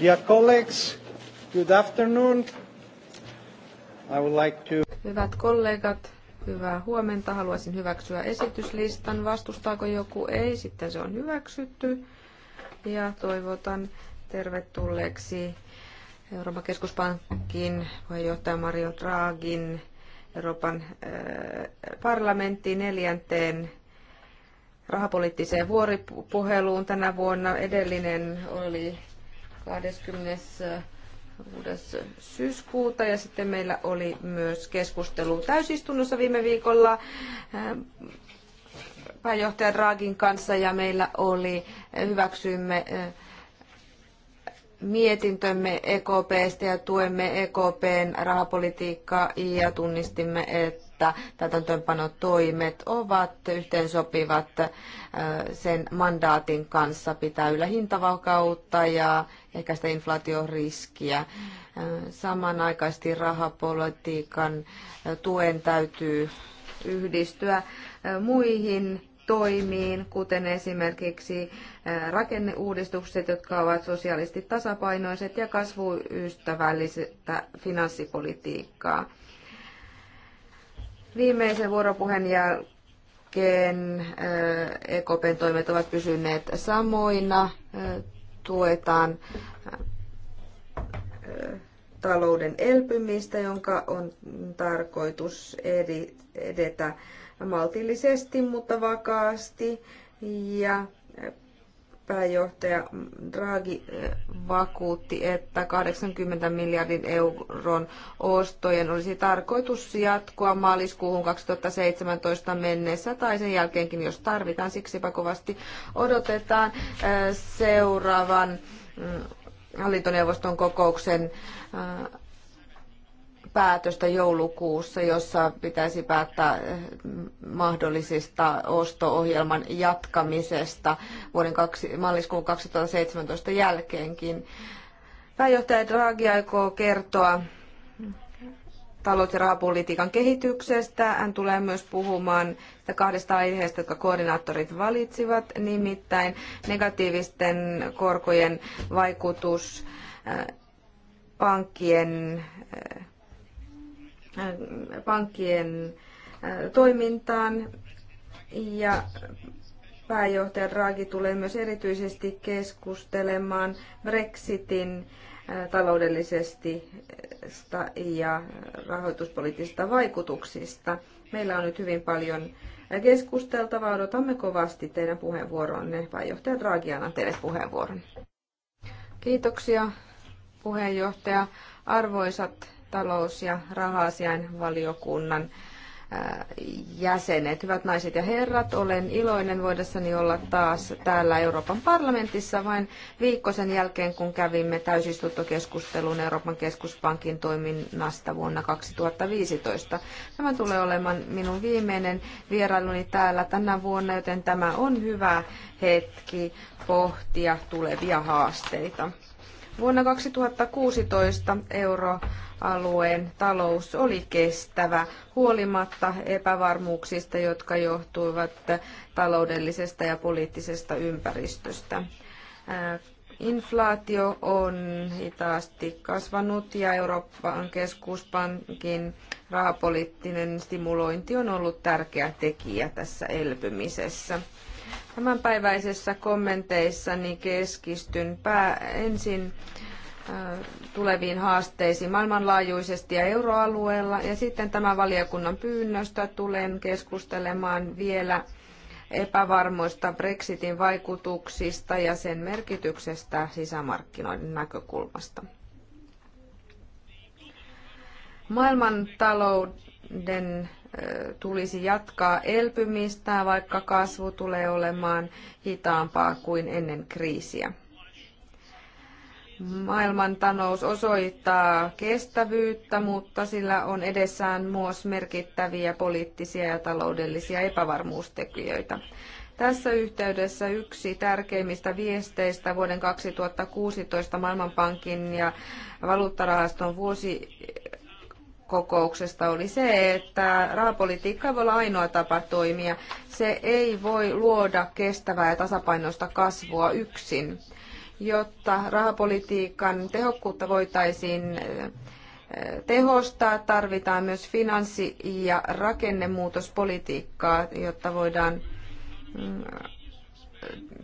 Dear colleagues, good afternoon. I would like to... Hyvät kollegat, hyvää huomenta. Haluaisin hyväksyä esityslistan. Vastustaako joku? Ei, sitten se on hyväksytty. Ja toivotan tervetulleeksi Euroopan keskuspankin puheenjohtaja Mario Draghin Euroopan äh, parlamenttiin neljänteen rahapoliittiseen vuoripuheluun tänä vuonna. Edellinen oli 26. syyskuuta ja sitten meillä oli myös keskustelu täysistunnossa viime viikolla pääjohtaja Raagin kanssa ja meillä oli, hyväksyimme mietintömme EKPstä ja tuemme EKPn rahapolitiikkaa ja tunnistimme, että että täytäntöönpanotoimet ovat yhteensopivat äh, sen mandaatin kanssa pitää yllä hintavakautta ja ehkäistä inflaatioriskiä. Äh, samanaikaisesti rahapolitiikan äh, tuen täytyy yhdistyä muihin toimiin, kuten esimerkiksi rakenneuudistukset, jotka ovat sosiaalisesti tasapainoiset ja kasvuystävällistä finanssipolitiikkaa. Viimeisen vuoropuheen jälkeen EKPn eh, e toimet ovat pysyneet samoina. Eh, tuetaan eh, talouden elpymistä, jonka on tarkoitus edetä maltillisesti, mutta vakaasti. Ja pääjohtaja Draghi eh, vakuutti, että 80 miljardin euron ostojen olisi tarkoitus jatkoa maaliskuuhun 2017 mennessä tai sen jälkeenkin, jos tarvitaan. Siksipä kovasti odotetaan eh, seuraavan mm, hallintoneuvoston kokouksen eh, päätöstä joulukuussa, jossa pitäisi päättää eh, mahdollisista osto-ohjelman jatkamisesta vuoden kaksi, maaliskuun 2017 jälkeenkin. Pääjohtaja Draghi aikoo kertoa talous- ja rahapolitiikan kehityksestä. Hän tulee myös puhumaan kahdesta aiheesta, jotka koordinaattorit valitsivat, nimittäin negatiivisten korkojen vaikutus eh, pankkien eh, pankkien toimintaan ja pääjohtaja Draghi tulee myös erityisesti keskustelemaan Brexitin taloudellisesti ja rahoituspoliittisista vaikutuksista. Meillä on nyt hyvin paljon keskusteltavaa. Odotamme kovasti teidän puheenvuoronne. Pääjohtaja Draghi, annan teille puheenvuoron. Kiitoksia puheenjohtaja. Arvoisat talous- ja rahasiain valiokunnan äh, jäsenet. Hyvät naiset ja herrat, olen iloinen voidessani olla taas täällä Euroopan parlamentissa vain viikko sen jälkeen, kun kävimme täysistuntokeskustelun Euroopan keskuspankin toiminnasta vuonna 2015. Tämä tulee olemaan minun viimeinen vierailuni täällä tänä vuonna, joten tämä on hyvä hetki pohtia tulevia haasteita. Vuonna 2016 euroalueen talous oli kestävä huolimatta epävarmuuksista, jotka johtuivat taloudellisesta ja poliittisesta ympäristöstä. Äh, inflaatio on hitaasti kasvanut ja Euroopan keskuspankin rahapoliittinen stimulointi on ollut tärkeä tekijä tässä elpymisessä. Tämänpäiväisessä kommenteissani keskistyn pää, ensin tuleviin haasteisiin maailmanlaajuisesti ja euroalueella. Ja sitten tämän valiokunnan pyynnöstä tulen keskustelemaan vielä epävarmoista Brexitin vaikutuksista ja sen merkityksestä sisämarkkinoiden näkökulmasta. Maailmantalouden tulisi jatkaa elpymistä, vaikka kasvu tulee olemaan hitaampaa kuin ennen kriisiä. Maailmantanous osoittaa kestävyyttä, mutta sillä on edessään myös merkittäviä poliittisia ja taloudellisia epävarmuustekijöitä. Tässä yhteydessä yksi tärkeimmistä viesteistä vuoden 2016 Maailmanpankin ja valuuttarahaston vuosi kokouksesta oli se, että rahapolitiikka ei voi olla ainoa tapa toimia. Se ei voi luoda kestävää ja tasapainoista kasvua yksin. Jotta rahapolitiikan tehokkuutta voitaisiin eh, tehostaa, tarvitaan myös finanssi- ja rakennemuutospolitiikkaa, jotta voidaan mm,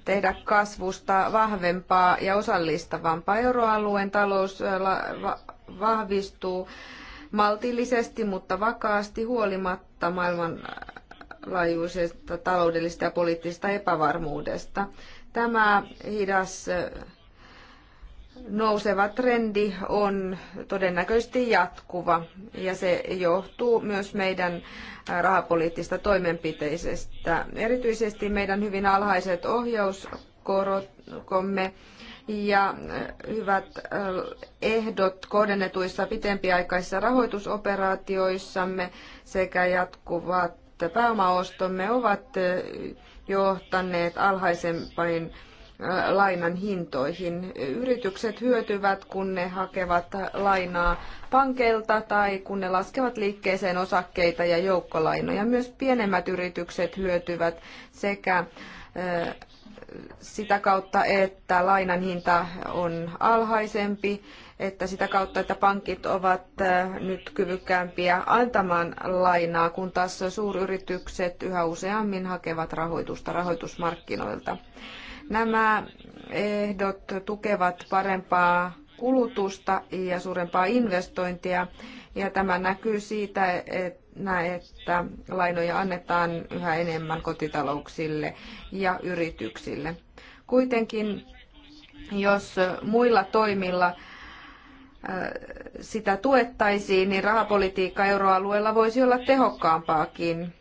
tehdä kasvusta vahvempaa ja osallistavampaa. Euroalueen talous eh, vahvistuu maltillisesti, mutta vakaasti huolimatta maailmanlaajuisesta taloudellisesta ja poliittisesta epävarmuudesta. Tämä hidas nouseva trendi on todennäköisesti jatkuva ja se johtuu myös meidän rahapoliittista toimenpiteisestä. Erityisesti meidän hyvin alhaiset ohjaus korokomme ja äh, hyvät äh, ehdot kohdennetuissa pitempiaikaisissa rahoitusoperaatioissamme sekä jatkuvat pääomaostomme ovat äh, johtaneet alhaisempiin lainan hintoihin. Yritykset hyötyvät, kun ne hakevat lainaa pankeilta tai kun ne laskevat liikkeeseen osakkeita ja joukkolainoja. Myös pienemmät yritykset hyötyvät sekä sitä kautta, että lainan hinta on alhaisempi, että sitä kautta, että pankit ovat äh, nyt kyvykkäämpiä antamaan lainaa, kun taas suuryritykset yhä useammin hakevat rahoitusta rahoitusmarkkinoilta. Nämä ehdot tukevat parempaa kulutusta ja suurempaa investointia, ja tämä näkyy siitä, että että lainoja annetaan yhä enemmän kotitalouksille ja yrityksille. Kuitenkin, jos muilla toimilla äh, sitä tuettaisiin, niin rahapolitiikka euroalueella voisi olla tehokkaampaakin.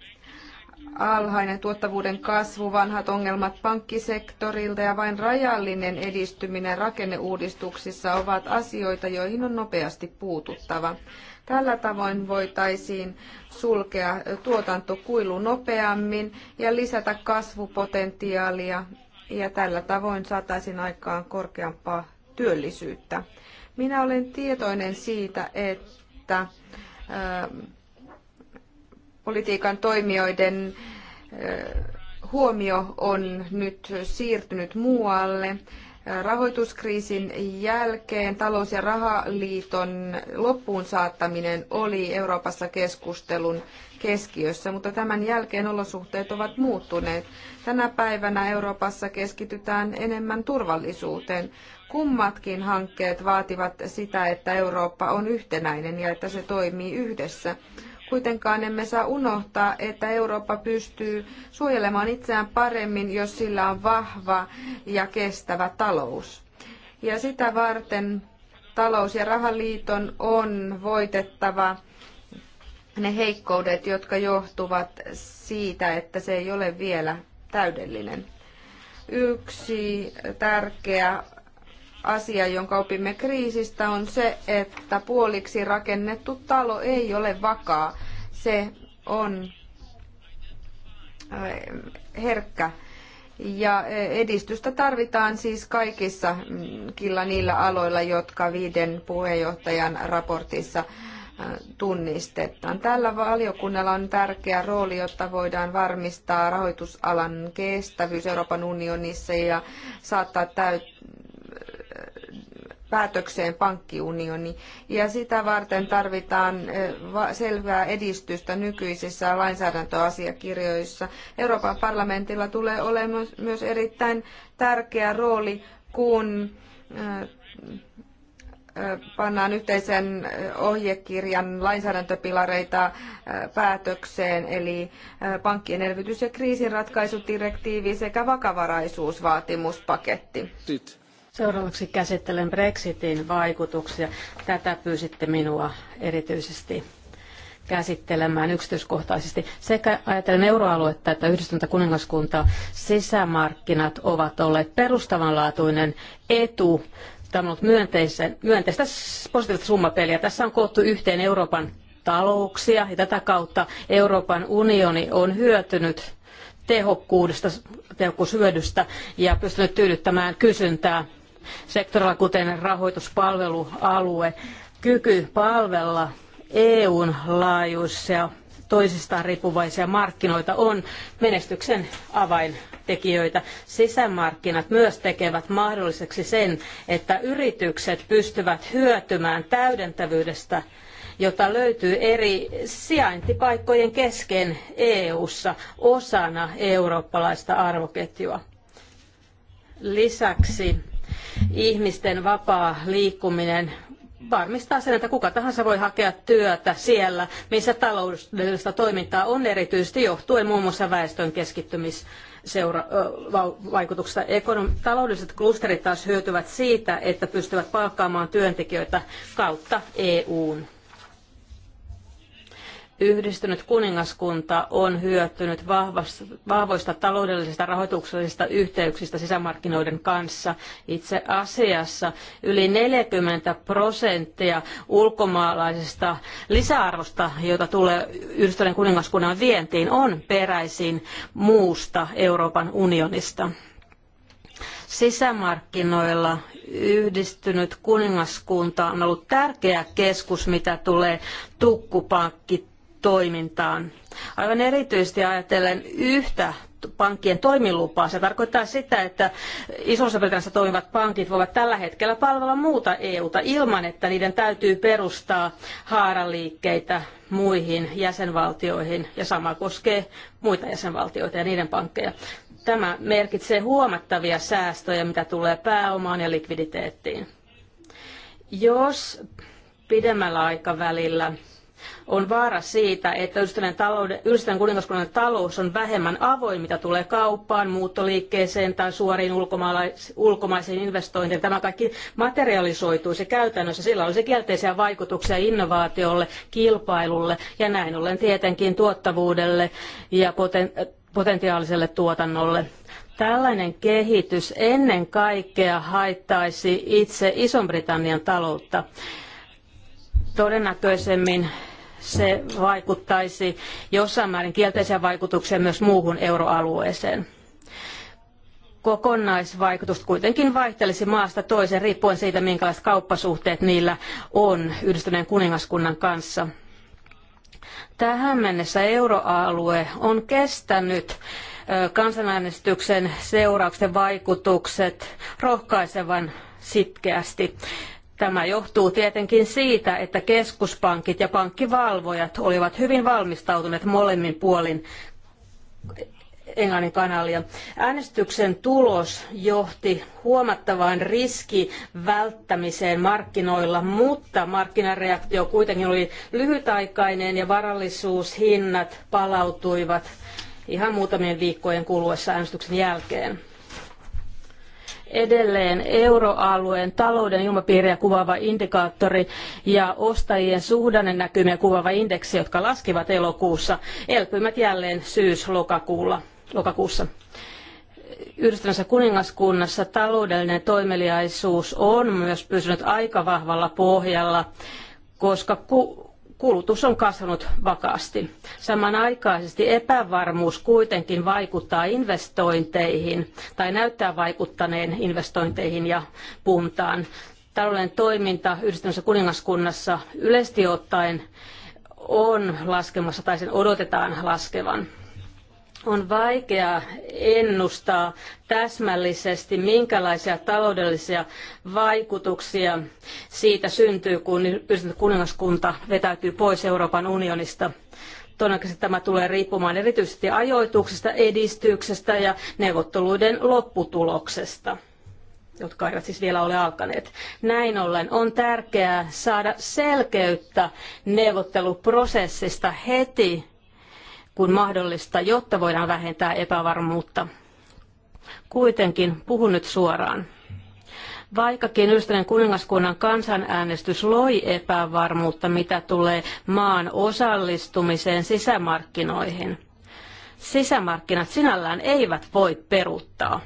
Alhainen tuottavuuden kasvu, vanhat ongelmat pankkisektorilta ja vain rajallinen edistyminen rakenneuudistuksissa ovat asioita, joihin on nopeasti puututtava. Tällä tavoin voitaisiin sulkea tuotantokuilu nopeammin ja lisätä kasvupotentiaalia ja tällä tavoin saataisiin aikaan korkeampaa työllisyyttä. Minä olen tietoinen siitä, että politiikan toimijoiden huomio on nyt siirtynyt muualle Rahoituskriisin jälkeen talous- ja rahaliiton loppuun saattaminen oli Euroopassa keskustelun keskiössä, mutta tämän jälkeen olosuhteet ovat muuttuneet. Tänä päivänä Euroopassa keskitytään enemmän turvallisuuteen. Kummatkin hankkeet vaativat sitä, että Eurooppa on yhtenäinen ja että se toimii yhdessä. Kuitenkaan emme saa unohtaa, että Eurooppa pystyy suojelemaan itseään paremmin, jos sillä on vahva ja kestävä talous. Ja sitä varten talous- ja rahaliiton on voitettava ne heikkoudet, jotka johtuvat siitä, että se ei ole vielä täydellinen. Yksi tärkeä asia, jonka opimme kriisistä, on se, että puoliksi rakennettu talo ei ole vakaa. Se on herkkä. Ja edistystä tarvitaan siis kaikissa mm, niillä aloilla, jotka viiden puheenjohtajan raportissa tunnistetaan. Tällä valiokunnalla on tärkeä rooli, jotta voidaan varmistaa rahoitusalan kestävyys Euroopan unionissa ja saattaa täyttöön päätökseen pankkiunioni. Ja sitä varten tarvitaan selvää edistystä nykyisissä lainsäädäntöasiakirjoissa. Euroopan parlamentilla tulee olemaan myös erittäin tärkeä rooli, kun pannaan yhteisen ohjekirjan lainsäädäntöpilareita päätökseen, eli pankkien elvytys- ja kriisinratkaisudirektiivi sekä vakavaraisuusvaatimuspaketti. Sitten. Seuraavaksi käsittelen Brexitin vaikutuksia. Tätä pyysitte minua erityisesti käsittelemään yksityiskohtaisesti. Sekä ajatellen euroaluetta että yhdistyntä kuningaskuntaa sisämarkkinat ovat olleet perustavanlaatuinen etu. Tämä on ollut myönteistä, positiivista summapeliä. Tässä on koottu yhteen Euroopan talouksia ja tätä kautta Euroopan unioni on hyötynyt tehokkuudesta, tehokkuushyödystä ja pystynyt tyydyttämään kysyntää sektorilla, kuten rahoituspalvelualue. Kyky palvella EUn laajuisia toisistaan riippuvaisia markkinoita on menestyksen avaintekijöitä. Sisämarkkinat myös tekevät mahdolliseksi sen, että yritykset pystyvät hyötymään täydentävyydestä jota löytyy eri sijaintipaikkojen kesken EU:ssa osana eurooppalaista arvoketjua. Lisäksi ihmisten vapaa liikkuminen varmistaa sen, että kuka tahansa voi hakea työtä siellä, missä taloudellista toimintaa on erityisesti johtuen muun muassa väestön keskittymisvaikutuksesta. taloudelliset klusterit taas hyötyvät siitä, että pystyvät palkkaamaan työntekijöitä kautta EUn. Yhdistynyt kuningaskunta on hyötynyt vahvoista taloudellisista rahoituksellisista yhteyksistä sisämarkkinoiden kanssa. Itse asiassa yli 40 prosenttia ulkomaalaisesta lisäarvosta, jota tulee Yhdistyneen kuningaskunnan vientiin, on peräisin muusta Euroopan unionista. Sisämarkkinoilla yhdistynyt kuningaskunta on ollut tärkeä keskus, mitä tulee tukkupankki toimintaan. Aivan erityisesti ajatellen yhtä pankkien toimilupaa. Se tarkoittaa sitä, että isossa britanniassa toimivat pankit voivat tällä hetkellä palvella muuta EUta ilman, että niiden täytyy perustaa haaraliikkeitä muihin jäsenvaltioihin ja sama koskee muita jäsenvaltioita ja niiden pankkeja. Tämä merkitsee huomattavia säästöjä, mitä tulee pääomaan ja likviditeettiin. Jos pidemmällä aikavälillä on vaara siitä, että yhdistyneen, talouden, yhdistyneen kuningaskunnan talous on vähemmän avoin, mitä tulee kauppaan, muuttoliikkeeseen tai suoriin ulkomaisiin investointeihin. Tämä kaikki materialisoituisi käytännössä. Sillä olisi kielteisiä vaikutuksia innovaatiolle, kilpailulle ja näin ollen tietenkin tuottavuudelle ja poten, potentiaaliselle tuotannolle. Tällainen kehitys ennen kaikkea haittaisi itse Ison-Britannian taloutta todennäköisemmin se vaikuttaisi jossain määrin kielteisiä vaikutuksia myös muuhun euroalueeseen. Kokonaisvaikutus kuitenkin vaihtelisi maasta toiseen riippuen siitä, minkälaiset kauppasuhteet niillä on yhdistyneen kuningaskunnan kanssa. Tähän mennessä euroalue on kestänyt kansanäänestyksen seurauksen vaikutukset rohkaisevan sitkeästi. Tämä johtuu tietenkin siitä, että keskuspankit ja pankkivalvojat olivat hyvin valmistautuneet molemmin puolin Englannin kanalia. Äänestyksen tulos johti huomattavaan riski välttämiseen markkinoilla, mutta markkinareaktio kuitenkin oli lyhytaikainen ja varallisuushinnat palautuivat ihan muutamien viikkojen kuluessa äänestyksen jälkeen edelleen euroalueen talouden ilmapiiriä kuvaava indikaattori ja ostajien suhdannenäkymiä kuvaava indeksi, jotka laskivat elokuussa, elpymät jälleen syys Lokakuussa. Yhdistyneessä kuningaskunnassa taloudellinen toimeliaisuus on myös pysynyt aika vahvalla pohjalla, koska ku- kulutus on kasvanut vakaasti. Samanaikaisesti epävarmuus kuitenkin vaikuttaa investointeihin tai näyttää vaikuttaneen investointeihin ja puntaan. Talouden toiminta yhdistyneessä kuningaskunnassa yleisesti ottaen on laskemassa tai sen odotetaan laskevan. On vaikea ennustaa täsmällisesti, minkälaisia taloudellisia vaikutuksia siitä syntyy, kun kuningaskunta vetäytyy pois Euroopan unionista todennäköisesti tämä tulee riippumaan erityisesti ajoituksesta, edistyksestä ja neuvotteluiden lopputuloksesta jotka eivät siis vielä ole alkaneet. Näin ollen on tärkeää saada selkeyttä neuvotteluprosessista heti kuin mahdollista, jotta voidaan vähentää epävarmuutta. Kuitenkin puhun nyt suoraan. Vaikkakin ystävän kuningaskunnan kansanäänestys loi epävarmuutta, mitä tulee maan osallistumiseen sisämarkkinoihin. Sisämarkkinat sinällään eivät voi peruuttaa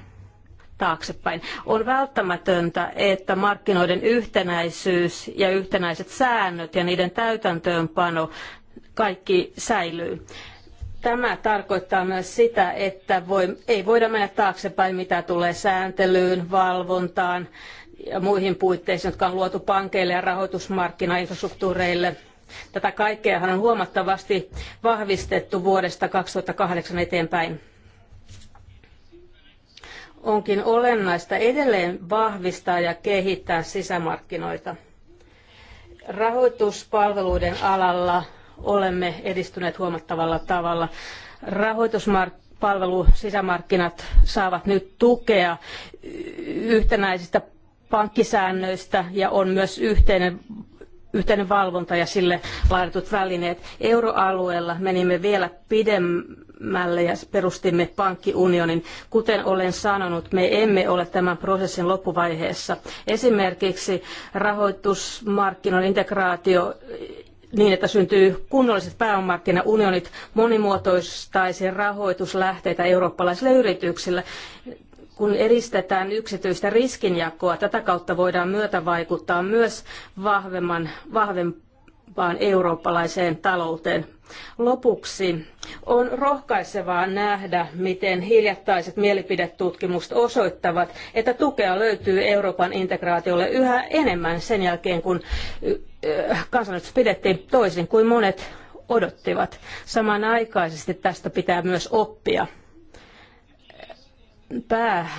taaksepäin. On välttämätöntä, että markkinoiden yhtenäisyys ja yhtenäiset säännöt ja niiden täytäntöönpano kaikki säilyy. Tämä tarkoittaa myös sitä, että voi, ei voida mennä taaksepäin, mitä tulee sääntelyyn, valvontaan ja muihin puitteisiin, jotka on luotu pankeille ja rahoitusmarkkinainfrastruktuureille. Tätä kaikkeahan on huomattavasti vahvistettu vuodesta 2008 eteenpäin. Onkin olennaista edelleen vahvistaa ja kehittää sisämarkkinoita. Rahoituspalveluiden alalla olemme edistyneet huomattavalla tavalla. Rahoituspalvelu palvelu sisämarkkinat saavat nyt tukea yhtenäisistä pankkisäännöistä ja on myös yhteinen yhteinen valvonta ja sille laaditut välineet. Euroalueella menimme vielä pidemmälle ja perustimme pankkiunionin. Kuten olen sanonut, me emme ole tämän prosessin loppuvaiheessa. Esimerkiksi rahoitusmarkkinoiden integraatio niin, että syntyy kunnolliset pääomamarkkinaunionit monimuotoistaisi rahoituslähteitä eurooppalaisille yrityksille. Kun edistetään yksityistä riskinjakoa, tätä kautta voidaan myötävaikuttaa myös vahvemman, vahvemman vaan eurooppalaiseen talouteen. Lopuksi on rohkaisevaa nähdä, miten hiljattaiset mielipidetutkimukset osoittavat, että tukea löytyy Euroopan integraatiolle yhä enemmän sen jälkeen, kun kansanäänestys pidettiin toisin kuin monet odottivat. Samanaikaisesti tästä pitää myös oppia. Pää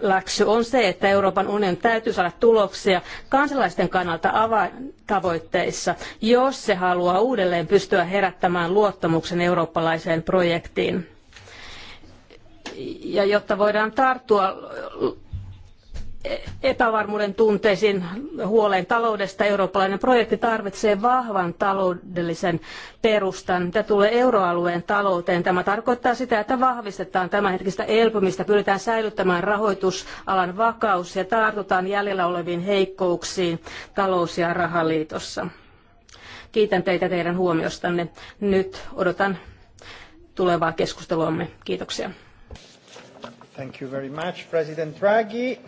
läksy on se, että Euroopan unionin täytyy saada tuloksia kansalaisten kannalta avaintavoitteissa, jos se haluaa uudelleen pystyä herättämään luottamuksen eurooppalaiseen projektiin. Ja jotta voidaan tarttua epävarmuuden tunteisiin huoleen taloudesta. Eurooppalainen projekti tarvitsee vahvan taloudellisen perustan. Mitä tulee euroalueen talouteen, tämä tarkoittaa sitä, että vahvistetaan tämänhetkistä elpymistä, pyritään säilyttämään rahoitusalan vakaus ja tartutaan jäljellä oleviin heikkouksiin talous- ja rahaliitossa. Kiitän teitä teidän huomiostanne. Nyt odotan tulevaa keskusteluamme. Kiitoksia. Thank you very much, President Draghi.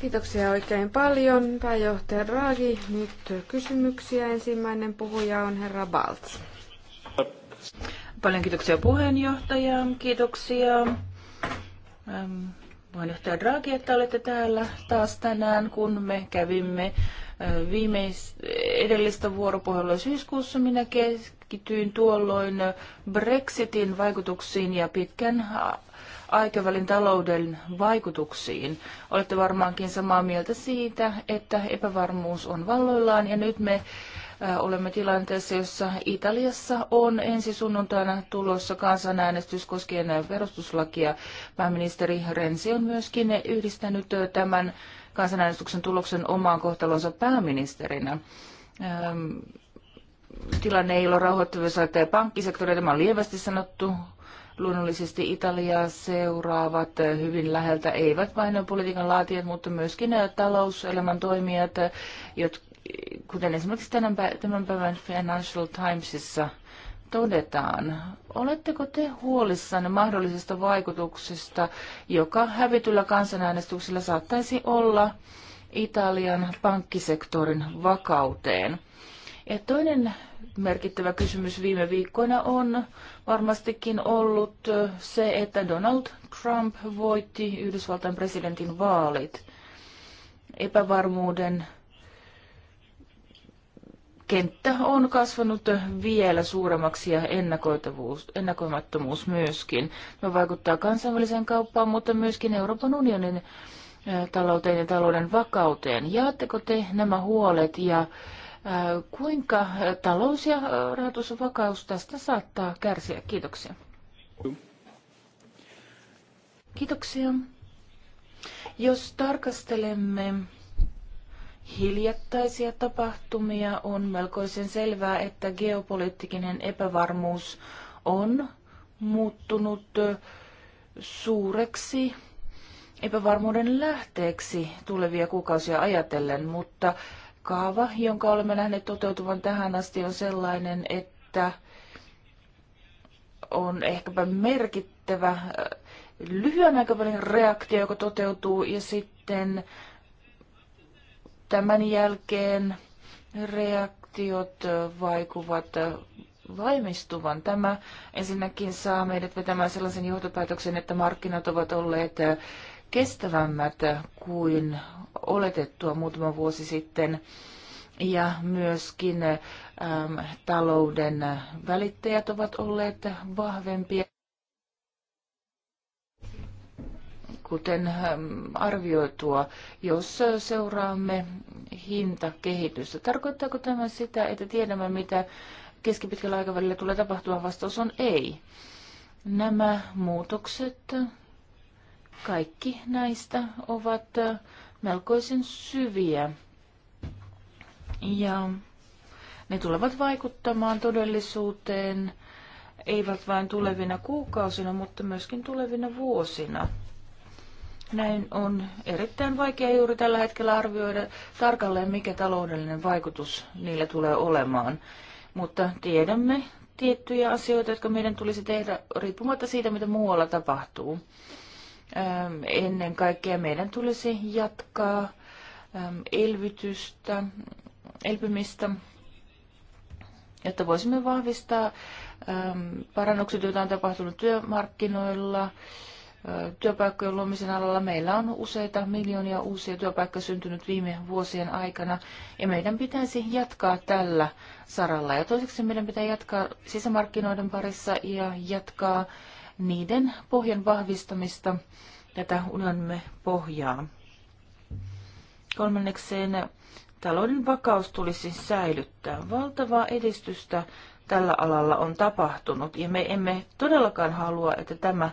Kiitoksia oikein paljon, pääjohtaja Draghi. Nyt kysymyksiä. Ensimmäinen puhuja on herra Baltz. Paljon kiitoksia puheenjohtaja. Kiitoksia ähm, puheenjohtaja Draghi, että olette täällä taas tänään, kun me kävimme äh, viimeis edellistä vuoropuhelua syyskuussa. Minä keskityin tuolloin Brexitin vaikutuksiin ja pitkän aikavälin talouden vaikutuksiin. Olette varmaankin samaa mieltä siitä, että epävarmuus on valloillaan ja nyt me äh, olemme tilanteessa, jossa Italiassa on ensi sunnuntaina tulossa kansanäänestys koskien perustuslakia. Pääministeri Renzi on myöskin yhdistänyt äh, tämän kansanäänestyksen tuloksen omaan kohtalonsa pääministerinä ähm, tilanne ei ole rauhoittavissa, että pankkisektori, tämä on lievästi sanottu, luonnollisesti Italiaa seuraavat hyvin läheltä, eivät vain politiikan laatijat, mutta myöskin talouselämän toimijat, kuten esimerkiksi tämän päivän Financial Timesissa todetaan. Oletteko te huolissanne mahdollisesta vaikutuksesta, joka hävityllä kansanäänestyksellä saattaisi olla Italian pankkisektorin vakauteen? Ja toinen merkittävä kysymys viime viikkoina on varmastikin ollut se, että Donald Trump voitti Yhdysvaltain presidentin vaalit. Epävarmuuden kenttä on kasvanut vielä suuremmaksi ja ennakoimattomuus myöskin. Se no, vaikuttaa kansainväliseen kauppaan, mutta myöskin Euroopan unionin talouteen ja talouden vakauteen. Jaatteko te nämä huolet ja Kuinka talous- ja rahoitusvakaus tästä saattaa kärsiä? Kiitoksia. Kiitoksia. Jos tarkastelemme hiljattaisia tapahtumia, on melkoisen selvää, että geopoliittinen epävarmuus on muuttunut suureksi epävarmuuden lähteeksi tulevia kuukausia ajatellen, mutta kaava, jonka olemme nähneet toteutuvan tähän asti, on sellainen, että on ehkäpä merkittävä äh, lyhyen aikavälin reaktio, joka toteutuu, ja sitten tämän jälkeen reaktiot äh, vaikuvat äh, vaimistuvan. Tämä ensinnäkin saa meidät vetämään sellaisen johtopäätöksen, että markkinat ovat olleet kestävämmät kuin oletettua muutama vuosi sitten ja myöskin äm, talouden välittäjät ovat olleet vahvempia. Kuten ähm, arvioitua, jos seuraamme hintakehitystä, tarkoittaako tämä sitä, että tiedämme mitä keskipitkällä aikavälillä tulee tapahtua? Vastaus on ei. Nämä muutokset kaikki näistä ovat äh, melkoisen syviä ja ne tulevat vaikuttamaan todellisuuteen eivät vain tulevina kuukausina, mutta myöskin tulevina vuosina. Näin on erittäin vaikea juuri tällä hetkellä arvioida tarkalleen, mikä taloudellinen vaikutus niillä tulee olemaan. Mutta tiedämme tiettyjä asioita, jotka meidän tulisi tehdä riippumatta siitä, mitä muualla tapahtuu. Ähm, ennen kaikkea meidän tulisi jatkaa ähm, elvytystä, elpymistä, jotta voisimme vahvistaa ähm, parannukset, joita on tapahtunut työmarkkinoilla, äh, työpaikkojen luomisen alalla. Meillä on useita miljoonia uusia työpaikkoja syntynyt viime vuosien aikana ja meidän pitäisi jatkaa tällä saralla. Ja toiseksi meidän pitää jatkaa sisämarkkinoiden parissa ja jatkaa niiden pohjan vahvistamista, tätä unelmme pohjaa. Kolmannekseen talouden vakaus tulisi säilyttää. Valtavaa edistystä tällä alalla on tapahtunut ja me emme todellakaan halua, että tämä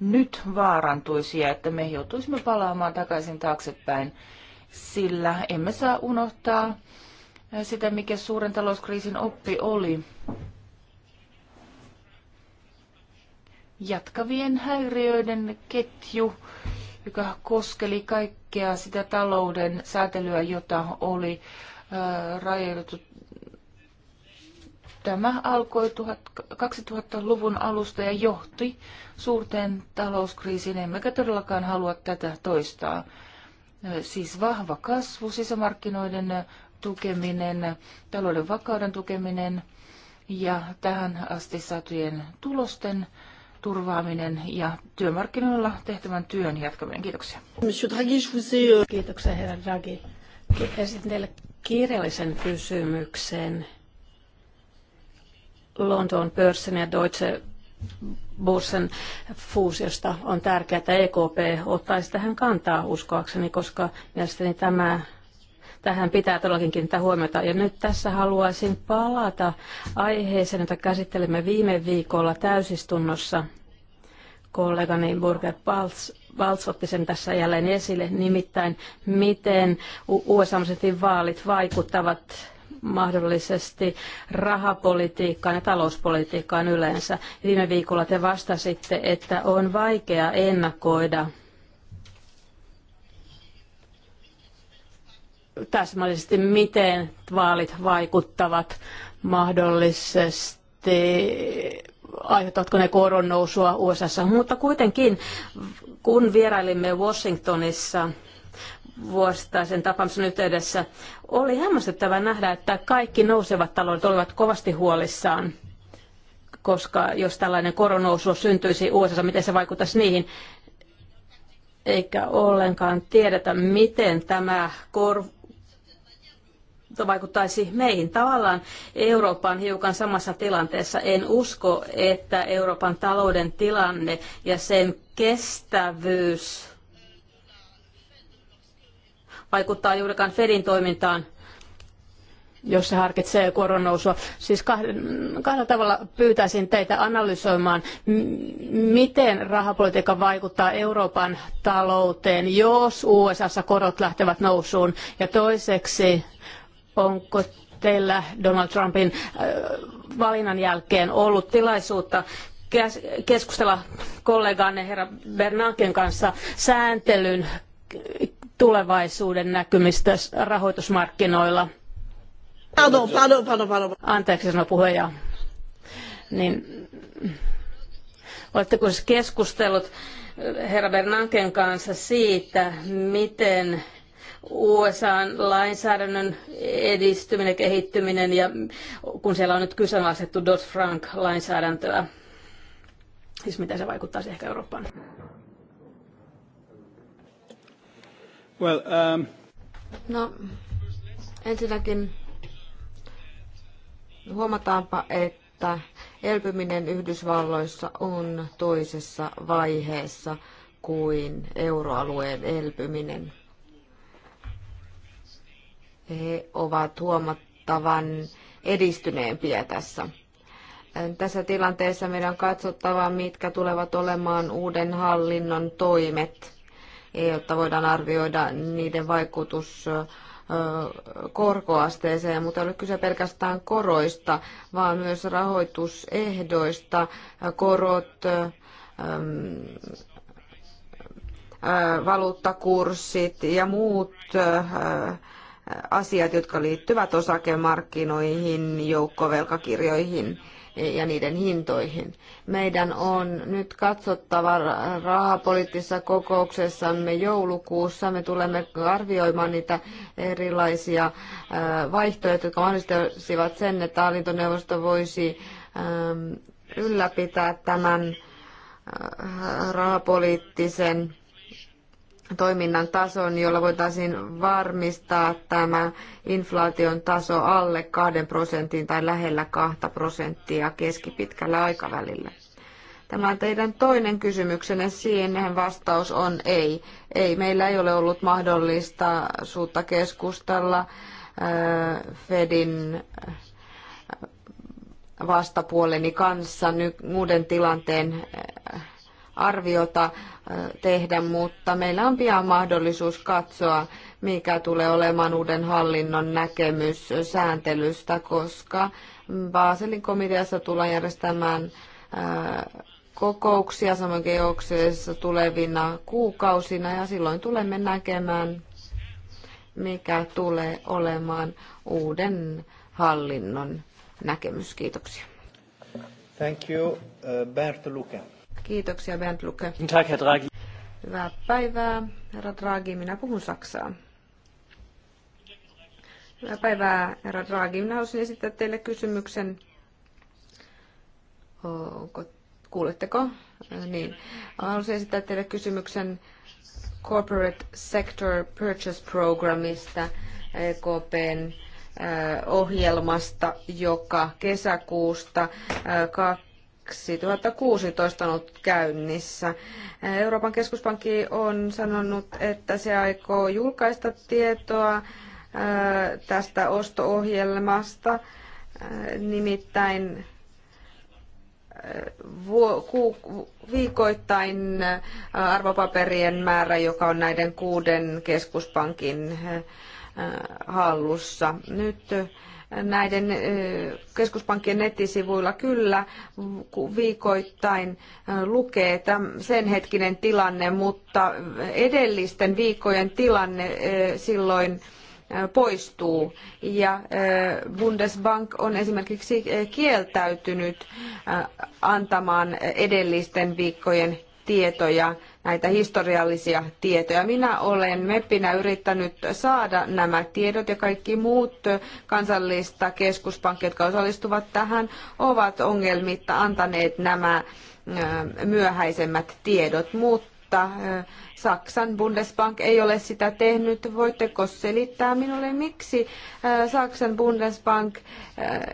nyt vaarantuisi ja että me joutuisimme palaamaan takaisin taaksepäin, sillä emme saa unohtaa sitä, mikä suuren talouskriisin oppi oli. jatkavien häiriöiden ketju, joka koskeli kaikkea sitä talouden säätelyä, jota oli rajoitettu. Tämä alkoi 2000-luvun alusta ja johti suurteen talouskriisiin, emmekä todellakaan halua tätä toistaa. Siis vahva kasvu, sisämarkkinoiden tukeminen, talouden vakauden tukeminen ja tähän asti saatujen tulosten turvaaminen ja työmarkkinoilla tehtävän työn jatkaminen. Kiitoksia. Euh, Kiitoksia, herra Draghi. Esitin teille kirjallisen kysymyksen Lontoon pörssin ja Deutsche Börsen fuusiosta on tärkeää, että EKP ottaisi tähän kantaa uskoakseni, koska mielestäni tämä Tähän pitää todellakin kiinnittää huomiota. Ja nyt tässä haluaisin palata aiheeseen, jota käsittelimme viime viikolla täysistunnossa. Kollegani Burger Paltz Valts otti sen tässä jälleen esille, nimittäin miten USA-presidentin vaalit vaikuttavat mahdollisesti rahapolitiikkaan ja talouspolitiikkaan yleensä. Viime viikolla te vastasitte, että on vaikea ennakoida täsmällisesti, miten vaalit vaikuttavat mahdollisesti aiheuttavatko ne koron nousua USAssa. Mutta kuitenkin, kun vierailimme Washingtonissa vuosittaisen tapaamisen yhteydessä, oli hämmästyttävää nähdä, että kaikki nousevat taloudet olivat kovasti huolissaan koska jos tällainen koronousu syntyisi USA, miten se vaikuttaisi niihin, eikä ollenkaan tiedetä, miten tämä kor- vaikuttaisi meihin. Tavallaan Eurooppa on hiukan samassa tilanteessa. En usko, että Euroopan talouden tilanne ja sen kestävyys vaikuttaa juurikaan Fedin toimintaan jos se harkitsee koronnousua. Siis kahdella tavalla pyytäisin teitä analysoimaan, miten rahapolitiikka vaikuttaa Euroopan talouteen, jos USAssa korot lähtevät nousuun. Ja toiseksi, Onko teillä Donald Trumpin äh, valinnan jälkeen ollut tilaisuutta keskustella kolleganne herra Bernanken kanssa sääntelyn tulevaisuuden näkymistä rahoitusmarkkinoilla? Pardon, pardon, pardon, pardon. Anteeksi, sanoi puheenjohtaja. Niin, oletteko siis keskustellut herra Bernanken kanssa siitä, miten USA-lainsäädännön edistyminen, kehittyminen ja kun siellä on nyt kyseenalaistettu Dodd-Frank-lainsäädäntöä, siis miten se vaikuttaisi ehkä Eurooppaan? Well, um... No, ensinnäkin huomataanpa, että elpyminen Yhdysvalloissa on toisessa vaiheessa kuin euroalueen elpyminen he ovat huomattavan edistyneempiä tässä. Tässä tilanteessa meidän on katsottava, mitkä tulevat olemaan uuden hallinnon toimet, jotta voidaan arvioida niiden vaikutus korkoasteeseen, mutta ei ole kyse pelkästään koroista, vaan myös rahoitusehdoista, korot, valuuttakurssit ja muut asiat, jotka liittyvät osakemarkkinoihin, joukkovelkakirjoihin ja niiden hintoihin. Meidän on nyt katsottava rahapoliittisessa kokouksessamme joulukuussa. Me tulemme arvioimaan niitä erilaisia vaihtoehtoja, jotka mahdollistaisivat sen, että hallintoneuvosto voisi ylläpitää tämän rahapoliittisen toiminnan tason, jolla voitaisiin varmistaa tämä inflaation taso alle kahden prosentin tai lähellä kahta prosenttia keskipitkällä aikavälillä? Tämä teidän toinen kysymyksenne, siihen vastaus on ei. Ei, meillä ei ole ollut mahdollista suutta keskustella äh, Fedin äh, vastapuoleni kanssa nyt uuden tilanteen äh, arviota äh, tehdä, mutta meillä on pian mahdollisuus katsoa, mikä tulee olemaan uuden hallinnon näkemys sääntelystä, koska Baselin komiteassa tullaan järjestämään äh, kokouksia samoin kokouksessa tulevina kuukausina ja silloin tulemme näkemään, mikä tulee olemaan uuden hallinnon näkemys. Kiitoksia. Thank you, äh, Bert Luke. Kiitoksia Bernd Lucke. Tag, Herr Draghi. Hyvää päivää, herra Draghi. Minä puhun saksaa. Hyvää päivää, herra Draghi. Minä haluaisin esittää teille kysymyksen. Onko, kuuletteko? Niin. Haluaisin esittää teille kysymyksen Corporate Sector Purchase Programmista, EKPn ohjelmasta, joka kesäkuusta 2016 ollut käynnissä. Euroopan keskuspankki on sanonut, että se aikoo julkaista tietoa äh, tästä osto-ohjelmasta, äh, nimittäin äh, viikoittain arvopaperien määrä, joka on näiden kuuden keskuspankin hallussa. Nyt näiden keskuspankkien nettisivuilla kyllä viikoittain lukee sen hetkinen tilanne, mutta edellisten viikkojen tilanne silloin poistuu. Ja Bundesbank on esimerkiksi kieltäytynyt antamaan edellisten viikkojen tietoja näitä historiallisia tietoja. Minä olen meppinä yrittänyt saada nämä tiedot ja kaikki muut kansallista keskuspankkia, jotka osallistuvat tähän, ovat ongelmitta antaneet nämä myöhäisemmät tiedot, mutta mutta Saksan Bundesbank ei ole sitä tehnyt. Voitteko selittää minulle, miksi Saksan Bundesbank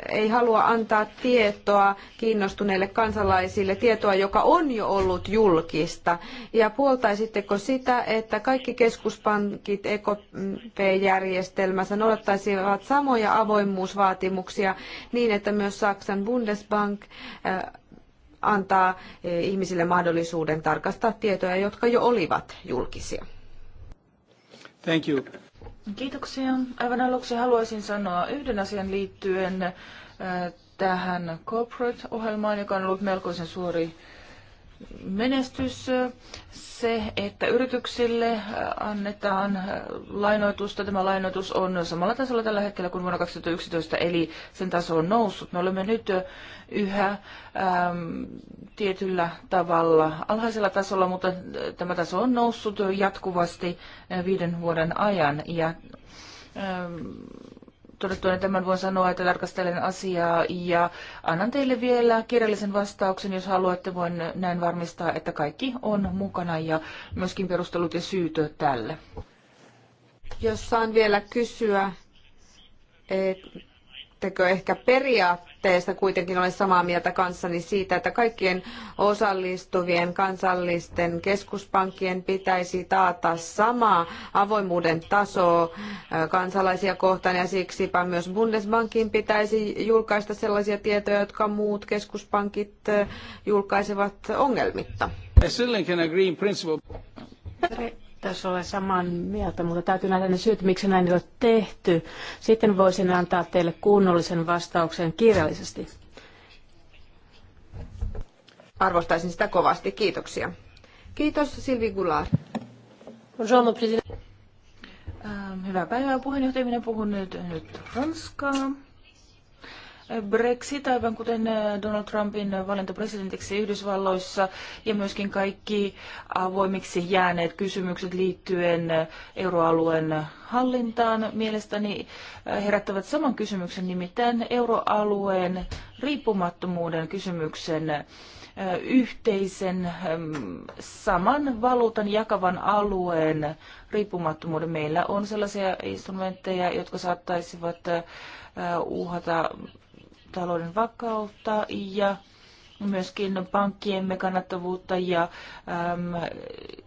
ei halua antaa tietoa kiinnostuneille kansalaisille, tietoa, joka on jo ollut julkista? Ja puoltaisitteko sitä, että kaikki keskuspankit EKP-järjestelmässä noudattaisivat samoja avoimuusvaatimuksia niin, että myös Saksan Bundesbank antaa eh, ihmisille mahdollisuuden tarkastaa tietoja, jotka jo olivat julkisia. Thank you. Kiitoksia. Aivan aluksi haluaisin sanoa yhden asian liittyen eh, tähän corporate-ohjelmaan, joka on ollut melkoisen suuri menestys. Se, että yrityksille annetaan lainoitusta, tämä lainoitus on samalla tasolla tällä hetkellä kuin vuonna 2011, eli sen taso on noussut. Me olemme nyt yhä äm, tietyllä tavalla alhaisella tasolla, mutta tämä taso on noussut jatkuvasti viiden vuoden ajan. Ja, äm, todettua, niin tämän voin sanoa, että tarkastelen asiaa ja annan teille vielä kirjallisen vastauksen, jos haluatte. Voin näin varmistaa, että kaikki on mukana ja myöskin perustelut ja syytöt tälle. Jos saan vielä kysyä, ettekö ehkä periaatteesta kuitenkin ole samaa mieltä kanssani siitä, että kaikkien osallistuvien kansallisten keskuspankkien pitäisi taata sama avoimuuden taso kansalaisia kohtaan ja siksipä myös Bundesbankin pitäisi julkaista sellaisia tietoja, jotka muut keskuspankit julkaisevat ongelmitta tässä olen samaa mieltä, mutta täytyy nähdä ne syyt, miksi näin ei ole tehty. Sitten voisin antaa teille kunnollisen vastauksen kirjallisesti. Arvostaisin sitä kovasti. Kiitoksia. Kiitos Silvi Gular. Ähm, hyvää päivää puheenjohtaja. Minä puhun nyt, nyt Ranskaa. Brexit, aivan kuten äh, Donald Trumpin valinta presidentiksi Yhdysvalloissa ja myöskin kaikki avoimiksi jääneet kysymykset liittyen äh, euroalueen hallintaan, mielestäni äh, herättävät saman kysymyksen, nimittäin euroalueen riippumattomuuden kysymyksen yhteisen ähm, saman valuutan jakavan alueen riippumattomuuden. Meillä on sellaisia instrumentteja, jotka saattaisivat uhata talouden vakautta ja myöskin pankkiemme kannattavuutta ja äm,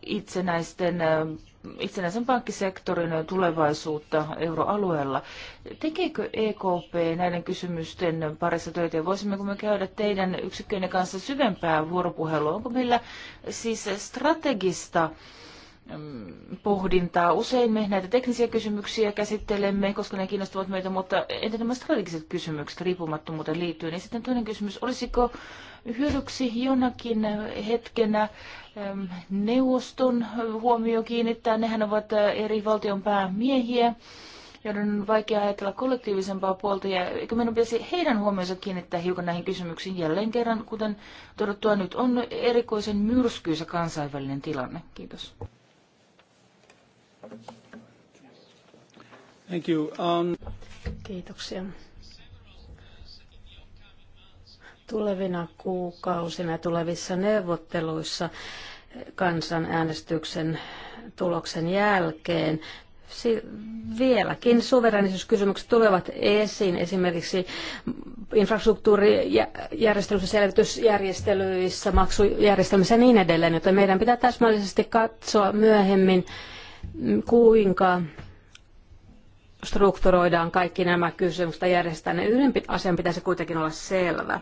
itsenäisten, äm, itsenäisen pankkisektorin tulevaisuutta euroalueella. Tekeekö EKP näiden kysymysten parissa töitä voisimmeko me käydä teidän yksikköjen kanssa syvempää vuoropuhelua? Onko meillä siis strategista äh, pohdintaa. Usein me näitä teknisiä kysymyksiä käsittelemme, koska ne kiinnostavat meitä, mutta entä nämä strategiset kysymykset riippumattomuuteen liittyen? Niin sitten toinen kysymys, olisiko hyödyksi jonakin hetkenä ähm, neuvoston huomio kiinnittää? Nehän ovat eri valtion päämiehiä joiden on vaikea ajatella kollektiivisempaa puolta, ja eikö meidän pitäisi heidän huomionsa kiinnittää hiukan näihin kysymyksiin jälleen kerran, kuten todettua nyt on erikoisen myrskyisä kansainvälinen tilanne. Kiitos. Thank you. Um... Kiitoksia. Tulevina kuukausina ja tulevissa neuvotteluissa kansanäänestyksen tuloksen jälkeen si- vieläkin suverenisuuskysymykset tulevat esiin, esimerkiksi infrastruktuurijärjestelyissä, selvitysjärjestelyissä, maksujärjestelmissä ja niin edelleen, joten meidän pitää täsmällisesti katsoa myöhemmin kuinka strukturoidaan kaikki nämä kysymykset ja järjestetään ne. Yhden asian pitäisi kuitenkin olla selvä.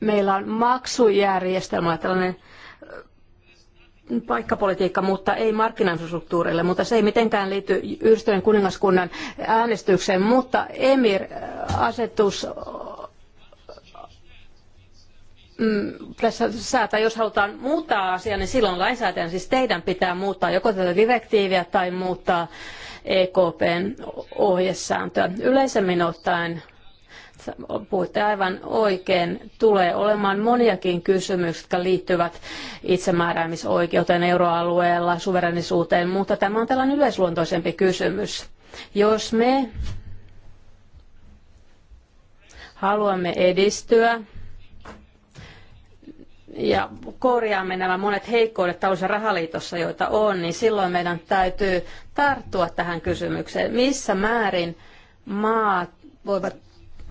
Meillä on maksujärjestelmä, tällainen äh, paikkapolitiikka, mutta ei markkinainfrastruktuurille, mutta se ei mitenkään liity yhdistyneen kuningaskunnan äänestykseen, mutta EMIR-asetus Mm, tässä säätää, jos halutaan muuttaa asiaa, niin silloin lainsäätäjän, siis teidän pitää muuttaa joko tätä direktiiviä tai muuttaa EKPn ohjesääntöä. Yleisemmin ottaen puhutte aivan oikein, tulee olemaan moniakin kysymyksiä, jotka liittyvät itsemääräämisoikeuteen euroalueella, suverenisuuteen, mutta tämä on tällainen yleisluontoisempi kysymys. Jos me haluamme edistyä ja korjaamme nämä monet heikkoudet talous- ja rahaliitossa, joita on, niin silloin meidän täytyy tarttua tähän kysymykseen, missä määrin maat voivat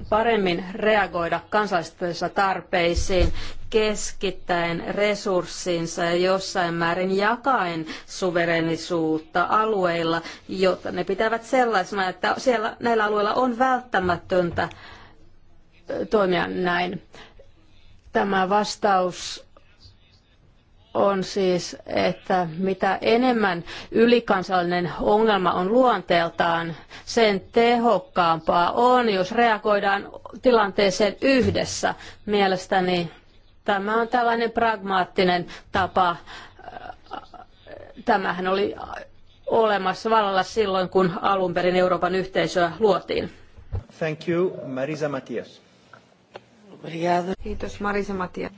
paremmin reagoida kansallisissa tarpeisiin keskittäen resurssinsa ja jossain määrin jakaen suverenisuutta alueilla, jotta ne pitävät sellaisena, että siellä, näillä alueilla on välttämätöntä toimia näin. Tämä vastaus on siis, että mitä enemmän ylikansallinen ongelma on luonteeltaan, sen tehokkaampaa on, jos reagoidaan tilanteeseen yhdessä. Mielestäni tämä on tällainen pragmaattinen tapa. Tämähän oli olemassa vallalla silloin, kun alun perin Euroopan yhteisöä luotiin. Thank you, Marisa Matias. Kiitos Marisa Matia.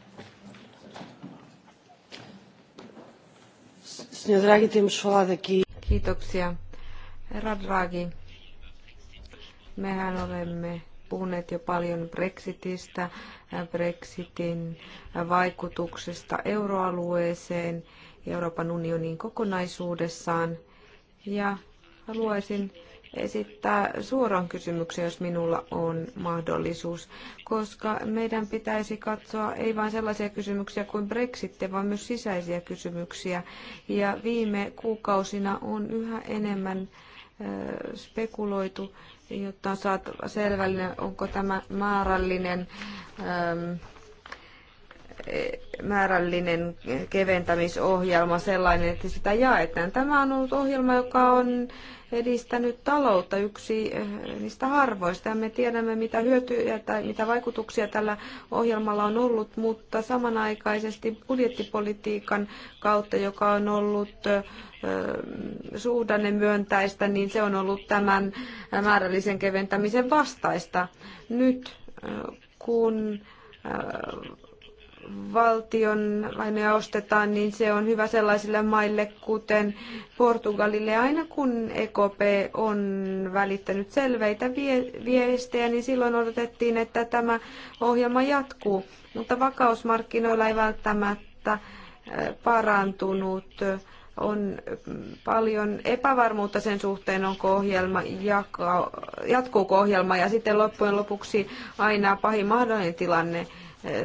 Kiitoksia. Herra Draghi, mehän olemme puhuneet jo paljon Brexitistä, Brexitin vaikutuksesta euroalueeseen, Euroopan unionin kokonaisuudessaan. Ja haluaisin esittää suoran kysymyksen, jos minulla on mahdollisuus, koska meidän pitäisi katsoa ei vain sellaisia kysymyksiä kuin Brexit, vaan myös sisäisiä kysymyksiä. Ja viime kuukausina on yhä enemmän spekuloitu, jotta on saatava selvällinen, onko tämä määrällinen ähm, määrällinen keventämisohjelma sellainen, että sitä jaetaan. Tämä on ollut ohjelma, joka on edistänyt taloutta yksi eh, niistä harvoista. Ja me tiedämme, mitä hyötyjä tai mitä vaikutuksia tällä ohjelmalla on ollut, mutta samanaikaisesti budjettipolitiikan kautta, joka on ollut eh, suhdanne myöntäistä, niin se on ollut tämän määrällisen keventämisen vastaista. Nyt eh, kun valtion lainoja ostetaan, niin se on hyvä sellaisille maille kuten Portugalille. Aina kun EKP on välittänyt selveitä viestejä, niin silloin odotettiin, että tämä ohjelma jatkuu. Mutta vakausmarkkinoilla ei välttämättä äh, parantunut. On paljon epävarmuutta sen suhteen, onko ohjelma, jatkuuko ohjelma ja sitten loppujen lopuksi aina pahin mahdollinen tilanne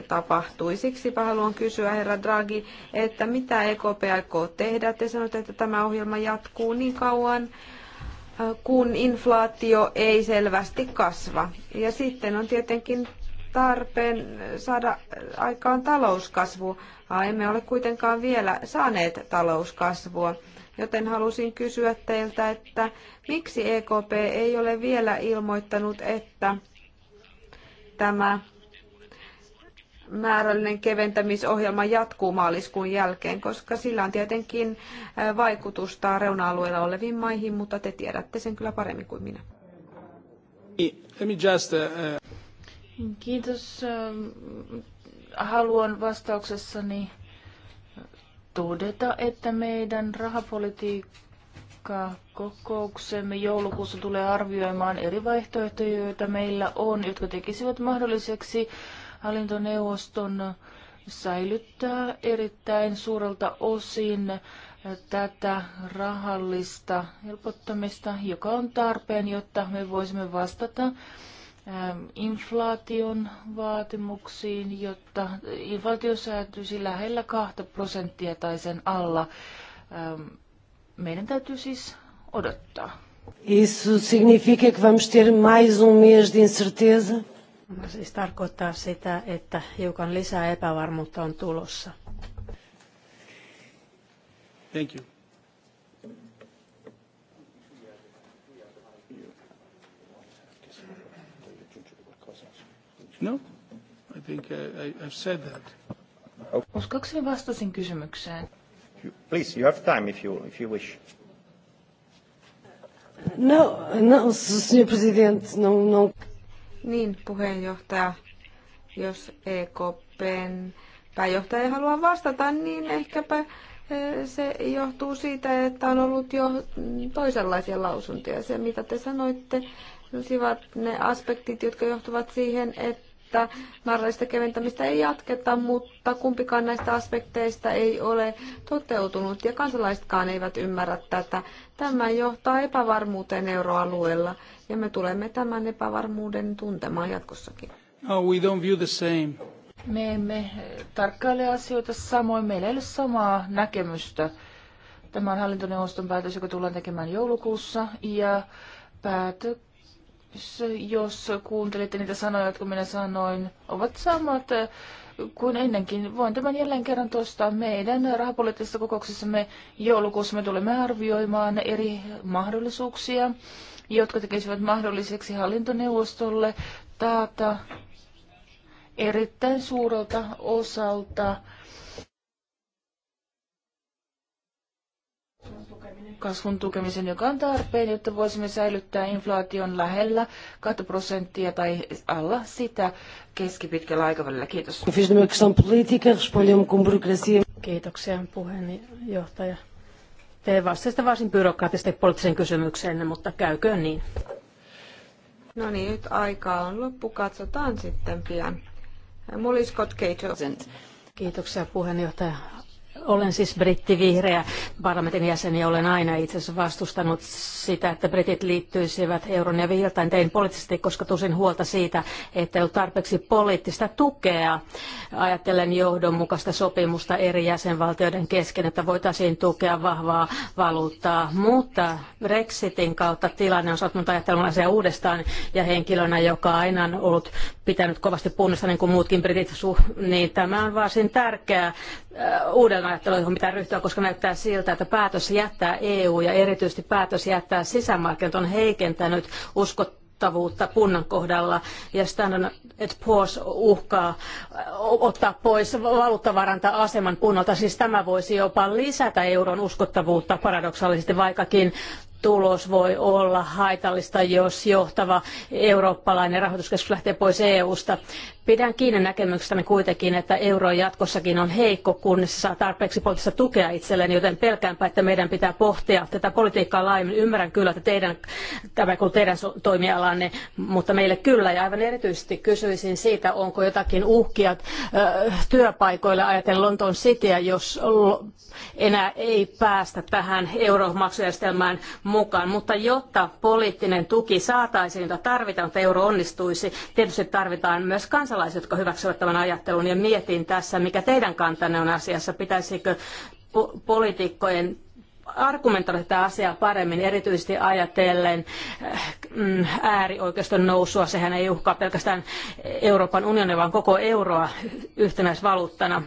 tapahtui. Siksipä haluan kysyä, herra Draghi, että mitä EKP aikoo tehdä? Te sanoitte, että tämä ohjelma jatkuu niin kauan, äh, kun inflaatio ei selvästi kasva. Ja sitten on tietenkin tarpeen saada aikaan talouskasvu. Ah, emme ole kuitenkaan vielä saaneet talouskasvua, joten halusin kysyä teiltä, että miksi EKP ei ole vielä ilmoittanut, että tämä määrällinen keventämisohjelma jatkuu maaliskuun jälkeen, koska sillä on tietenkin vaikutusta reuna-alueilla oleviin maihin, mutta te tiedätte sen kyllä paremmin kuin minä. Uh, uh, Kiitos. Ähm, haluan vastauksessani todeta, että meidän rahapolitiikka kokouksemme joulukuussa tulee arvioimaan eri vaihtoehtoja, joita meillä on, jotka tekisivät mahdolliseksi hallintoneuvoston säilyttää erittäin suurelta osin tätä rahallista helpottamista, joka on tarpeen, jotta me voisimme vastata ähm, inflaation vaatimuksiin, jotta inflaatio säätyisi lähellä 2 prosenttia tai sen alla. Ähm, meidän täytyy siis odottaa. Isso significa que vamos ter mais um mês de incerteza? Tämä siis tarkoittaa sitä, että hiukan lisää epävarmuutta on tulossa. Thank you. No, I think I, I've said that. Uskoakseni vastasin kysymykseen. Please, you have time if you, if you wish. No, no, senhor presidente, não, não. Niin, puheenjohtaja, jos EKPn pääjohtaja haluaa vastata, niin ehkäpä eh, se johtuu siitä, että on ollut jo toisenlaisia lausuntoja. Se, mitä te sanoitte, olisivat ne aspektit, jotka johtuvat siihen, että että määrällistä keventämistä ei jatketa, mutta kumpikaan näistä aspekteista ei ole toteutunut ja kansalaisetkaan eivät ymmärrä tätä. Tämä johtaa epävarmuuteen euroalueella ja me tulemme tämän epävarmuuden tuntemaan jatkossakin. No, we don't view the same. Me emme tarkkaile asioita samoin. Meillä ei ole samaa näkemystä. Tämä on hallintoneuvoston päätös, joka tullaan tekemään joulukuussa ja päätö, jos kuuntelitte niitä sanoja, jotka minä sanoin, ovat samat eh, kuin ennenkin. Voin tämän jälleen kerran tuosta Meidän rahapoliittisessa kokouksessamme joulukuussa me tulemme arvioimaan eri mahdollisuuksia, jotka tekisivät mahdolliseksi hallintoneuvostolle taata erittäin suurelta osalta kasvun tukemisen, joka on tarpeen, jotta voisimme säilyttää inflaation lähellä 2 prosenttia tai alla sitä keskipitkällä aikavälillä. Kiitos. Kiitoksia puheenjohtaja. Te vastasitte varsin byrokraattisesti poliittiseen kysymykseen, mutta käykö niin. No niin, nyt aikaa on loppu. Katsotaan sitten pian. Molly Kiitoksia puheenjohtaja. Olen siis brittivihreä parlamentin jäsen ja olen aina itse asiassa vastustanut sitä, että britit liittyisivät euron ja vihreän tein poliittisesti, koska tosin huolta siitä, että ei ollut tarpeeksi poliittista tukea. Ajattelen johdonmukaista sopimusta eri jäsenvaltioiden kesken, että voitaisiin tukea vahvaa valuuttaa, mutta Brexitin kautta tilanne on saattanut ajattelemaan asiaa uudestaan ja henkilönä, joka aina on ollut pitänyt kovasti punnista, niin kuin muutkin britit, niin tämä on varsin tärkeää uuden ajatteluun pitää ryhtyä, koska näyttää siltä, että päätös jättää EU ja erityisesti päätös jättää sisämarkkinat on heikentänyt uskottavuutta punnan kohdalla ja Standard Poor's uhkaa ottaa pois valuuttavaranta aseman punnalta. Siis tämä voisi jopa lisätä euron uskottavuutta paradoksaalisesti, vaikkakin tulos voi olla haitallista, jos johtava eurooppalainen rahoituskeskus lähtee pois EU-sta. Pidän kiinni näkemyksestäni kuitenkin, että euro jatkossakin on heikko, kunnes se saa tarpeeksi poliittista tukea itselleen, joten pelkäänpä, että meidän pitää pohtia tätä politiikkaa laajemmin. Ymmärrän kyllä, että teidän, tämä kun teidän toimialanne, mutta meille kyllä. Ja aivan erityisesti kysyisin siitä, onko jotakin uhkia työpaikoille ajatellen Lontoon Cityä, jos enää ei päästä tähän euromaksujärjestelmään mukaan. Mutta jotta poliittinen tuki saataisiin, jota tarvitaan, että euro onnistuisi, tietysti tarvitaan myös kansalaisia, jotka hyväksyvät tämän ajattelun. Ja mietin tässä, mikä teidän kantanne on asiassa. Pitäisikö po- poliitikkojen argumentoida tätä asiaa paremmin, erityisesti ajatellen äh, mm, äärioikeiston nousua. Sehän ei uhkaa pelkästään Euroopan unionia, vaan koko euroa yhtenäisvaluuttana.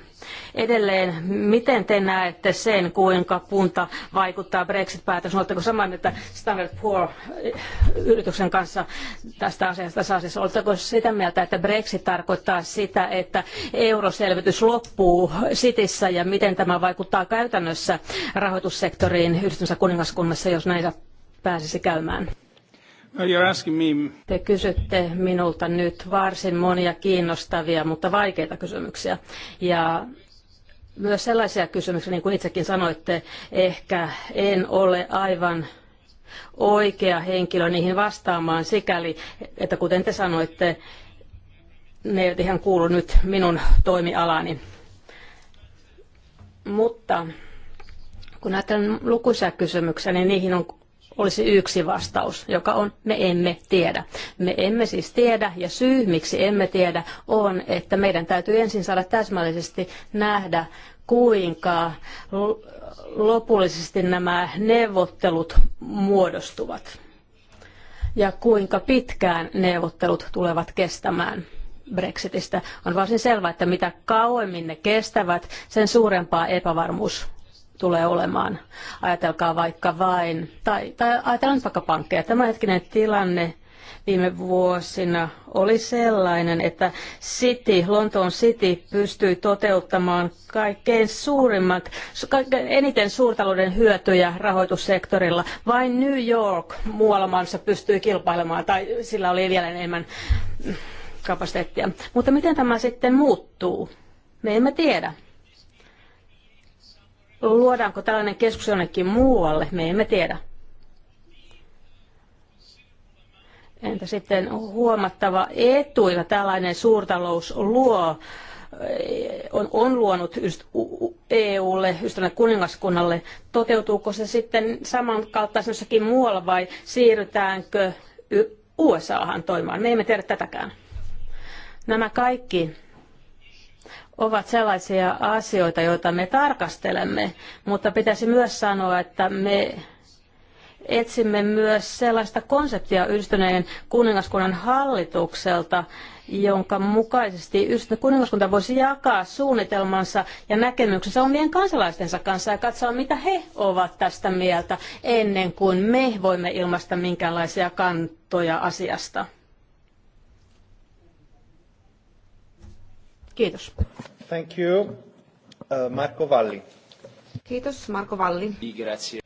Edelleen, miten te näette sen, kuinka punta vaikuttaa Brexit-päätös? Oletteko samaa mieltä Standard Poor eh, yrityksen kanssa tästä asiasta? Tässä asiassa? Oletteko sitä mieltä, että Brexit tarkoittaa sitä, että euroselvitys loppuu sitissä ja miten tämä vaikuttaa käytännössä rahoitussektoriin yhdistyneessä kuningaskunnassa, jos näitä pääsisi käymään? No, te kysytte minulta nyt varsin monia kiinnostavia, mutta vaikeita kysymyksiä. Ja myös sellaisia kysymyksiä, niin kuin itsekin sanoitte, ehkä en ole aivan oikea henkilö niihin vastaamaan sikäli, että kuten te sanoitte, ne eivät ihan kuulu nyt minun toimialani. Mutta kun ajattelen lukuisia kysymyksiä, niin niihin on olisi yksi vastaus, joka on me emme tiedä. Me emme siis tiedä ja syy, miksi emme tiedä, on, että meidän täytyy ensin saada täsmällisesti nähdä, kuinka lopullisesti nämä neuvottelut muodostuvat ja kuinka pitkään neuvottelut tulevat kestämään. Brexitistä. On varsin selvää, että mitä kauemmin ne kestävät, sen suurempaa epävarmuus tulee olemaan. Ajatelkaa vaikka vain, tai, tai ajatellaan vaikka pankkeja. Tämänhetkinen tilanne viime vuosina oli sellainen, että City, Lontoon City pystyi toteuttamaan kaikkein suurimmat, kaikkein eniten suurtalouden hyötyjä rahoitussektorilla. Vain New York muualla maailmassa pystyi kilpailemaan, tai sillä oli vielä enemmän kapasiteettia. Mutta miten tämä sitten muuttuu? Me emme tiedä. Luodaanko tällainen keskus jonnekin muualle? Me emme tiedä. Entä sitten huomattava etu, jota tällainen suurtalous luo, eh, on, on luonut EUlle, ystävänä kuningaskunnalle. Toteutuuko se sitten samankaltaisessakin muualla vai siirrytäänkö USAhan toimimaan? Me emme tiedä tätäkään. Nämä kaikki ovat sellaisia asioita, joita me tarkastelemme, mutta pitäisi myös sanoa, että me etsimme myös sellaista konseptia yhdistyneen kuningaskunnan hallitukselta, jonka mukaisesti kuningaskunta voisi jakaa suunnitelmansa ja näkemyksensä omien kansalaistensa kanssa ja katsoa, mitä he ovat tästä mieltä ennen kuin me voimme ilmaista minkäänlaisia kantoja asiasta. Kiitos. Thank you. Uh, Marco Valli. Kiitos Marko Valli. Niin, grazie.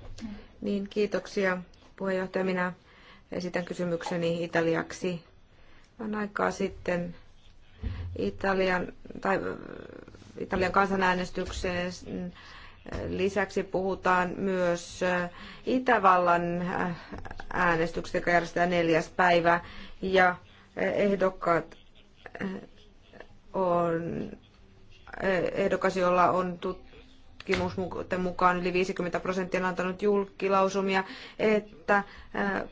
Niin, kiitoksia puheenjohtaja. Minä esitän kysymykseni italiaksi. On aikaa sitten Italian, tai, Italian kansanäänestykseen lisäksi puhutaan myös äh, Itävallan äh, äänestyksestä, joka järjestetään neljäs päivä, ja äh, ehdokkaat on eh, ehdokas, jolla on tutkimusten mukaan yli 50 prosenttia on antanut julkilausumia, että eh,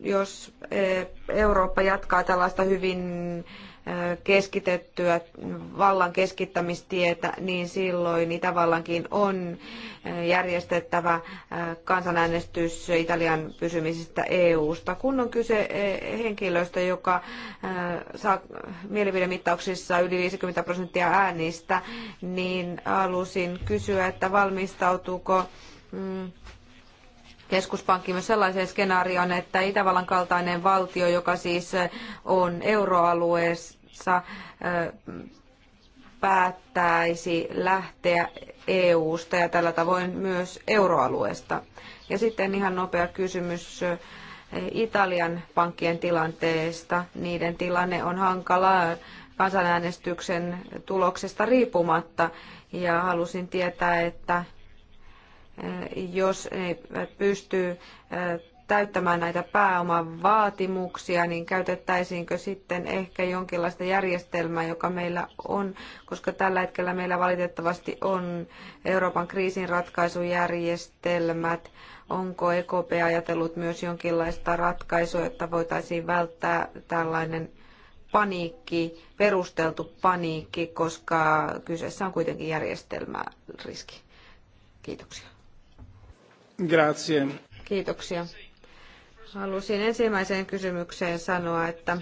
jos eh, Eurooppa jatkaa tällaista hyvin keskitettyä vallan keskittämistietä, niin silloin Itävallankin on järjestettävä kansanäänestys Italian pysymisestä EU-sta. Kun on kyse henkilöstä, joka saa mielipidemittauksissa yli 50 prosenttia äänistä, niin halusin kysyä, että valmistautuuko mm, keskuspankki myös sellaiseen skenaarioon, että Itävallan kaltainen valtio, joka siis on euroalueessa, Saksa päättäisi lähteä EU-sta ja tällä tavoin myös euroalueesta. Ja sitten ihan nopea kysymys Italian pankkien tilanteesta. Niiden tilanne on hankala kansanäänestyksen tuloksesta riippumatta ja halusin tietää, että jos ne pystyy täyttämään näitä pääoman vaatimuksia, niin käytettäisiinkö sitten ehkä jonkinlaista järjestelmää, joka meillä on, koska tällä hetkellä meillä valitettavasti on Euroopan kriisinratkaisujärjestelmät. Onko EKP ajatellut myös jonkinlaista ratkaisua, että voitaisiin välttää tällainen paniikki, perusteltu paniikki, koska kyseessä on kuitenkin järjestelmäriski. Kiitoksia. Grazie. Kiitoksia. Halusin ensimmäiseen kysymykseen sanoa, että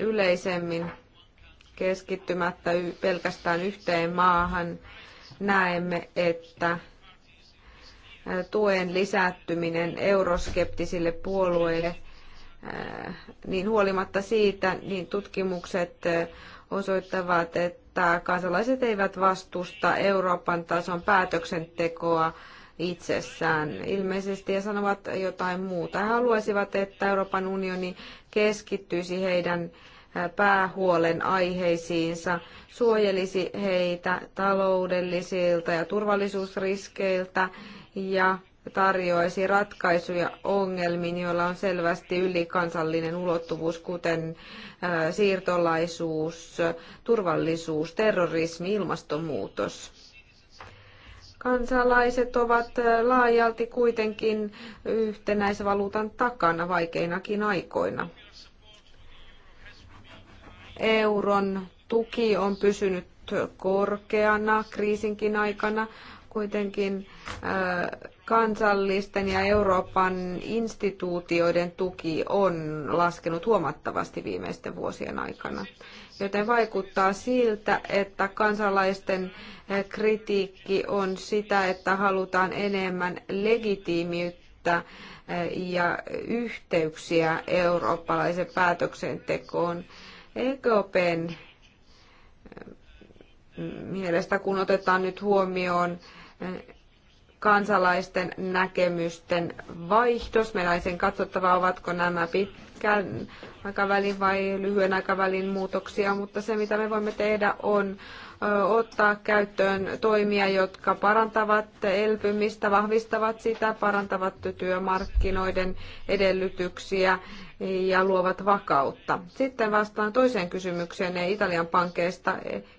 yleisemmin keskittymättä pelkästään yhteen maahan näemme, että tuen lisättyminen euroskeptisille puolueille, niin huolimatta siitä, niin tutkimukset osoittavat, että kansalaiset eivät vastusta Euroopan tason päätöksentekoa itsessään ilmeisesti ja sanovat jotain muuta. He haluaisivat, että Euroopan unioni keskittyisi heidän päähuolen aiheisiinsa, suojelisi heitä taloudellisilta ja turvallisuusriskeiltä ja tarjoaisi ratkaisuja ongelmiin, joilla on selvästi ylikansallinen ulottuvuus, kuten siirtolaisuus, turvallisuus, terrorismi, ilmastonmuutos kansalaiset ovat laajalti kuitenkin yhtenäisvaluutan takana vaikeinakin aikoina. Euron tuki on pysynyt korkeana kriisinkin aikana. Kuitenkin kansallisten ja Euroopan instituutioiden tuki on laskenut huomattavasti viimeisten vuosien aikana joten vaikuttaa siltä, että kansalaisten eh, kritiikki on sitä, että halutaan enemmän legitiimiyttä eh, ja yhteyksiä eurooppalaisen päätöksentekoon. EKPn eh, mielestä, kun otetaan nyt huomioon kansalaisten näkemysten vaihtos. Meillä on sen katsottava, ovatko nämä pitkän aikavälin vai lyhyen aikavälin muutoksia, mutta se mitä me voimme tehdä on ottaa käyttöön toimia, jotka parantavat elpymistä, vahvistavat sitä, parantavat työmarkkinoiden edellytyksiä ja luovat vakautta. Sitten vastaan toiseen kysymykseen Italian pankeista.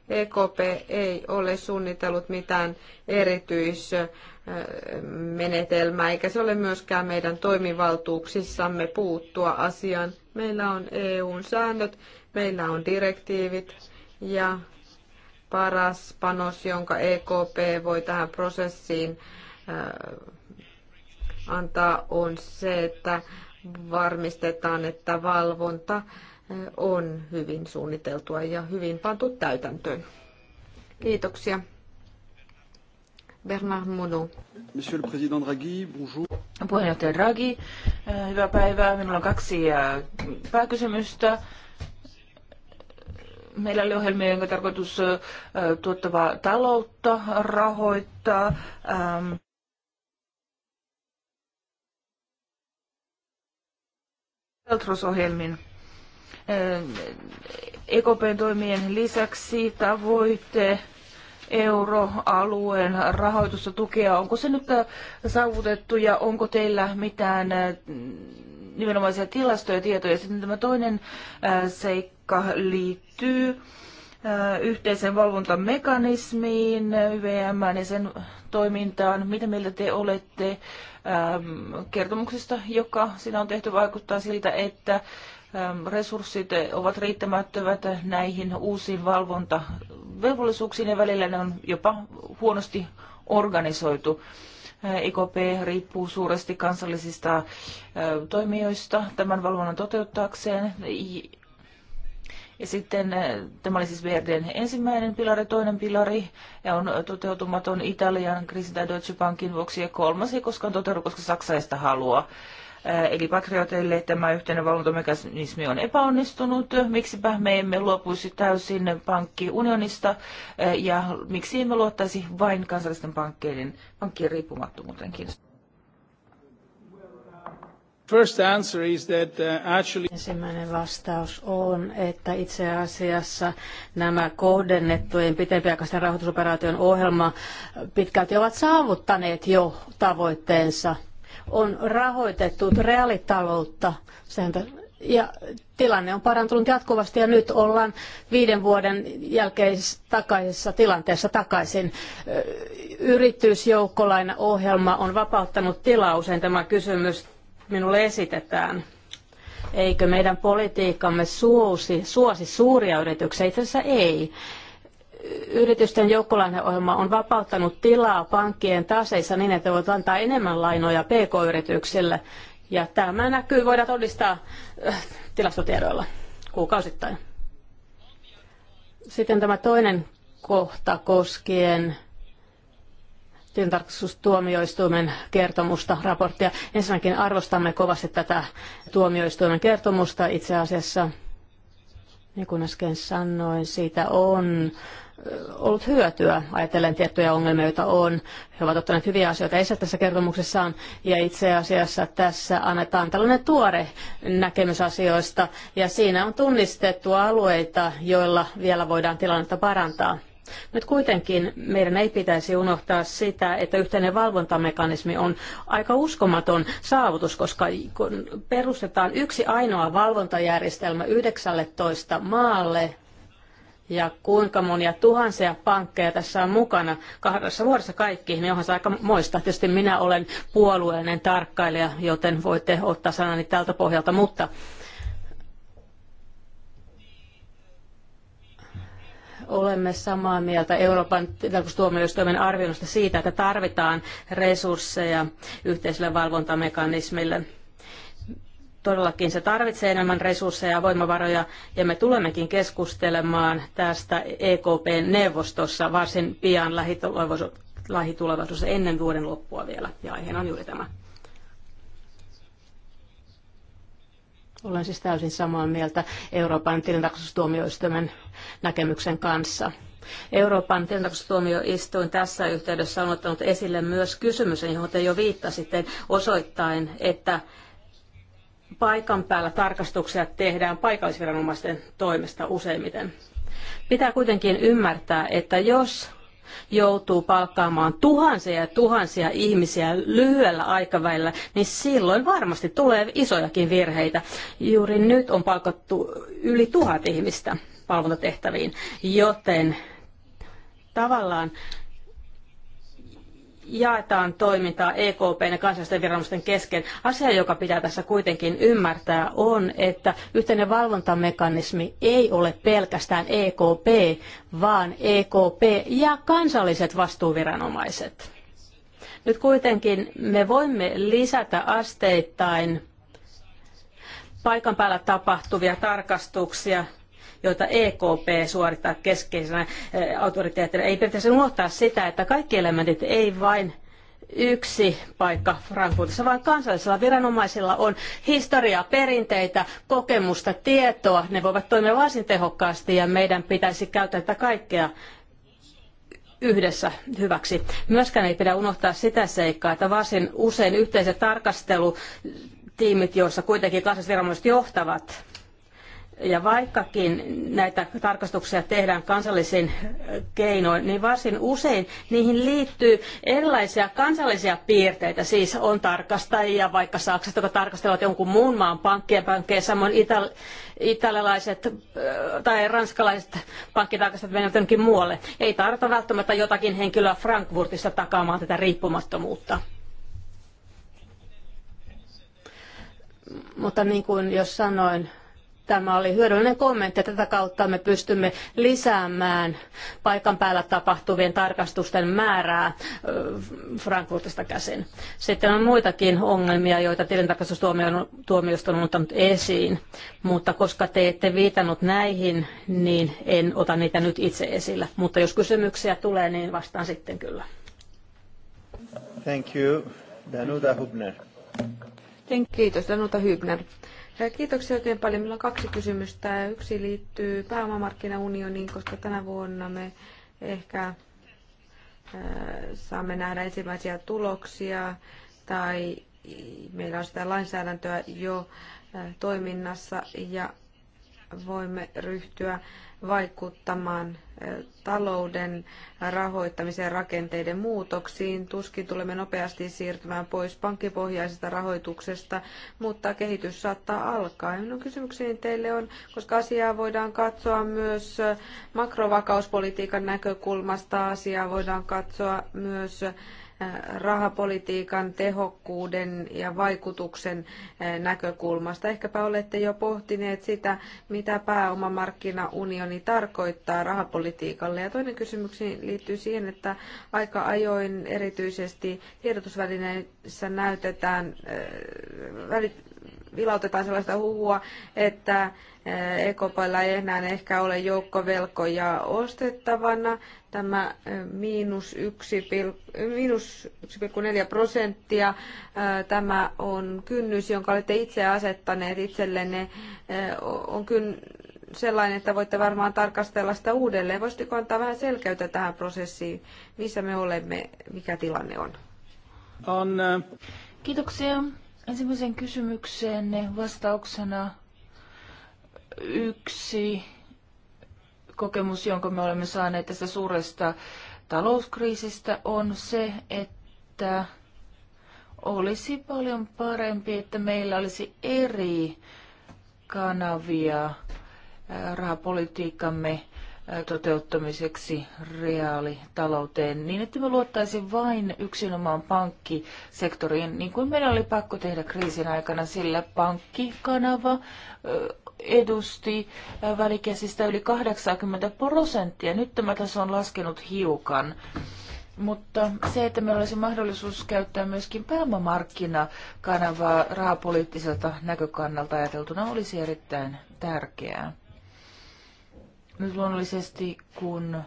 EKP e ei ole suunnitellut mitään erityis menetelmä, eikä se ole myöskään meidän toimivaltuuksissamme puuttua asiaan. Meillä on EUn säännöt, meillä on direktiivit ja paras panos, jonka EKP voi tähän prosessiin äh, antaa, on se, että varmistetaan, että valvonta äh, on hyvin suunniteltua ja hyvin pantu täytäntöön. Kiitoksia. Bernard Monod. Monsieur le Président Draghi, bonjour. Puheenjohtaja Draghi, eh, hyvää päivää. Minulla on kaksi eh, pääkysymystä. Meillä oli ohjelmia, jonka tarkoitus eh, tuottavaa taloutta rahoittaa. Peltros-ohjelmin ehm, EKPn ehm, e toimien lisäksi tavoite euroalueen rahoitusta tukea. Onko se nyt äh, saavutettu ja onko teillä mitään äh, nimenomaisia tilastoja ja tietoja? Sitten tämä toinen äh, seikka liittyy yhteisen valvontamekanismiin, YVM ja sen toimintaan. Mitä mieltä te olette ähm, kertomuksesta, joka siinä on tehty, vaikuttaa siltä, että resurssit ovat riittämättömät näihin uusiin valvontavelvollisuuksiin ja välillä ne on jopa huonosti organisoitu. EKP riippuu suuresti kansallisista toimijoista tämän valvonnan toteuttaakseen. Ja sitten tämä oli siis Verden ensimmäinen pilari, toinen pilari ja on toteutumaton Italian kriisin tai Deutsche Bankin vuoksi ja kolmas ei koskaan toteudu, koska Saksa ei sitä halua. Eli patrioteille tämä yhteinen valvontamekanismi on epäonnistunut. Miksipä me emme luopuisi täysin pankkiunionista ja miksi emme luottaisi vain kansallisten pankkeiden, pankkien riippumattomuuteenkin? First answer is that uh, actually... Ensimmäinen vastaus on, että itse asiassa nämä kohdennettujen pitempiaikaisten rahoitusoperaation ohjelma pitkälti ovat saavuttaneet jo tavoitteensa on rahoitettu reaalitaloutta. Ja tilanne on parantunut jatkuvasti ja nyt ollaan viiden vuoden jälkeisessä takaisessa tilanteessa takaisin. Yritysjoukkolainaohjelma on vapauttanut tilaa usein tämä kysymys minulle esitetään. Eikö meidän politiikkamme suosi, suosi suuria yrityksiä? Itse asiassa ei yritysten joukkolainaohjelma on vapauttanut tilaa pankkien taseissa niin, että voit antaa enemmän lainoja pk-yrityksille. Ja tämä näkyy, voidaan todistaa äh, tilastotiedoilla kuukausittain. Sitten tämä toinen kohta koskien tilintarkastustuomioistuimen kertomusta, raporttia. Ensinnäkin arvostamme kovasti tätä tuomioistuimen kertomusta itse asiassa. Niin kuin äsken sanoin, siitä on ollut hyötyä ajatellen tiettyjä ongelmia, joita on. He ovat ottaneet hyviä asioita esille tässä kertomuksessaan ja itse asiassa tässä annetaan tällainen tuore näkemys asioista ja siinä on tunnistettu alueita, joilla vielä voidaan tilannetta parantaa. Nyt kuitenkin meidän ei pitäisi unohtaa sitä, että yhteinen valvontamekanismi on aika uskomaton saavutus, koska kun perustetaan yksi ainoa valvontajärjestelmä 19 maalle, ja kuinka monia tuhansia pankkeja tässä on mukana. Kahdessa vuodessa kaikki, niin onhan se aika moista. Tietysti minä olen puolueellinen tarkkailija, joten voitte ottaa sanani tältä pohjalta, mutta olemme samaa mieltä Euroopan tuomioistuimen arvioinnista siitä, että tarvitaan resursseja yhteiselle valvontamekanismille – Todellakin se tarvitsee enemmän resursseja ja voimavaroja, ja me tulemmekin keskustelemaan tästä ekp neuvostossa varsin pian lähitulevaisuudessa ennen vuoden loppua vielä, ja aiheena on juuri tämä. Olen siis täysin samaa mieltä Euroopan tilintarkastustuomioistuimen näkemyksen kanssa. Euroopan tilintarkastustuomioistuin tässä yhteydessä on ottanut esille myös kysymyksen, johon te jo viittasitte, osoittain, että paikan päällä tarkastuksia tehdään paikallisviranomaisten toimesta useimmiten. Pitää kuitenkin ymmärtää, että jos joutuu palkkaamaan tuhansia ja tuhansia ihmisiä lyhyellä aikavälillä, niin silloin varmasti tulee isojakin virheitä. Juuri nyt on palkattu yli tuhat ihmistä valvontatehtäviin, joten tavallaan jaetaan toimintaa EKPn ja kansallisten viranomaisten kesken. Asia, joka pitää tässä kuitenkin ymmärtää, on, että yhteinen valvontamekanismi ei ole pelkästään EKP, vaan EKP ja kansalliset vastuuviranomaiset. Nyt kuitenkin me voimme lisätä asteittain paikan päällä tapahtuvia tarkastuksia joita EKP suorittaa keskeisenä eh, autoriteettina. Ei pitäisi unohtaa sitä, että kaikki elementit ei vain yksi paikka Frankfurtissa, vaan kansallisilla viranomaisilla on historiaa, perinteitä, kokemusta, tietoa. Ne voivat toimia varsin tehokkaasti ja meidän pitäisi käyttää tätä kaikkea yhdessä hyväksi. Myöskään ei pidä unohtaa sitä seikkaa, että varsin usein yhteiset tarkastelutiimit, joissa kuitenkin kansallisviranomaiset johtavat ja vaikkakin näitä tarkastuksia tehdään kansallisin keinoin, niin varsin usein niihin liittyy erilaisia kansallisia piirteitä. Siis on tarkastajia vaikka Saksasta, jotka tarkastelevat jonkun muun maan pankkien pankkeja, samoin ital- italialaiset tai ranskalaiset pankkitarkastajat menevät jonnekin muualle. Ei tarvita välttämättä jotakin henkilöä Frankfurtista takaamaan tätä riippumattomuutta. Mutta niin kuin jos sanoin, Tämä oli hyödyllinen kommentti. Tätä kautta me pystymme lisäämään paikan päällä tapahtuvien tarkastusten määrää Frankfurtista käsin. Sitten on muitakin ongelmia, joita tilintarkastustuomioistuin on ottanut esiin, mutta koska te ette viitannut näihin, niin en ota niitä nyt itse esillä. Mutta jos kysymyksiä tulee, niin vastaan sitten kyllä. Thank you. Danuta Hübner. Kiitos, Danuta Hübner. Kiitoksia oikein paljon. Meillä on kaksi kysymystä. Yksi liittyy pääomamarkkinaunioniin, koska tänä vuonna me ehkä saamme nähdä ensimmäisiä tuloksia tai meillä on sitä lainsäädäntöä jo toiminnassa ja voimme ryhtyä vaikuttamaan talouden rahoittamisen ja rakenteiden muutoksiin. Tuskin tulemme nopeasti siirtymään pois pankkipohjaisesta rahoituksesta, mutta kehitys saattaa alkaa. Minun kysymykseni teille on, koska asiaa voidaan katsoa myös makrovakauspolitiikan näkökulmasta, asiaa voidaan katsoa myös rahapolitiikan tehokkuuden ja vaikutuksen eh, näkökulmasta. Ehkäpä olette jo pohtineet sitä, mitä pääomamarkkinaunioni tarkoittaa rahapolitiikalle. Ja toinen kysymys liittyy siihen, että aika ajoin erityisesti tiedotusvälineissä näytetään, eh, vilautetaan sellaista huhua, että eh, Ekopailla ei enää ehkä ole joukkovelkoja ostettavana. Tämä eh, miinus 1,4 prosenttia, eh, tämä on kynnys, jonka olette itse asettaneet itsellenne. On kyllä sellainen, että voitte varmaan tarkastella sitä uudelleen. Voisitko antaa vähän selkeyttä tähän prosessiin, missä me olemme, mikä tilanne on? on Kiitoksia. Ensimmäisen kysymykseen vastauksena yksi kokemus, jonka me olemme saaneet tästä suuresta talouskriisistä, on se, että olisi paljon parempi, että meillä olisi eri kanavia rahapolitiikkamme toteuttamiseksi reaalitalouteen niin, että me luottaisi vain yksinomaan pankkisektoriin, niin kuin meidän oli pakko tehdä kriisin aikana, sillä pankkikanava edusti välikäsistä yli 80 prosenttia. Nyt tämä taso on laskenut hiukan. Mutta se, että meillä olisi mahdollisuus käyttää myöskin pääomamarkkinakanavaa rahapoliittiselta näkökannalta ajateltuna, olisi erittäin tärkeää. Nyt luonnollisesti, kun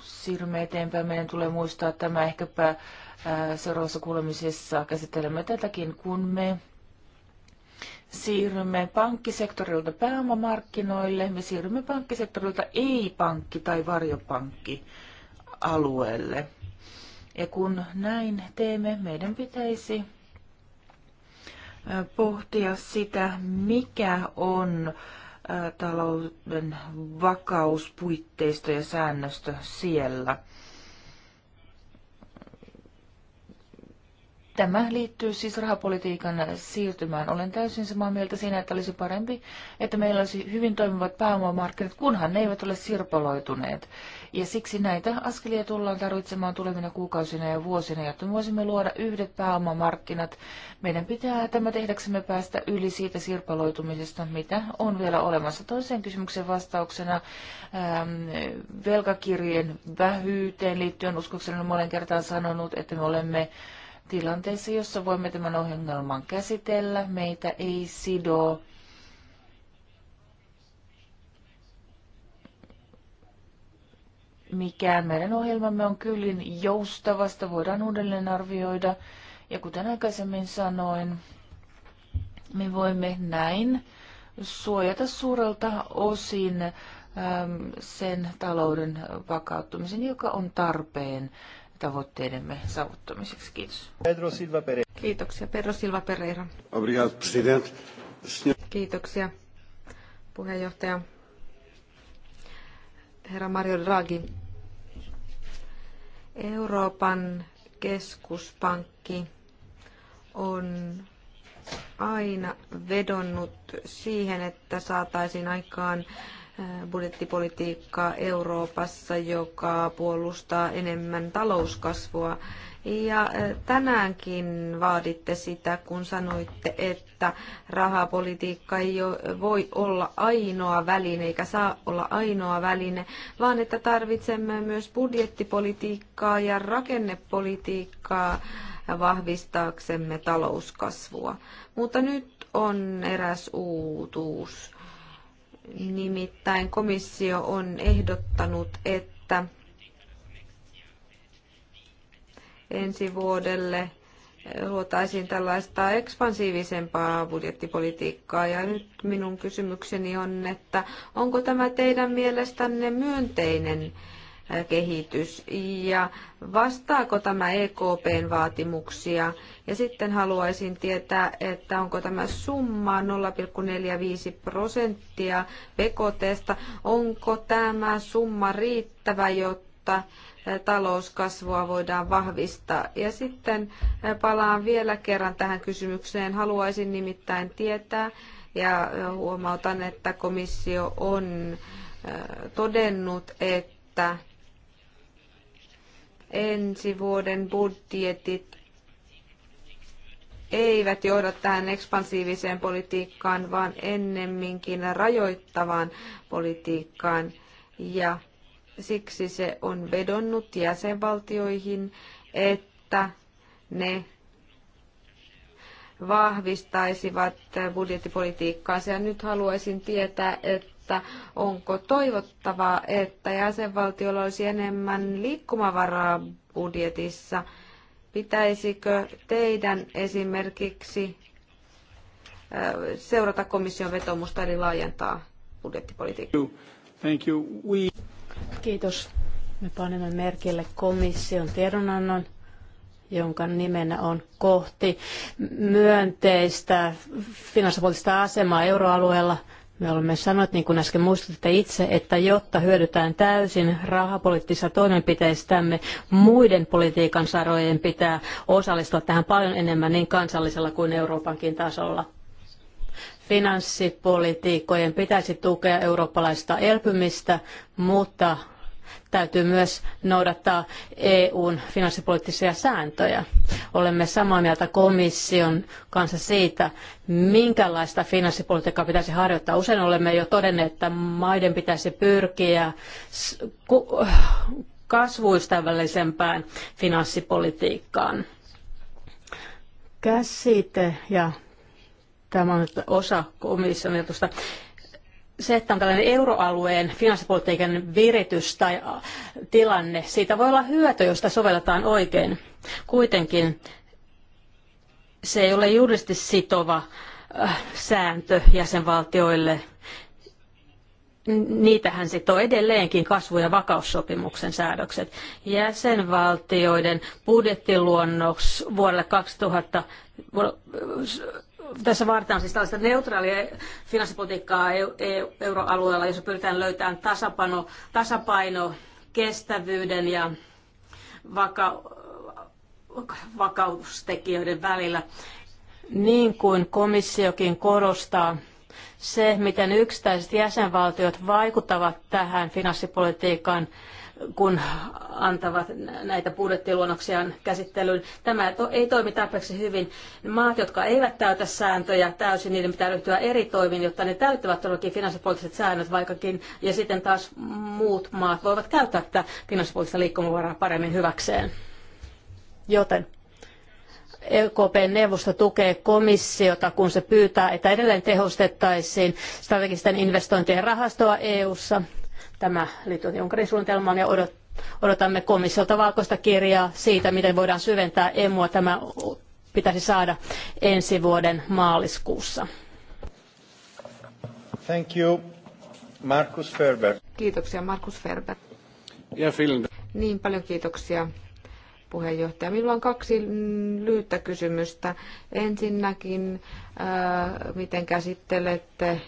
siirrymme eteenpäin, meidän tulee muistaa tämä ehkäpä äh, seuraavassa kuulemisessa käsittelemme tätäkin, kun me siirrymme pankkisektorilta pääomamarkkinoille, me siirrymme pankkisektorilta ei-pankki- tai varjopankki alueelle. Ja kun näin teemme, meidän pitäisi äh, pohtia sitä, mikä on talouden vakauspuitteisto ja säännöstö siellä. Tämä liittyy siis rahapolitiikan siirtymään. Olen täysin samaa mieltä siinä, että olisi parempi, että meillä olisi hyvin toimivat pääomamarkkinat, kunhan ne eivät ole sirpaloituneet. Ja siksi näitä askelia tullaan tarvitsemaan tulevina kuukausina ja vuosina, jotta voisimme luoda yhdet pääomamarkkinat. Meidän pitää tämä tehdäksemme päästä yli siitä sirpaloitumisesta, mitä on vielä olemassa. Toiseen kysymyksen vastauksena ähm, velkakirjien vähyyteen liittyen uskokseni olen monen kertaan sanonut, että me olemme äh, tilanteessa, jossa voimme tämän ongelman käsitellä. Meitä ei sido mikään. Meidän ohjelmamme on kyllin joustavasta, voidaan uudelleen arvioida. Ja kuten aikaisemmin sanoin, me voimme näin suojata suurelta osin sen talouden vakauttumisen, joka on tarpeen tavoitteidemme saavuttamiseksi. Kiitos. Pedro Silva Pereira. Kiitoksia. Pedro Silva Pereira. Obrigado, president. Kiitoksia, puheenjohtaja. Herra Mario Draghi, Euroopan keskuspankki on aina vedonnut siihen, että saataisiin aikaan budjettipolitiikkaa Euroopassa, joka puolustaa enemmän talouskasvua. Ja tänäänkin vaaditte sitä, kun sanoitte, että rahapolitiikka ei voi olla ainoa väline, eikä saa olla ainoa väline, vaan että tarvitsemme myös budjettipolitiikkaa ja rakennepolitiikkaa vahvistaaksemme talouskasvua. Mutta nyt on eräs uutuus Nimittäin komissio on ehdottanut, että ensi vuodelle luotaisiin tällaista ekspansiivisempaa budjettipolitiikkaa. Ja nyt minun kysymykseni on, että onko tämä teidän mielestänne myönteinen kehitys ja vastaako tämä EKPn vaatimuksia. Ja sitten haluaisin tietää, että onko tämä summa 0,45 prosenttia BKTstä, onko tämä summa riittävä, jotta talouskasvua voidaan vahvistaa. Ja sitten palaan vielä kerran tähän kysymykseen. Haluaisin nimittäin tietää ja huomautan, että komissio on todennut, että ensi vuoden budjetit eivät johda tähän ekspansiiviseen politiikkaan, vaan ennemminkin rajoittavaan politiikkaan. Ja siksi se on vedonnut jäsenvaltioihin, että ne vahvistaisivat budjettipolitiikkaa. Ja nyt haluaisin tietää, että että onko toivottavaa, että jäsenvaltiolla olisi enemmän liikkumavaraa budjetissa. Pitäisikö teidän esimerkiksi seurata komission vetomusta eli laajentaa budjettipolitiikkaa? Thank you. We... Kiitos. Me panemme merkille komission tiedonannon, jonka nimenä on kohti myönteistä finanssipoliittista asemaa euroalueella – me olemme sanoneet, niin kuin äsken muistutitte itse, että jotta hyödytään täysin rahapoliittisista toimenpiteistämme, muiden politiikan sarojen pitää osallistua tähän paljon enemmän niin kansallisella kuin Euroopankin tasolla. Finanssipolitiikkojen pitäisi tukea eurooppalaista elpymistä, mutta täytyy myös noudattaa EUn finanssipoliittisia sääntöjä. Olemme samaa mieltä komission kanssa siitä, minkälaista finanssipolitiikkaa pitäisi harjoittaa. Usein olemme jo todenneet, että maiden pitäisi pyrkiä kasvuystävällisempään finanssipolitiikkaan. Käsite ja tämä on osa komission se, että on tällainen euroalueen finanssipolitiikan viritys tai tilanne, siitä voi olla hyöty, jos sitä sovelletaan oikein. Kuitenkin se ei ole juridisesti sitova sääntö jäsenvaltioille. Niitähän sitoo edelleenkin kasvu- ja vakaussopimuksen säädökset. Jäsenvaltioiden budjettiluonnoks vuodelle 2000 tässä vaaditaan siis tällaista neutraalia finanssipolitiikkaa euroalueella, jossa pyritään löytämään tasapaino, tasapaino kestävyyden ja vaka, vakaustekijöiden välillä. Niin kuin komissiokin korostaa, se, miten yksittäiset jäsenvaltiot vaikuttavat tähän finanssipolitiikan kun antavat näitä budjettiluonnoksiaan käsittelyyn. Tämä ei toimi tarpeeksi hyvin. Maat, jotka eivät täytä sääntöjä täysin, niiden pitää ryhtyä eri toimiin, jotta ne täyttävät todellakin finanssipoliittiset säännöt vaikkakin, ja sitten taas muut maat voivat käyttää tätä finanssipoliittista liikkumavaraa paremmin hyväkseen. Joten EKP neuvosto tukee komissiota, kun se pyytää, että edelleen tehostettaisiin strategisten investointien rahastoa EUssa Tämä liittyy Unkarin suunnitelmaan ja odotamme komissiolta valkoista kirjaa siitä, miten voidaan syventää emua. Tämä pitäisi saada ensi vuoden maaliskuussa. Thank you, Markus Ferber. Kiitoksia, Markus Ferber. Ja film. Niin, paljon kiitoksia puheenjohtaja. Minulla on kaksi lyhyttä kysymystä. Ensinnäkin, äh, miten käsittelette äh,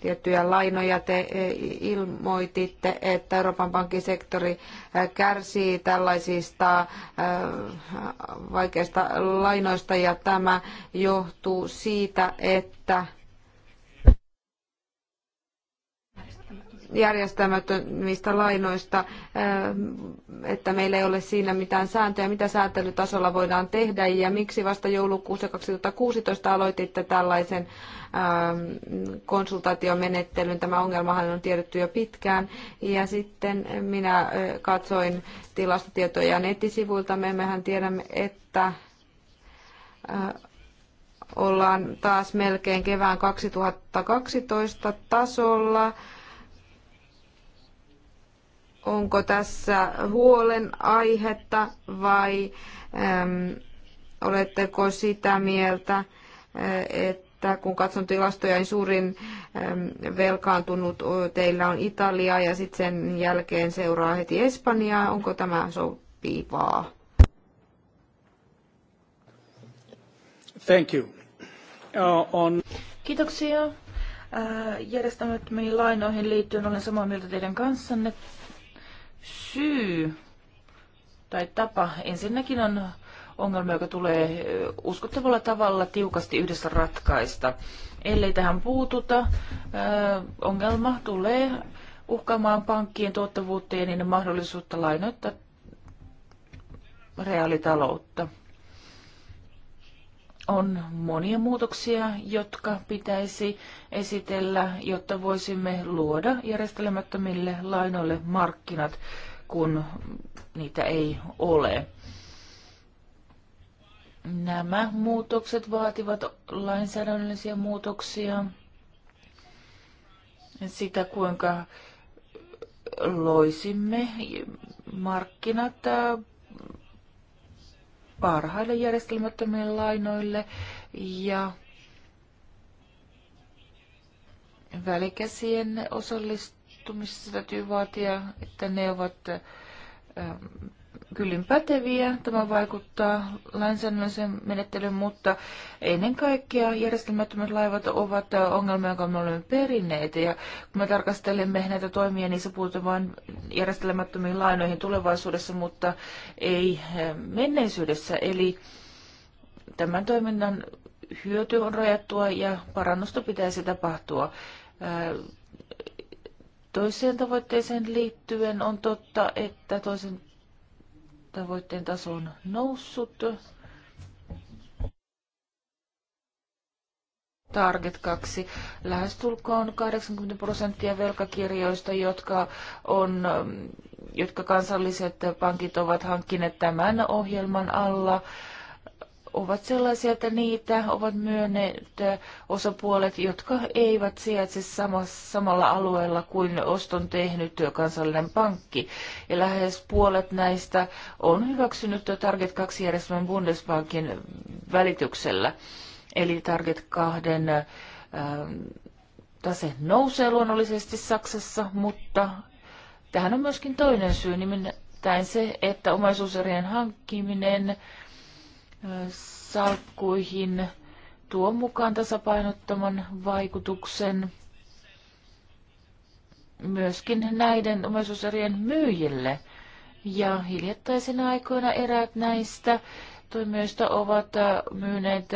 tiettyjä lainoja. Te eh, ilmoititte, että Euroopan pankkisektori eh, kärsii tällaisista eh, vaikeista lainoista ja tämä johtuu siitä, että järjestämättömistä lainoista, eh, että meillä ei ole siinä mitään sääntöjä, mitä sääntelytasolla voidaan tehdä ja miksi vasta joulukuussa 2016 aloititte tällaisen eh, konsultaatiomenettelyn. Tämä ongelmahan on tiedetty jo pitkään ja sitten minä eh, katsoin tilastotietoja nettisivuilta. Me mehän tiedämme, että ollaan taas melkein kevään 2012 tasolla onko tässä huolen vai äm, oletteko sitä mieltä, äh, että kun katson tilastoja, niin suurin äm, velkaantunut teillä on Italia ja sitten sen jälkeen seuraa heti Espanjaa. Onko tämä sopivaa? Thank you. Uh, on... Kiitoksia. Järjestelmät äh, järjestämättömiin lainoihin liittyen. Olen samaa mieltä teidän kanssanne syy tai tapa ensinnäkin on ongelma, joka tulee uskottavalla tavalla tiukasti yhdessä ratkaista. Ellei tähän puututa, ongelma tulee uhkaamaan pankkien tuottavuutta ja niiden mahdollisuutta lainoittaa reaalitaloutta on monia muutoksia, jotka pitäisi esitellä, jotta voisimme luoda järjestelemättömille lainoille markkinat, kun niitä ei ole. Nämä muutokset vaativat lainsäädännöllisiä muutoksia, sitä kuinka loisimme markkinat parhaille järjestelmättömille lainoille ja välikäsien osallistumisessa täytyy vaatia, että ne ovat ähm, kyllin päteviä. Tämä vaikuttaa lainsäädännöllisen menettelyyn, mutta ennen kaikkea järjestelmättömät laivat ovat ongelmia, jotka me olemme perinneet. Ja kun me tarkastelemme näitä toimia, niin se puhutaan vain järjestelmättömiin lainoihin tulevaisuudessa, mutta ei eh, menneisyydessä. Eli tämän toiminnan hyöty on rajattua ja parannusta pitäisi tapahtua. Eh, toiseen tavoitteeseen liittyen on totta, että toisen tavoitteen taso on noussut. Target 2. Lähestulkoon 80 prosenttia velkakirjoista, jotka, on, jotka kansalliset pankit ovat hankkineet tämän ohjelman alla ovat sellaisia, että niitä ovat myönneet osapuolet, jotka eivät sijaitse samassa, samalla alueella kuin oston tehnyt kansallinen pankki. Ja lähes puolet näistä on hyväksynyt Target 2-järjestelmän Bundesbankin välityksellä. Eli Target 2 ähm, tase nousee luonnollisesti Saksassa, mutta tähän on myöskin toinen syy, nimittäin se, että omaisuuserien hankkiminen – salkkuihin tuo mukaan tasapainottoman vaikutuksen myöskin näiden omaisuuserien myyjille. Ja hiljattaisina aikoina eräät näistä toimijoista ovat myyneet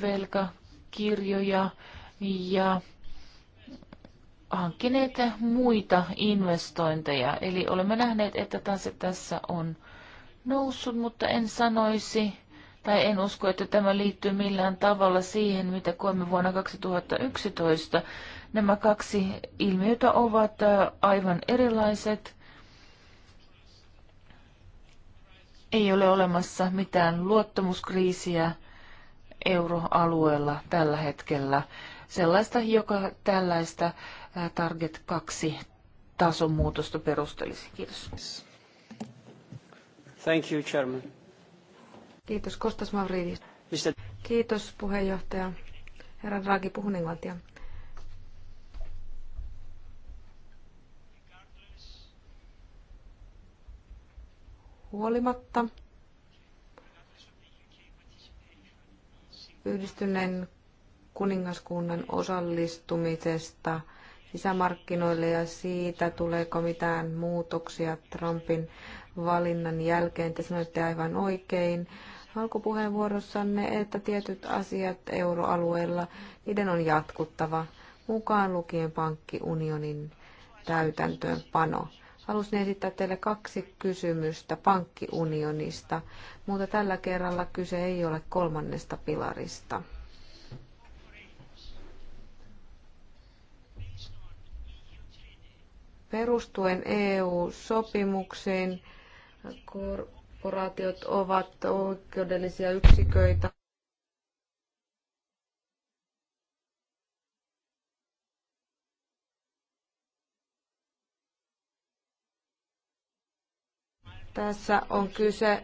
velkakirjoja ja hankkineet muita investointeja. Eli olemme nähneet, että tässä on noussut, mutta en sanoisi tai en usko, että tämä liittyy millään tavalla siihen, mitä koemme vuonna 2011. Nämä kaksi ilmiötä ovat aivan erilaiset. Ei ole olemassa mitään luottamuskriisiä euroalueella tällä hetkellä. Sellaista, joka tällaista Target 2 tason muutosta perustelisi. Kiitos. Thank you, Chairman. Kiitos, Kostas Mavridis. Mistä? Kiitos, puheenjohtaja. Herra Draghi, puhun englantia. Huolimatta yhdistyneen kuningaskunnan osallistumisesta sisämarkkinoille ja siitä, tuleeko mitään muutoksia Trumpin valinnan jälkeen. Te sanoitte aivan oikein alkupuheenvuorossanne, että tietyt asiat euroalueella, niiden on jatkuttava, mukaan lukien pankkiunionin täytäntöönpano. Halusin esittää teille kaksi kysymystä pankkiunionista, mutta tällä kerralla kyse ei ole kolmannesta pilarista. Perustuen EU-sopimuksiin Korporaatiot ovat oikeudellisia yksiköitä. Tässä on kyse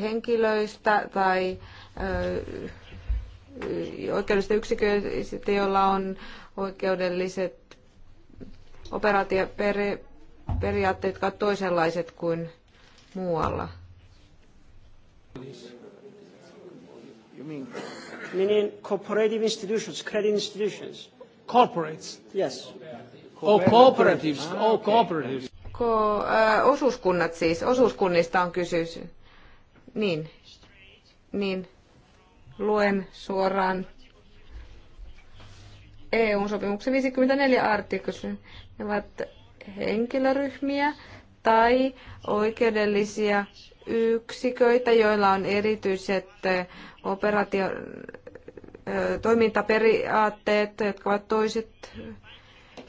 henkilöistä tai oikeudellisista yksiköistä, joilla on oikeudelliset operaatioperheet periaatteet, jotka ovat toisenlaiset kuin muualla? Meaning cooperative institutions, credit institutions. Corporates? Yes. Oh, cooperatives. Oh, ah, cooperatives. Ko, äh, osuuskunnat siis. Osuuskunnista on kysymys. Niin. Niin. Luen suoraan EU-sopimuksen 54 artikkelissa. Ne ovat henkilöryhmiä tai oikeudellisia yksiköitä, joilla on erityiset operaatio, toimintaperiaatteet, jotka ovat toiset,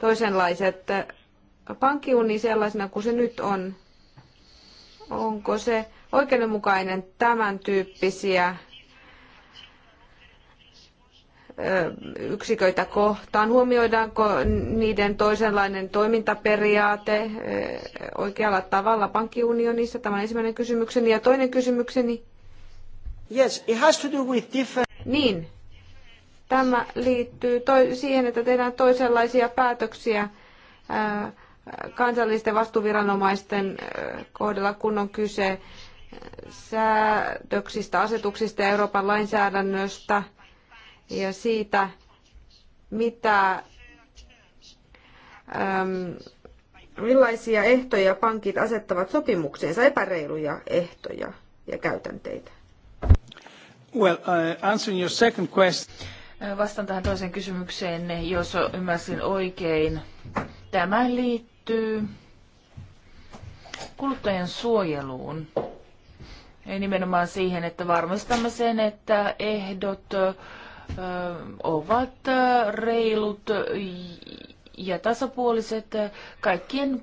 toisenlaiset. Pankkiuni sellaisena kuin se nyt on, onko se oikeudenmukainen tämän tyyppisiä yksiköitä kohtaan? Huomioidaanko niiden toisenlainen toimintaperiaate oikealla tavalla pankkiunionissa? Tämä on ensimmäinen kysymykseni. Ja toinen kysymykseni? Yes, it has to do with different... Niin. Tämä liittyy siihen, että tehdään toisenlaisia päätöksiä kansallisten vastuuviranomaisten kohdalla, kun on kyse säädöksistä, asetuksista ja Euroopan lainsäädännöstä – ja siitä, mitä, äm, millaisia ehtoja pankit asettavat sopimukseensa, epäreiluja ehtoja ja käytänteitä. Well, uh, answering your second question. Äh, vastaan tähän toiseen kysymykseen, jos ymmärsin oikein. Tämä liittyy kuluttajan suojeluun. Ja nimenomaan siihen, että varmistamme sen, että ehdot ovat reilut ja tasapuoliset kaikkien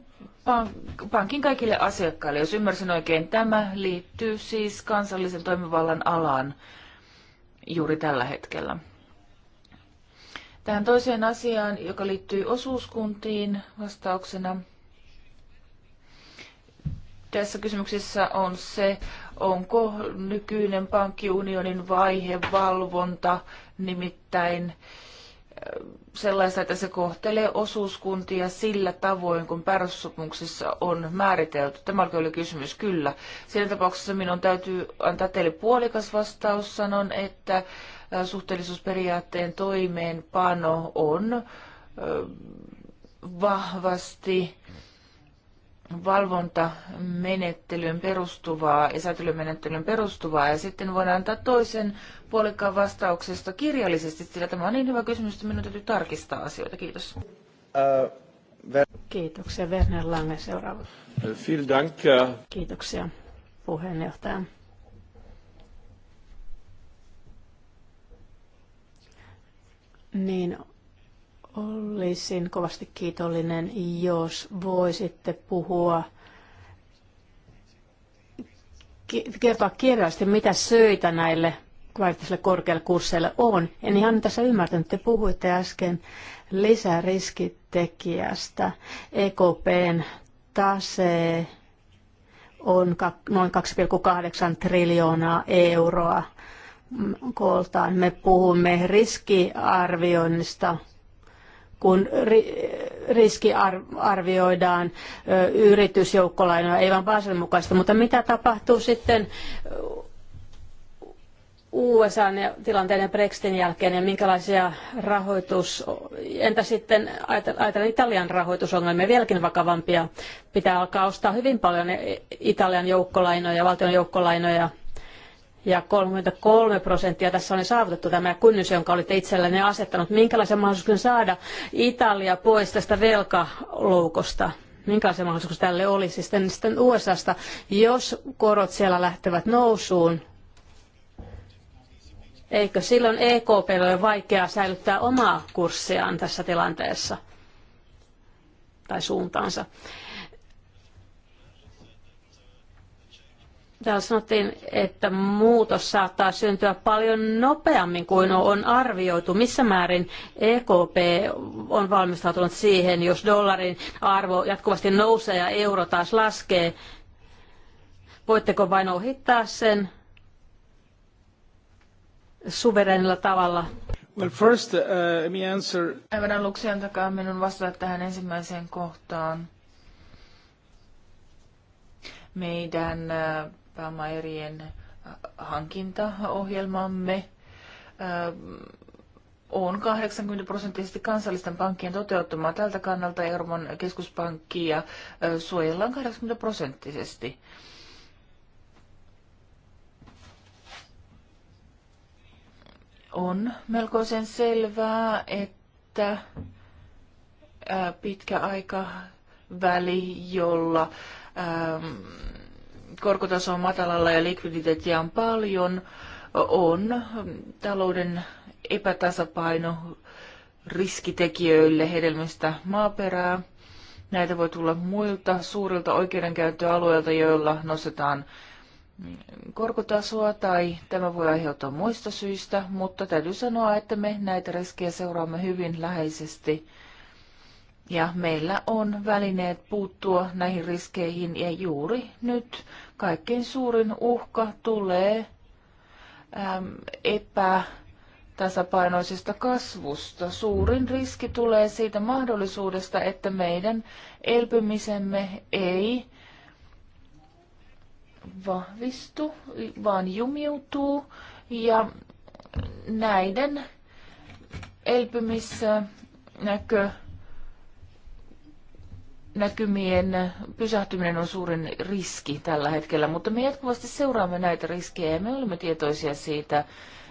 pankin kaikille asiakkaille. Jos ymmärsin oikein, tämä liittyy siis kansallisen toimivallan alaan juuri tällä hetkellä. Tähän toiseen asiaan, joka liittyy osuuskuntiin vastauksena. Tässä kysymyksessä on se, onko nykyinen pankkiunionin vaihe valvonta nimittäin äh, sellaista, että se kohtelee osuuskuntia sillä tavoin, kun perussopimuksessa on määritelty. Tämä oli kysymys, kyllä. Siinä tapauksessa minun täytyy antaa teille puolikas vastaus. Sanon, että äh, suhteellisuusperiaatteen toimeenpano on äh, vahvasti valvontamenettelyyn perustuvaa ja säätelymenettelyyn perustuvaa, ja sitten voidaan antaa toisen puolikkaan vastauksesta kirjallisesti, sillä tämä on niin hyvä kysymys, että minun täytyy tarkistaa asioita. Kiitos. Uh, ver- Kiitoksia. Werner Lange seuraava. Uh, dank. Äh, Kiitoksia puheenjohtaja. Niin, Olisin kovasti kiitollinen, jos voisitte puhua kertoa kirjallisesti, mitä söitä näille vaihtoisille korkeille kursseille on. En ihan tässä ymmärtänyt, te puhuitte äsken lisäriskitekijästä. EKPn tase on noin 2,8 triljoonaa euroa kooltaan. Me puhumme riskiarvioinnista kun ri, riski arvioidaan yritysjoukkolainoja, ei vain Basel mukaista, mutta mitä tapahtuu sitten USA tilanteiden Brexitin jälkeen ja minkälaisia rahoitus, entä sitten ajatellaan Italian rahoitusongelmia vieläkin vakavampia, pitää alkaa ostaa hyvin paljon Italian joukkolainoja, valtion joukkolainoja ja 33 prosenttia tässä on saavutettu tämä kynnys, jonka olitte itsellenne asettanut. Minkälaisen mahdollisuuden saada Italia pois tästä velkaloukosta? Minkälaisen mahdollisuus tälle olisi sitten, sitten USAsta, jos korot siellä lähtevät nousuun? Eikö silloin EKP ole vaikeaa säilyttää omaa kurssiaan tässä tilanteessa tai suuntaansa? Täällä sanottiin, että muutos saattaa syntyä paljon nopeammin kuin on arvioitu. Missä määrin EKP on valmistautunut siihen, jos dollarin arvo jatkuvasti nousee ja euro taas laskee? Voitteko vain ohittaa sen suverenilla tavalla? Well, first, uh, me answer... Aivan aluksi antakaa minun vastata tähän ensimmäiseen kohtaan. Meidän uh, pääomaerien äh, hankintaohjelmamme äh, on 80 prosenttisesti kansallisten pankkien toteuttamaa. Tältä kannalta Euroopan keskuspankkia äh, suojellaan 80 prosenttisesti. On melkoisen selvää, että pitkä aika väli, jolla ähm, korkotaso on matalalla ja likviditeettiä on paljon, on talouden epätasapaino riskitekijöille hedelmistä maaperää. Näitä voi tulla muilta suurilta oikeudenkäyttöalueilta, joilla nostetaan korkotasoa tai tämä voi aiheuttaa muista syistä, mutta täytyy sanoa, että me näitä riskejä seuraamme hyvin läheisesti ja meillä on välineet puuttua näihin riskeihin ja juuri nyt kaikkein suurin uhka tulee äm, epä tasapainoisesta kasvusta. Suurin riski tulee siitä mahdollisuudesta, että meidän elpymisemme ei vahvistu, vaan jumiutuu. Ja näiden elpymisnäkö näkymien pysähtyminen on suurin riski tällä hetkellä, mutta me jatkuvasti seuraamme näitä riskejä ja me olemme tietoisia siitä,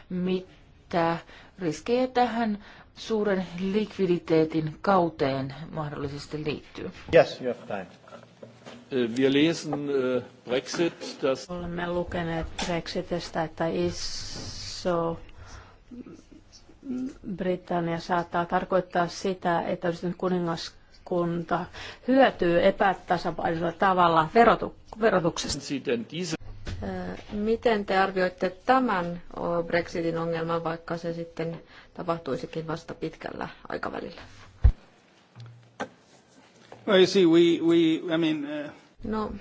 mitä riskejä tähän suuren likviditeetin kauteen mahdollisesti liittyy. Yes, you have time. Äh, wir lesen äh, Brexit, das. Olemme lukeneet Brexitistä, että iso Britannia saattaa tarkoittaa sitä, että kuningas yhteiskunta hyötyy epätasapainoisella tavalla verotuksesta. Miten te arvioitte tämän Brexitin ongelman, vaikka se sitten tapahtuisikin vasta pitkällä aikavälillä? Well, see, we, we, I mean, uh... No,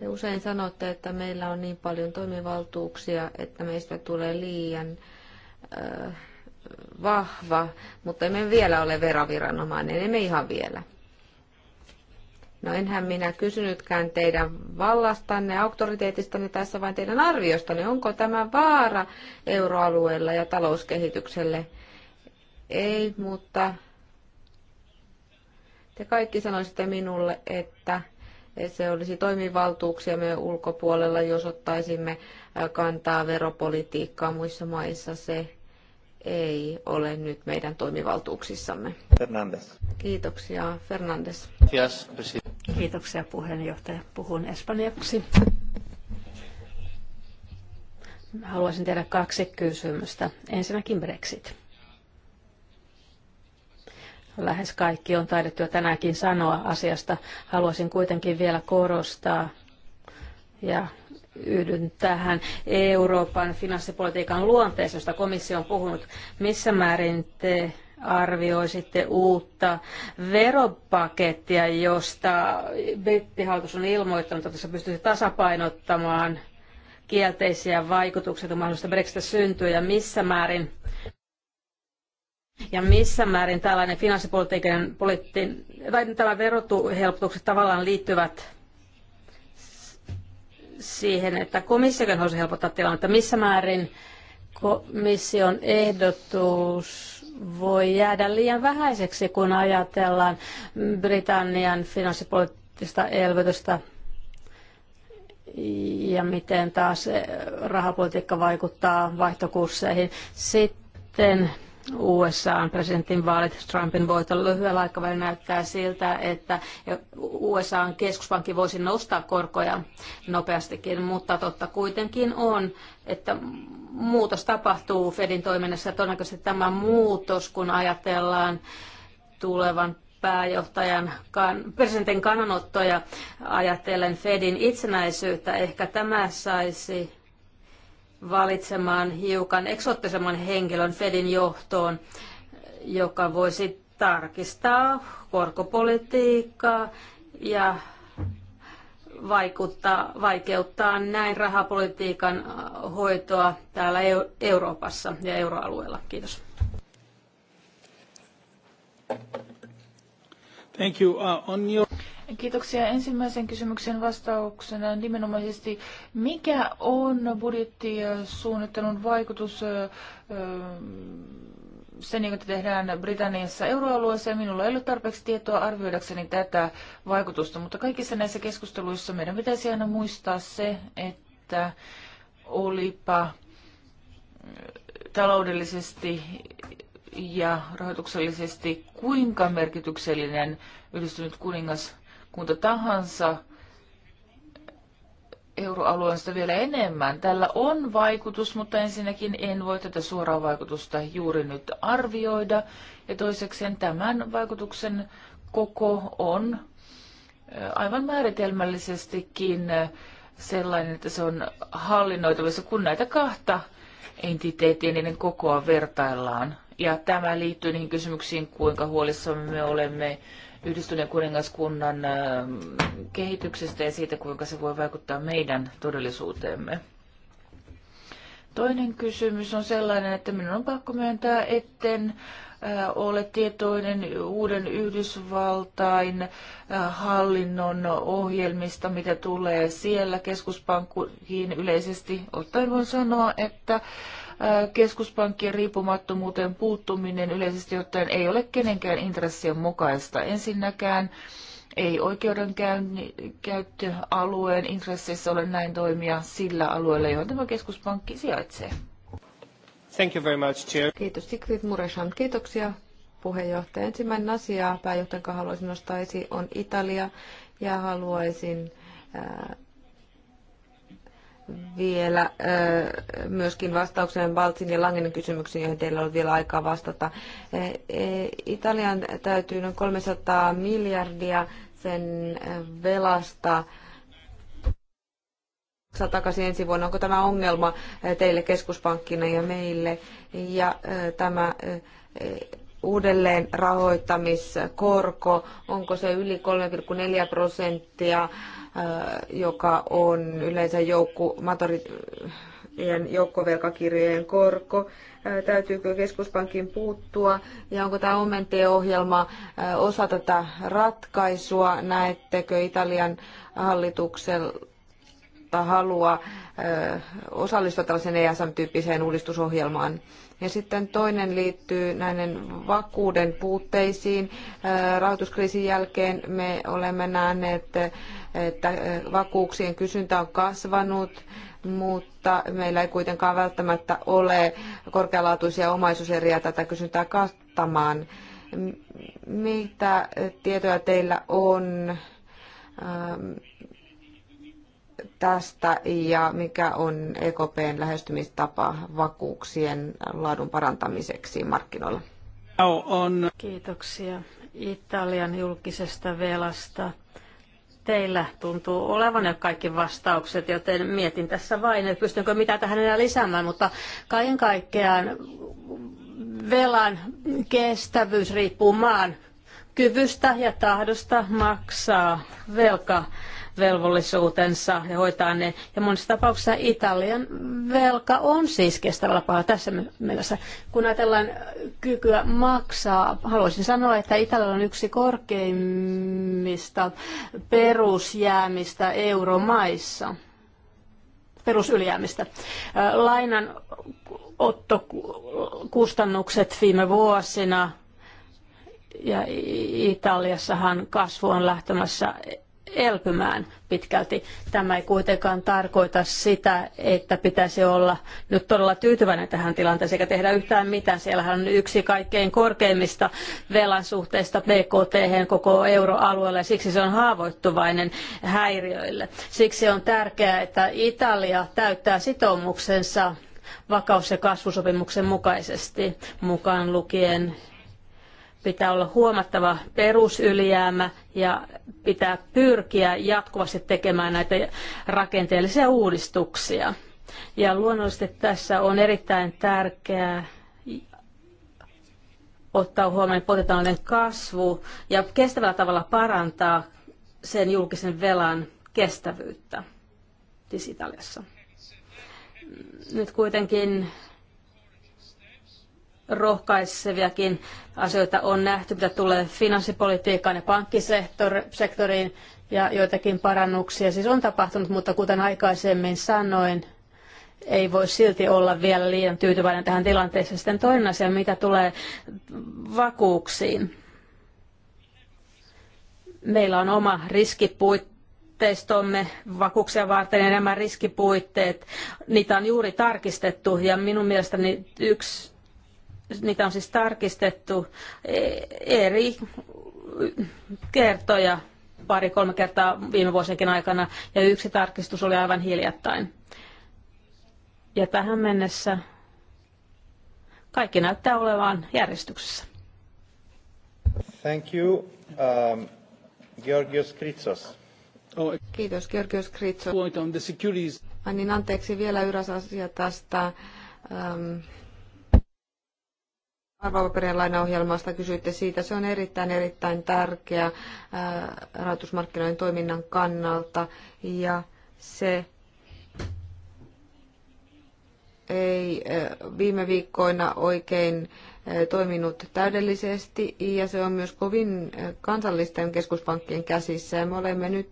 te usein sanotte, että meillä on niin paljon toimivaltuuksia, että meistä tulee liian uh, vahva, mutta emme vielä ole veroviranomainen, emme ihan vielä. No enhän minä kysynytkään teidän vallastanne, auktoriteetistanne tässä, vain teidän arviostanne. Onko tämä vaara euroalueella ja talouskehitykselle? Ei, mutta te kaikki sanoisitte minulle, että se olisi meidän ulkopuolella, jos ottaisimme kantaa veropolitiikkaa muissa maissa. Se ei ole nyt meidän toimivaltuuksissamme. Fernandes. Kiitoksia, Fernandes. Yes, Kiitoksia puheenjohtaja. Puhun espanjaksi. Haluaisin tehdä kaksi kysymystä. Ensinnäkin Brexit. Lähes kaikki on taidettu jo tänäänkin sanoa asiasta. Haluaisin kuitenkin vielä korostaa ja yhdyn tähän Euroopan finanssipolitiikan luonteeseen, josta komissio on puhunut. Missä määrin te arvioisitte uutta veropakettia, josta Bettihallitus on ilmoittanut, että se pystyisi tasapainottamaan kielteisiä vaikutuksia, joita mahdollista Brexitistä syntyy, ja missä määrin ja missä määrin tällainen finanssipolitiikan poliittin, tai verotu verotuhelpotukset tavallaan liittyvät siihen, että komissiokin haluaisi helpottaa tilannetta. Missä määrin komission ehdotus voi jäädä liian vähäiseksi, kun ajatellaan Britannian finanssipoliittista elvytystä ja miten taas rahapolitiikka vaikuttaa vaihtokursseihin. Sitten USAn presidentin vaalit, Trumpin voitto lyhyellä aikavälillä näyttää siltä, että USAn keskuspankki voisi nostaa korkoja nopeastikin, mutta totta kuitenkin on, että muutos tapahtuu Fedin toiminnassa ja todennäköisesti tämä muutos, kun ajatellaan tulevan pääjohtajan presidentin kannanottoja ajatellen Fedin itsenäisyyttä, ehkä tämä saisi valitsemaan hiukan eksoottisemman henkilön Fedin johtoon, joka voisi tarkistaa korkopolitiikkaa ja vaikuttaa, vaikeuttaa näin rahapolitiikan hoitoa täällä Euroopassa ja euroalueella. Kiitos. Thank you. Uh, on your... Kiitoksia. Ensimmäisen kysymyksen vastauksena nimenomaisesti, mikä on budjettisuunnittelun vaikutus sen, jota tehdään Britanniassa euroalueessa, ja minulla ei ole tarpeeksi tietoa arvioidakseni tätä vaikutusta, mutta kaikissa näissä keskusteluissa meidän pitäisi aina muistaa se, että olipa taloudellisesti ja rahoituksellisesti kuinka merkityksellinen yhdistynyt kuningas kunta tahansa sitä vielä enemmän. Tällä on vaikutus, mutta ensinnäkin en voi tätä suoraa vaikutusta juuri nyt arvioida. Ja toisekseen tämän vaikutuksen koko on aivan määritelmällisestikin sellainen, että se on hallinnoitavissa, kun näitä kahta entiteettiä niiden kokoa vertaillaan. Ja tämä liittyy niihin kysymyksiin, kuinka huolissamme me olemme yhdistyneen kuningaskunnan kehityksestä ja siitä, kuinka se voi vaikuttaa meidän todellisuuteemme. Toinen kysymys on sellainen, että minun on pakko myöntää, etten ole tietoinen uuden Yhdysvaltain hallinnon ohjelmista, mitä tulee siellä keskuspankkiin yleisesti. Ottaen voin sanoa, että keskuspankkien riippumattomuuteen puuttuminen yleisesti ottaen ei ole kenenkään intressien mukaista. Ensinnäkään ei oikeudenkäyttöalueen intresseissä ole näin toimia sillä alueella, johon tämä keskuspankki sijaitsee. Thank you very much, Chair. Kiitos Sigrid Mureshan. Kiitoksia puheenjohtaja. Ensimmäinen asia, pääjohtajan haluaisin nostaa esiin, on Italia ja haluaisin vielä myöskin vastaukseen Baltsin ja Langenin kysymyksiin, joihin teillä on vielä aikaa vastata. E, e, Italian täytyy noin 300 miljardia sen velasta maksaa takaisin ensi vuonna. Onko tämä ongelma teille keskuspankkina ja meille? Ja tämä e, uudelleen rahoittamiskorko, onko se yli 3,4 prosenttia Äh, joka on yleensä joukku, matorit, joukkovelkakirjojen korko. Äh, täytyykö keskuspankin puuttua ja onko tämä Omente-ohjelma äh, osa tätä ratkaisua? Näettekö Italian hallitukselta halua osallistua tällaiseen ESM-tyyppiseen uudistusohjelmaan? Ja sitten toinen liittyy näiden vakuuden puutteisiin. Äh, rahoituskriisin jälkeen me olemme nähneet, että äh, vakuuksien kysyntä on kasvanut, mutta meillä ei kuitenkaan välttämättä ole korkealaatuisia omaisuuseriä tätä kysyntää kattamaan. Mitä tietoja teillä on ähm, tästä ja mikä on EKPn lähestymistapa vakuuksien laadun parantamiseksi markkinoilla? On. Kiitoksia Italian julkisesta velasta. Teillä tuntuu olevan jo kaikki vastaukset, joten mietin tässä vain, että pystynkö mitä tähän enää lisäämään, mutta kaiken kaikkiaan velan kestävyys riippuu maan kyvystä ja tahdosta maksaa velka velvollisuutensa ja hoitaa ne. Ja monissa tapauksissa Italian velka on siis kestävällä pahalla tässä mielessä. Kun ajatellaan kykyä maksaa, haluaisin sanoa, että Italia on yksi korkeimmista perusjäämistä euromaissa perusylijäämistä. Lainan ottokustannukset viime vuosina ja Italiassahan kasvu on lähtemässä elpymään pitkälti. Tämä ei kuitenkaan tarkoita sitä, että pitäisi olla nyt todella tyytyväinen tähän tilanteeseen eikä tehdä yhtään mitään. Siellähän on yksi kaikkein korkeimmista velan suhteista BKT koko euroalueella ja siksi se on haavoittuvainen häiriöille. Siksi on tärkeää, että Italia täyttää sitoumuksensa vakaus- ja kasvusopimuksen mukaisesti, mukaan lukien Pitää olla huomattava perusylijäämä ja pitää pyrkiä jatkuvasti tekemään näitä rakenteellisia uudistuksia. Ja luonnollisesti tässä on erittäin tärkeää ottaa huomioon potentiaalinen kasvu ja kestävällä tavalla parantaa sen julkisen velan kestävyyttä Italiassa. Nyt kuitenkin rohkaiseviakin asioita on nähty, mitä tulee finanssipolitiikkaan ja pankkisektoriin ja joitakin parannuksia siis on tapahtunut, mutta kuten aikaisemmin sanoin, ei voi silti olla vielä liian tyytyväinen tähän tilanteeseen. Sitten toinen asia, mitä tulee vakuuksiin. Meillä on oma riskipuitteistomme vakuuksia varten ja nämä riskipuitteet, niitä on juuri tarkistettu ja minun mielestäni yksi niitä on siis tarkistettu e, eri kertoja, pari-kolme kertaa viime vuosienkin aikana, ja yksi tarkistus oli aivan hiljattain. Ja tähän mennessä kaikki näyttää olevan järjestyksessä. Thank you. Um, Georgios Kritsos. Oh, Kiitos, Georgios Kritsos. Point on the securities. Niin, anteeksi vielä yräs asia tästä. Um, Arvaavaperien lainaohjelmasta kysyitte siitä. Se on erittäin, erittäin tärkeä äh, rahoitusmarkkinoiden toiminnan kannalta ja se ei äh, viime viikkoina oikein äh, toiminut täydellisesti ja se on myös kovin kansallisten keskuspankkien käsissä me olemme nyt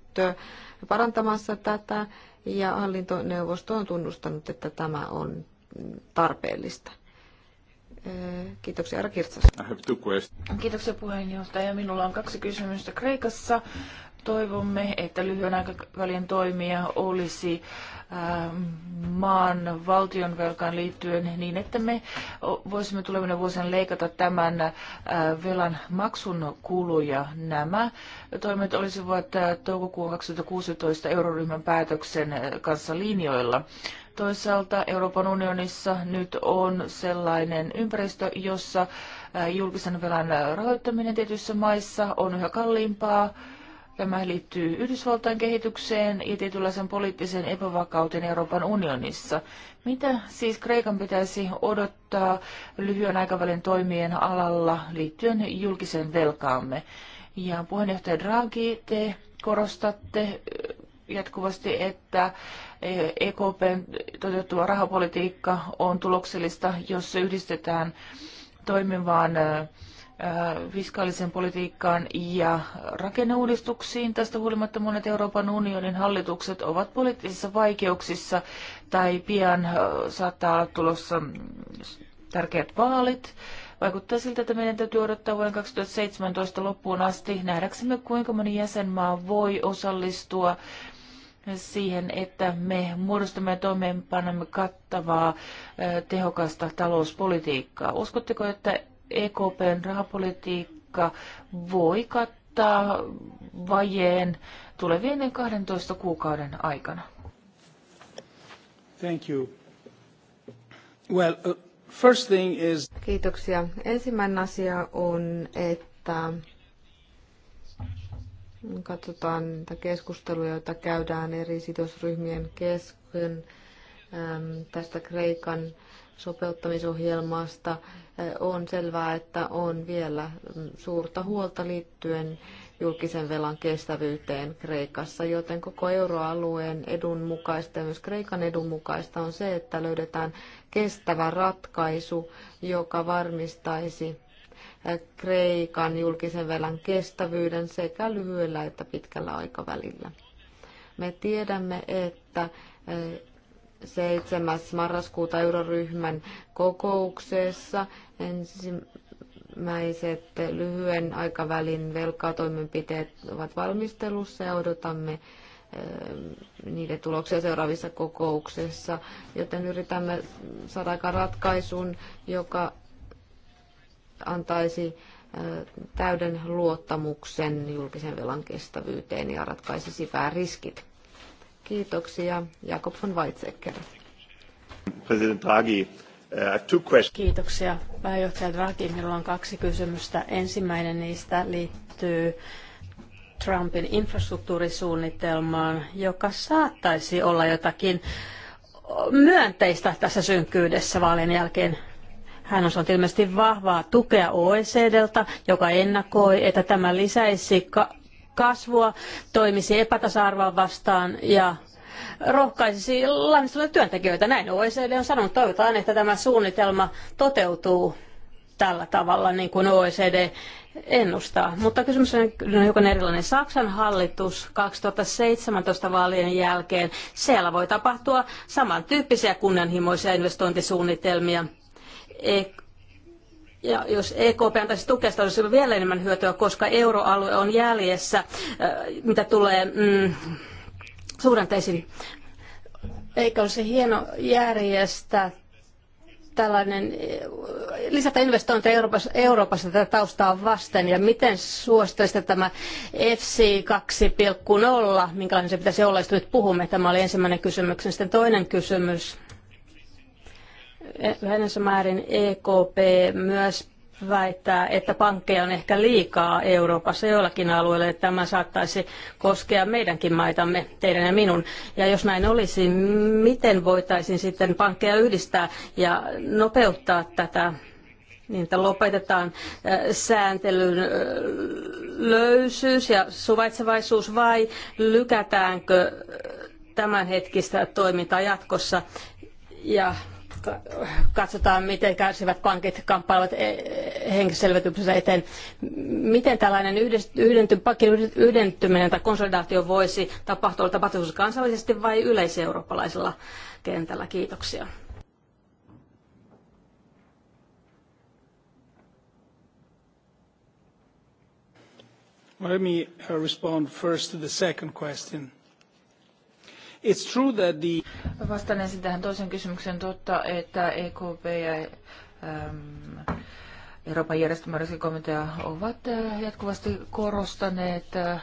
parantamassa tätä ja hallintoneuvosto on tunnustanut, että tämä on mm, tarpeellista. Kiitoksia, Ara Kirtsas. Kiitoksia puheenjohtaja. Minulla on kaksi kysymystä. Kreikassa toivomme, että lyhyen aikavälin toimia olisi ähm, maan valtion velkaan liittyen niin, että me voisimme tulevina vuosina leikata tämän äh, velan maksun kuluja. Nämä toimet olisivat äh, toukokuun 2016 euroryhmän päätöksen äh, kanssa linjoilla. Toisaalta Euroopan unionissa nyt on sellainen ympäristö, jossa äh, julkisen velan rahoittaminen tietyissä maissa on yhä kalliimpaa. Tämä liittyy Yhdysvaltain kehitykseen ja tietynlaisen poliittisen epävakauteen Euroopan unionissa. Mitä siis Kreikan pitäisi odottaa lyhyen aikavälin toimien alalla liittyen julkiseen velkaamme? Ja puheenjohtaja Draghi, te korostatte jatkuvasti, että EKP eh, e toteuttava rahapolitiikka on tuloksellista, jos se yhdistetään toimivaan eh, eh, fiskaaliseen politiikkaan ja rakenneuudistuksiin. Tästä huolimatta monet Euroopan unionin hallitukset ovat poliittisissa vaikeuksissa tai pian saattaa olla tulossa mm, tärkeät vaalit. Vaikuttaa siltä, että meidän täytyy odottaa vuoden 2017 loppuun asti nähdäksemme, kuinka moni jäsenmaa voi osallistua siihen, että me muodostamme ja toimeenpanemme kattavaa, tehokasta talouspolitiikkaa. Uskotteko, että EKPn rahapolitiikka voi kattaa vajeen tulevien 12 kuukauden aikana? Thank you. Well, uh, first thing is... Kiitoksia. Ensimmäinen asia on, että katsotaan niitä keskusteluja, joita käydään eri sidosryhmien kesken tästä Kreikan sopeuttamisohjelmasta, on selvää, että on vielä suurta huolta liittyen julkisen velan kestävyyteen Kreikassa, joten koko euroalueen edun mukaista ja myös Kreikan edun mukaista on se, että löydetään kestävä ratkaisu, joka varmistaisi Kreikan julkisen velan kestävyyden sekä lyhyellä että pitkällä aikavälillä. Me tiedämme, että 7. E, marraskuuta euroryhmän kokouksessa ensimmäiset lyhyen aikavälin velkatoimenpiteet ovat valmistelussa ja odotamme e, niiden tuloksia seuraavissa kokouksissa, joten yritämme saada aika ratkaisun, joka antaisi täyden luottamuksen julkisen velan kestävyyteen ja ratkaisisi pääriskit. Kiitoksia. Jakob von Weizsäcker. President Draghi, uh, two questions. Kiitoksia. Pääjohtaja Draghi, minulla on kaksi kysymystä. Ensimmäinen niistä liittyy Trumpin infrastruktuurisuunnitelmaan, joka saattaisi olla jotakin myönteistä tässä synkkyydessä vaalien jälkeen hän on saanut ilmeisesti vahvaa tukea OECDltä, joka ennakoi, että tämä lisäisi kasvua, toimisi epätasa-arvoa vastaan ja rohkaisisi lannistuneita työntekijöitä. Näin OECD on sanonut. Toivotaan, että tämä suunnitelma toteutuu tällä tavalla, niin kuin OECD ennustaa. Mutta kysymys on hiukan erilainen. Saksan hallitus 2017 vaalien jälkeen, siellä voi tapahtua samantyyppisiä kunnianhimoisia investointisuunnitelmia – E- ja jos EKP antaisi tukea, sitä olisi vielä enemmän hyötyä, koska euroalue on jäljessä, mitä tulee mm, suhdanteisiin. Eikö olisi hieno järjestää tällainen, e, lisätä investointeja Euroopassa, Euroopassa tätä taustaa vasten ja miten suosittelisitte tämä FC 2.0, minkälainen se pitäisi olla, josta nyt puhumme. Tämä oli ensimmäinen kysymys. Sitten toinen kysymys yhdessä määrin EKP myös väittää, että pankkeja on ehkä liikaa Euroopassa joillakin alueilla, että tämä saattaisi koskea meidänkin maitamme, teidän ja minun. Ja jos näin olisi, miten voitaisiin sitten pankkeja yhdistää ja nopeuttaa tätä niin että lopetetaan äh, sääntelyn äh, löysyys ja suvaitsevaisuus vai lykätäänkö äh, tämänhetkistä toimintaa jatkossa ja katsotaan, miten kärsivät pankit kamppailevat e-, henkiselvityksensä eteen. Miten tällainen yhdenty, pankin yhdentyminen tai konsolidaatio voisi tapahtua, tapahtuisi kansallisesti vai yleiseurooppalaisella kentällä? Kiitoksia. Let me uh, respond first to the second question. It's true that the... Vastaan ensin tähän toisen kysymykseen. Totta, että EKP ja äm, Euroopan järjestelmäriskikomitea ovat äh, jatkuvasti korostaneet äh,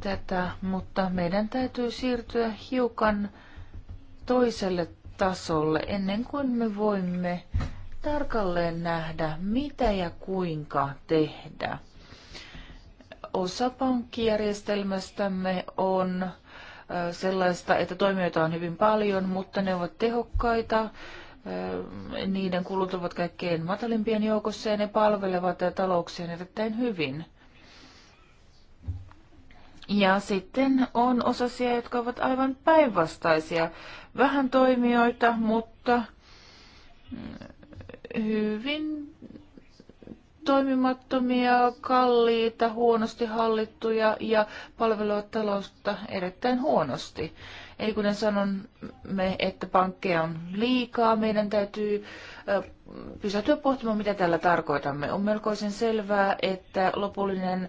tätä, mutta meidän täytyy siirtyä hiukan toiselle tasolle ennen kuin me voimme tarkalleen nähdä, mitä ja kuinka tehdä osa pankkijärjestelmästämme on sellaista, että toimijoita on hyvin paljon, mutta ne ovat tehokkaita. Niiden kulut ovat kaikkein matalimpien joukossa ja ne palvelevat talouksia erittäin hyvin. Ja sitten on osasia, jotka ovat aivan päinvastaisia. Vähän toimijoita, mutta mm, hyvin toimimattomia, kalliita, huonosti hallittuja ja palvelevat taloutta erittäin huonosti. Eli kuten sanon, me, että pankkeja on liikaa, meidän täytyy pysähtyä pohtimaan, mitä tällä tarkoitamme. On melkoisen selvää, että lopullinen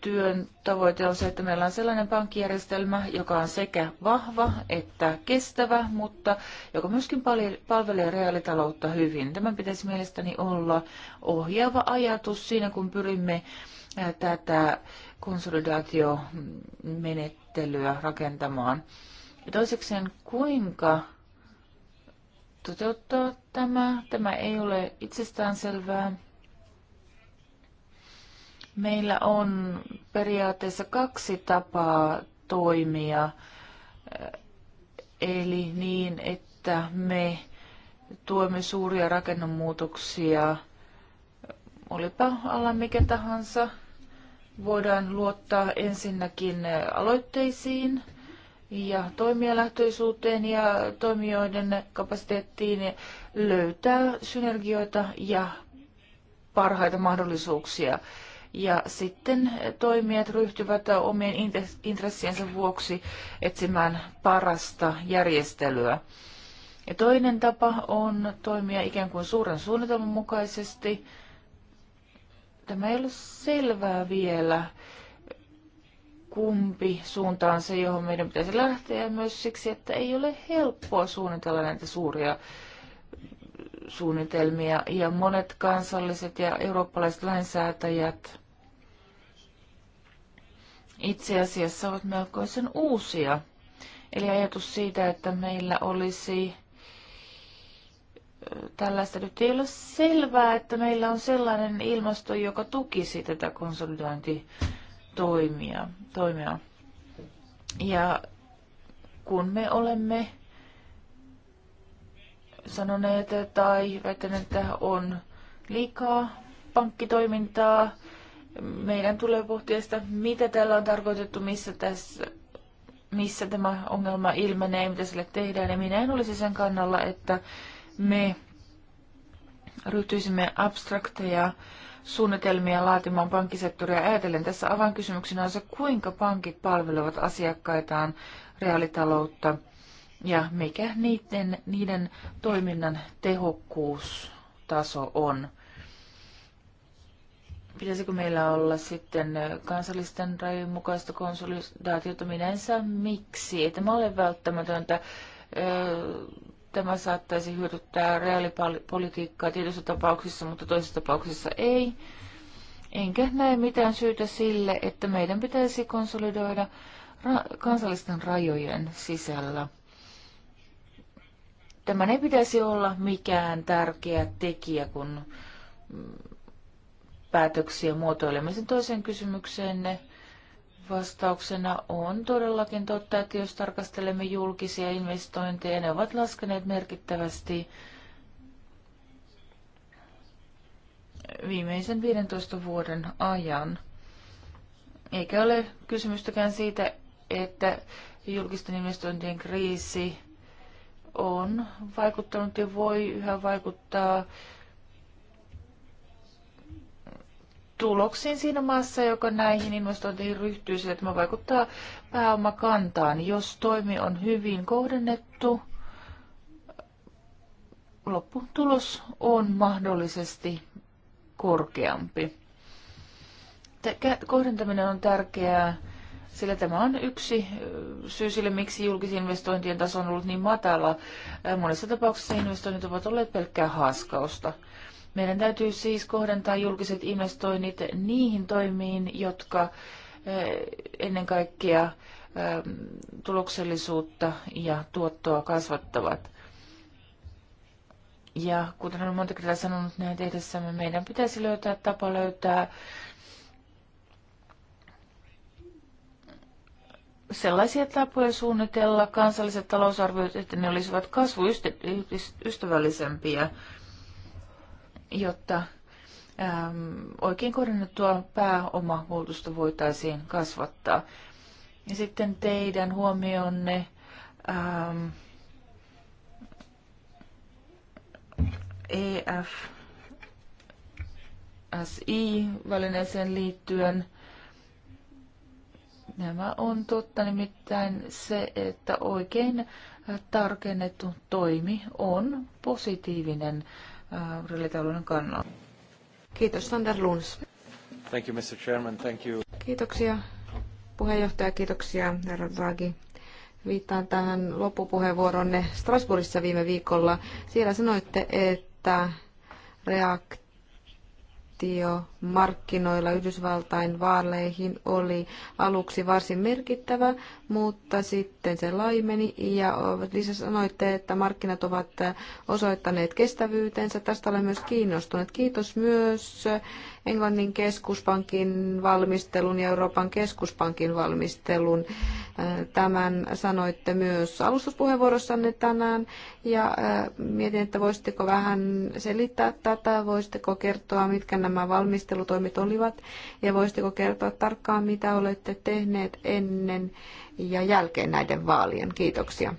työn tavoite on se, että meillä on sellainen pankkijärjestelmä, joka on sekä vahva että kestävä, mutta joka myöskin palvelee reaalitaloutta hyvin. Tämän pitäisi mielestäni olla ohjaava ajatus siinä, kun pyrimme tätä konsolidaatiomenettelyä rakentamaan. Ja toisekseen, kuinka toteuttaa tämä? Tämä ei ole itsestään selvää. Meillä on periaatteessa kaksi tapaa toimia. Eli niin, että me tuemme suuria rakennemuutoksia, olipa alla mikä tahansa. Voidaan luottaa ensinnäkin aloitteisiin, ja toimialähtöisyyteen ja toimijoiden kapasiteettiin löytää synergioita ja parhaita mahdollisuuksia. Ja sitten toimijat ryhtyvät omien intressiensä vuoksi etsimään parasta järjestelyä. Ja toinen tapa on toimia ikään kuin suuren suunnitelman mukaisesti. Tämä ei ole selvää vielä kumpi suunta on se, johon meidän pitäisi lähteä, ja myös siksi, että ei ole helppoa suunnitella näitä suuria suunnitelmia, ja monet kansalliset ja eurooppalaiset lainsäätäjät itse asiassa ovat melkoisen uusia. Eli ajatus siitä, että meillä olisi tällaista nyt ei ole selvää, että meillä on sellainen ilmasto, joka tukisi tätä konsolidointia toimia, toimia. Ja kun me olemme sanoneet tai väittäneet, että on liikaa pankkitoimintaa, meidän tulee pohtia sitä, mitä tällä on tarkoitettu, missä, tässä, missä tämä ongelma ilmenee, mitä sille tehdään. Ja minä en olisi sen kannalla, että me ryhtyisimme abstrakteja suunnitelmia laatimaan pankkisektoria ajatellen. Tässä avainkysymyksenä on se, kuinka pankit palvelevat asiakkaitaan reaalitaloutta ja mikä niiden, niiden toiminnan tehokkuustaso on. Pitäisikö meillä olla sitten kansallisten rajojen mukaista konsolidaatiota? Minä en saa miksi. Ei tämä ole välttämätöntä. Öö, tämä saattaisi hyödyttää reaalipolitiikkaa tietyissä tapauksissa, mutta toisissa tapauksissa ei. Enkä näe mitään syytä sille, että meidän pitäisi konsolidoida ra- kansallisten rajojen sisällä. Tämän ei pitäisi olla mikään tärkeä tekijä, kun mm, päätöksiä muotoilemme. Sen toiseen kysymykseen. Vastauksena on todellakin totta, että jos tarkastelemme julkisia investointeja, ne ovat laskeneet merkittävästi viimeisen 15 vuoden ajan. Eikä ole kysymystäkään siitä, että julkisten investointien kriisi on vaikuttanut ja voi yhä vaikuttaa tuloksiin siinä maassa, joka näihin investointeihin ryhtyy, sillä tämä vaikuttaa pääomakantaan. Jos toimi on hyvin kohdennettu, lopputulos on mahdollisesti korkeampi. Kohdentaminen on tärkeää, sillä tämä on yksi syy sille, miksi julkisinvestointien taso on ollut niin matala. Monissa tapauksissa investoinnit ovat olleet pelkkää haaskausta. Meidän täytyy siis kohdentaa julkiset investoinnit niihin toimiin, jotka eh, ennen kaikkea eh, tuloksellisuutta ja tuottoa kasvattavat. Ja kuten olen monta kertaa sanonut näin tehdessämme, meidän pitäisi löytää tapa löytää sellaisia tapoja suunnitella kansalliset talousarviot, että ne olisivat kasvuystävällisempiä jotta ähm, oikein kohdennettua pääomakoulutusta voitaisiin kasvattaa. Ja sitten teidän huomionne äm, EFSI-välineeseen liittyen. Nämä on totta, nimittäin se, että oikein tarkennettu toimi on positiivinen äh, urheilutalouden kannalta. Kiitos, Sander Luns. Thank you, Mr. Chairman. Thank you. Kiitoksia, puheenjohtaja. Kiitoksia, herra Draghi. Viittaan tähän loppupuheenvuoronne Strasbourgissa viime viikolla. Siellä sanoitte, että reaktio reaktio markkinoilla Yhdysvaltain vaaleihin oli aluksi varsin merkittävä, mutta sitten se laimeni ja lisä sanoitte, että markkinat ovat osoittaneet kestävyytensä. Tästä olen myös kiinnostunut. Kiitos myös Englannin keskuspankin valmistelun ja Euroopan keskuspankin valmistelun. Tämän sanoitte myös alustuspuheenvuorossanne tänään ja mietin, että voisitteko vähän selittää tätä, voisitteko kertoa, mitkä nämä nämä valmistelutoimet olivat ja voisitteko kertoa tarkkaan, mitä olette tehneet ennen ja jälkeen näiden vaalien. Kiitoksia.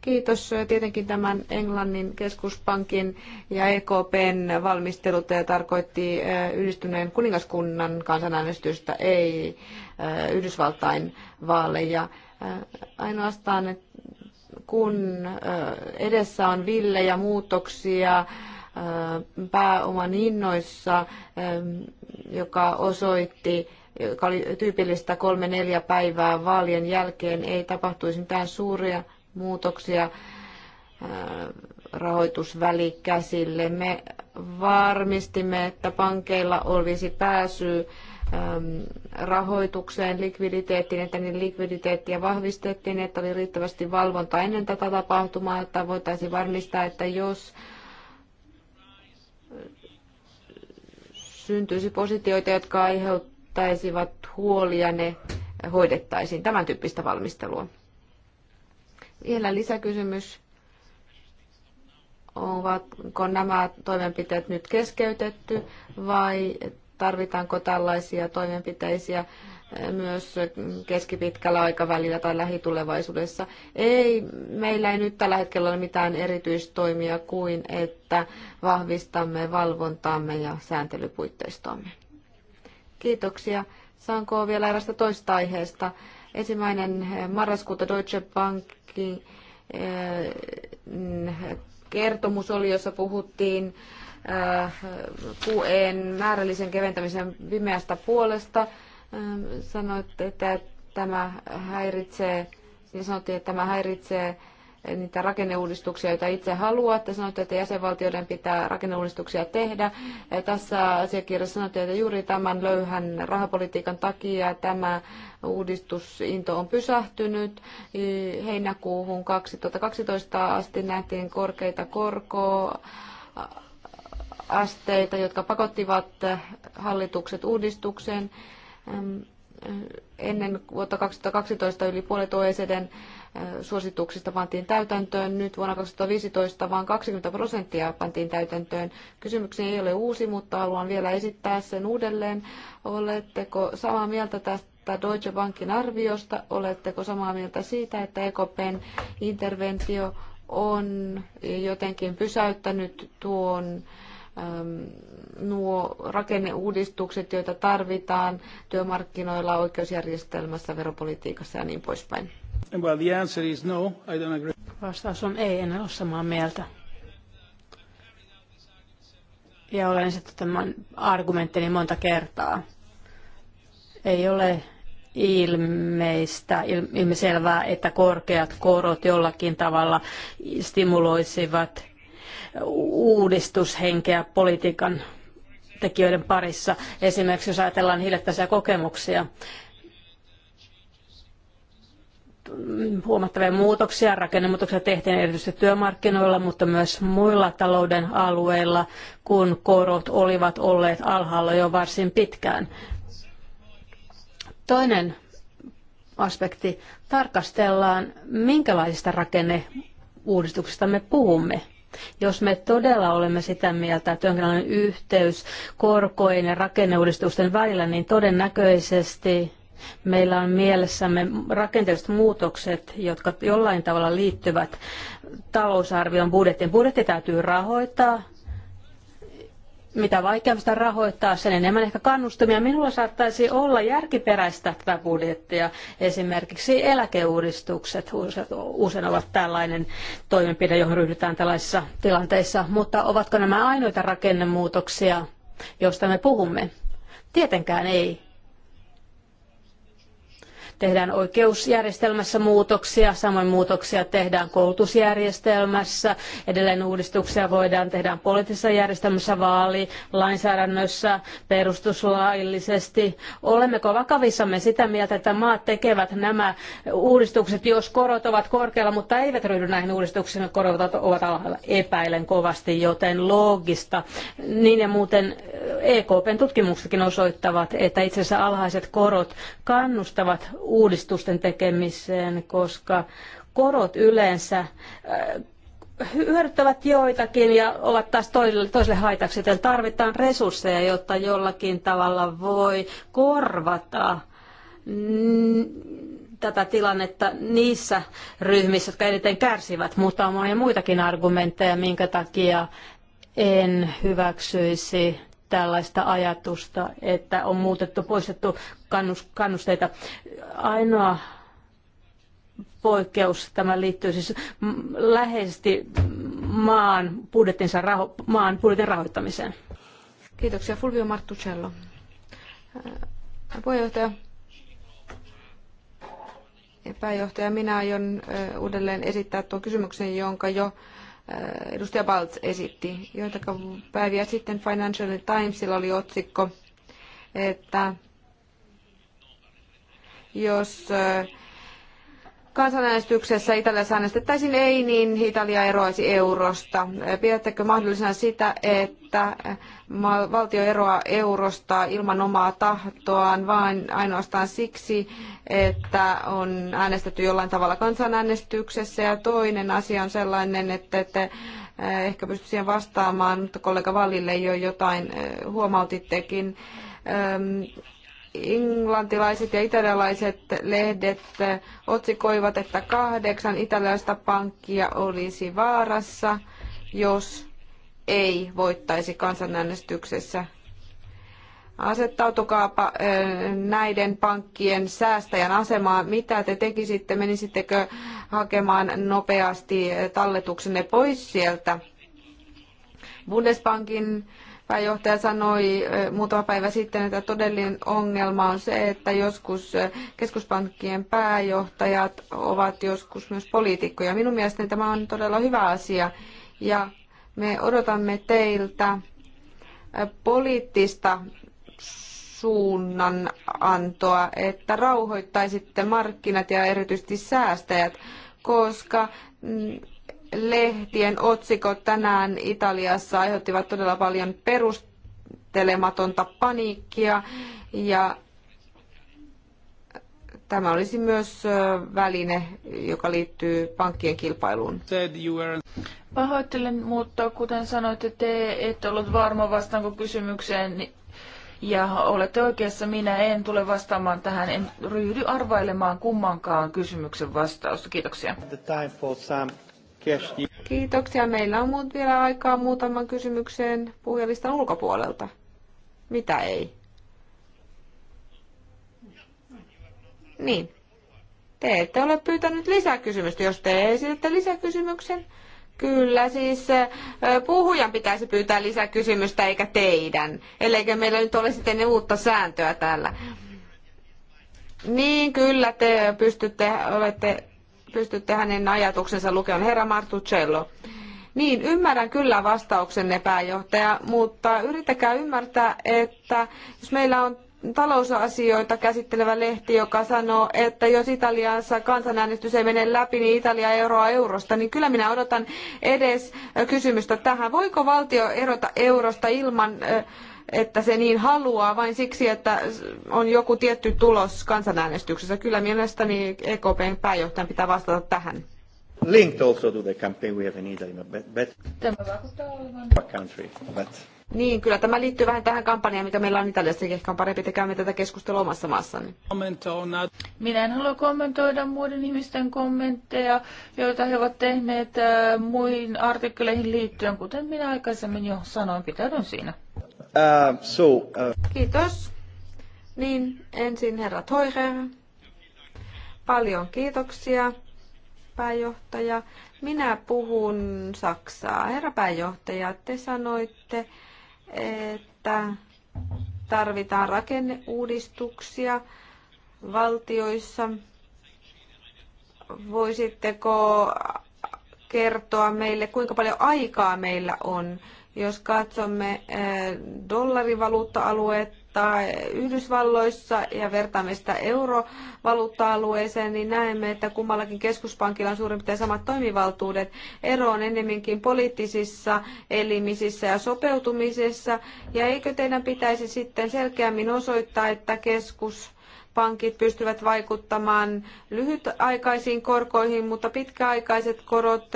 Kiitos tietenkin tämän Englannin keskuspankin ja EKPn valmistelut ja eh, tarkoitti eh, yhdistyneen kuningaskunnan kansanäänestystä, ei eh, Yhdysvaltain vaaleja. Ainoastaan, että kun edessä on villejä muutoksia, pääoman hinnoissa, joka osoitti, joka oli tyypillistä kolme neljä päivää vaalien jälkeen, ei tapahtuisi mitään suuria muutoksia rahoitusvälikäsille. Me varmistimme, että pankeilla olisi pääsy rahoitukseen, likviditeettiin, että niin likviditeettiä vahvistettiin, että oli riittävästi valvonta ennen tätä tapahtumaa, että voitaisiin varmistaa, että jos syntyisi positioita, jotka aiheuttaisivat huolia, ne hoidettaisiin. Tämän tyyppistä valmistelua. Vielä lisäkysymys. Ovatko nämä toimenpiteet nyt keskeytetty vai tarvitaanko tällaisia toimenpiteisiä myös keskipitkällä aikavälillä tai lähitulevaisuudessa. Ei, meillä ei nyt tällä hetkellä ole mitään erityistoimia kuin, että vahvistamme valvontaamme ja sääntelypuitteistoamme. Kiitoksia. Saanko vielä erästä toista aiheesta? Ensimmäinen eh, marraskuuta Deutsche Bankin eh, kertomus oli, jossa puhuttiin eh, QEn määrällisen keventämisen pimeästä puolesta – Ähm, sanoitte, että tämä häiritsee, niin sanottiin, että tämä häiritsee niitä rakenneuudistuksia, joita itse haluatte. Sanoitte, että jäsenvaltioiden pitää rakenneuudistuksia tehdä. Tässä asiakirjassa sanoitte, että juuri tämän löyhän rahapolitiikan takia tämä uudistusinto on pysähtynyt. Heinäkuuhun 2012 asti nähtiin korkeita korkoa asteita, jotka pakottivat hallitukset uudistukseen. Ähm, ennen vuotta 2012 yli puolet OECDn äh, suosituksista pantiin täytäntöön. Nyt vuonna 2015 vain 20 prosenttia pantiin täytäntöön. Kysymykseni ei ole uusi, mutta haluan vielä esittää sen uudelleen. Oletteko samaa mieltä tästä Deutsche Bankin arviosta? Oletteko samaa mieltä siitä, että EKPn interventio on jotenkin pysäyttänyt tuon äh, nuo rakenneuudistukset, joita tarvitaan työmarkkinoilla, oikeusjärjestelmässä, veropolitiikassa ja niin poispäin? Well, the answer is no, I don't agree. Vastaus on ei, en ole samaa mieltä. Ja olen esittänyt tämän argumenttini monta kertaa. Ei ole ilmeistä, ilmiselvää, että korkeat korot jollakin tavalla stimuloisivat uudistushenkeä politiikan tekijöiden parissa. Esimerkiksi jos ajatellaan hiljattaisia kokemuksia, huomattavia muutoksia, rakennemuutoksia tehtiin erityisesti työmarkkinoilla, mutta myös muilla talouden alueilla, kun korot olivat olleet alhaalla jo varsin pitkään. Toinen aspekti, tarkastellaan minkälaisista rakenneuudistuksista me puhumme jos me todella olemme sitä mieltä, että jonkinlainen yhteys korkojen ja rakenneuudistusten välillä, niin todennäköisesti meillä on mielessämme rakenteelliset muutokset, jotka jollain tavalla liittyvät talousarvion budjettiin. Budjetti täytyy rahoittaa, mitä vaikeampi sitä rahoittaa, sen enemmän ehkä kannustumia. Minulla saattaisi olla järkiperäistä tätä budjettia. Esimerkiksi eläkeuudistukset usein ovat tällainen toimenpide, johon ryhdytään tällaisissa tilanteissa. Mutta ovatko nämä ainoita rakennemuutoksia, joista me puhumme? Tietenkään ei tehdään oikeusjärjestelmässä muutoksia, samoin muutoksia tehdään koulutusjärjestelmässä, edelleen uudistuksia voidaan tehdä poliittisessa järjestelmässä, vaali, lainsäädännössä, perustuslaillisesti. Olemmeko vakavissamme sitä mieltä, että maat tekevät nämä uudistukset, jos korot ovat korkealla, mutta eivät ryhdy näihin uudistuksiin, korot ovat alhaalla epäilen kovasti, joten loogista. Niin ja muuten EKPn eh, e tutkimuksetkin osoittavat, että itse asiassa alhaiset korot kannustavat uudistusten tekemiseen, koska korot yleensä äh, hyödyttävät joitakin ja ovat taas toiselle, toiselle haitaksi, joten tarvitaan resursseja, jotta jollakin tavalla voi korvata tätä tilannetta niissä ryhmissä, jotka eniten kärsivät, mutta on monia muitakin argumentteja, minkä takia en hyväksyisi tällaista ajatusta, että on muutettu, poistettu kannusteita. Ainoa poikkeus tämä liittyy siis läheisesti maan, budjettinsa raho, maan budjetin rahoittamiseen. Kiitoksia. Fulvio Martucello. Äh, puheenjohtaja pääjohtaja, minä aion äh, uudelleen esittää tuon kysymyksen, jonka jo Äh, edustaja Balz esitti. Joitakin päiviä sitten Financial Timesilla oli otsikko, että jos äh, kansanäänestyksessä Italiassa äänestettäisiin ei, niin Italia eroaisi eurosta. Pidättekö mahdollisena sitä, että valtio eroaa eurosta ilman omaa tahtoaan, vain ainoastaan siksi, että on äänestetty jollain tavalla kansanäänestyksessä? Ja toinen asia on sellainen, että, että eh, ehkä pysty siihen vastaamaan, mutta kollega Valille jo jotain eh, huomautittekin ehm, englantilaiset ja italialaiset lehdet otsikoivat, että kahdeksan italialaista pankkia olisi vaarassa, jos ei voittaisi kansanäänestyksessä. Asettautukaapa näiden pankkien säästäjän asemaan. Mitä te tekisitte? Menisittekö hakemaan nopeasti talletuksenne pois sieltä? Bundesbankin äh, pääjohtaja sanoi muutama päivä sitten, että todellinen ongelma on se, että joskus keskuspankkien pääjohtajat ovat joskus myös poliitikkoja. Minun mielestäni tämä on todella hyvä asia ja me odotamme teiltä poliittista suunnanantoa, että rauhoittaisitte markkinat ja erityisesti säästäjät, koska mm, lehtien otsikot tänään Italiassa aiheuttivat todella paljon perustelematonta paniikkia ja tämä olisi myös väline, joka liittyy pankkien kilpailuun. Pahoittelen, mutta kuten sanoitte, te ette ollut varma vastaanko kysymykseen ja olette oikeassa, minä en tule vastaamaan tähän, en ryhdy arvailemaan kummankaan kysymyksen vastausta. Kiitoksia. The time for some Kiitoksia. Meillä on muut vielä aikaa muutaman kysymykseen puhujalistan ulkopuolelta. Mitä ei? Niin. Te ette ole pyytänyt lisäkysymystä. Jos te esitätte lisäkysymyksen, Kyllä, siis puhujan pitäisi pyytää lisäkysymystä eikä teidän, elleikö meillä nyt ole sitten uutta sääntöä täällä. Niin, kyllä, te pystytte, olette pystytte hänen ajatuksensa lukemaan. Herra cello Niin, ymmärrän kyllä vastauksenne pääjohtaja, mutta yrittäkää ymmärtää, että jos meillä on talousasioita käsittelevä lehti, joka sanoo, että jos Italiassa kansanäänestys ei mene läpi, niin Italia eroaa eurosta, niin kyllä minä odotan edes kysymystä tähän. Voiko valtio erota eurosta ilman että se niin haluaa vain siksi, että on joku tietty tulos kansanäänestyksessä. Kyllä mielestäni EKPn pääjohtajan pitää vastata tähän. Linked also to the campaign we have in Italy, but, but... Country, but... Niin, kyllä tämä liittyy vähän tähän kampanjaan, mikä meillä on Italiassa, ehkä on parempi tekäämme tätä keskustelua omassa maassani. Minä en halua kommentoida muiden ihmisten kommentteja, joita he ovat tehneet äh, muihin artikkeleihin liittyen, kuten minä aikaisemmin jo sanoin, pitäydyn siinä. Uh, so, uh... Kiitos. Niin, ensin herra Toirer. Paljon kiitoksia, pääjohtaja. Minä puhun Saksaa. Herra pääjohtaja, te sanoitte, että tarvitaan rakenneuudistuksia valtioissa. Voisitteko kertoa meille, kuinka paljon aikaa meillä on? Jos katsomme eh, dollarivaluutta-aluetta Yhdysvalloissa ja vertaamme sitä eurovaluutta-alueeseen, niin näemme, että kummallakin keskuspankilla on suurin piirtein samat toimivaltuudet. Ero on enemmänkin poliittisissa elimisissä ja sopeutumisessa. Ja eikö teidän pitäisi sitten selkeämmin osoittaa, että keskus pankit pystyvät vaikuttamaan lyhytaikaisiin korkoihin, mutta pitkäaikaiset korot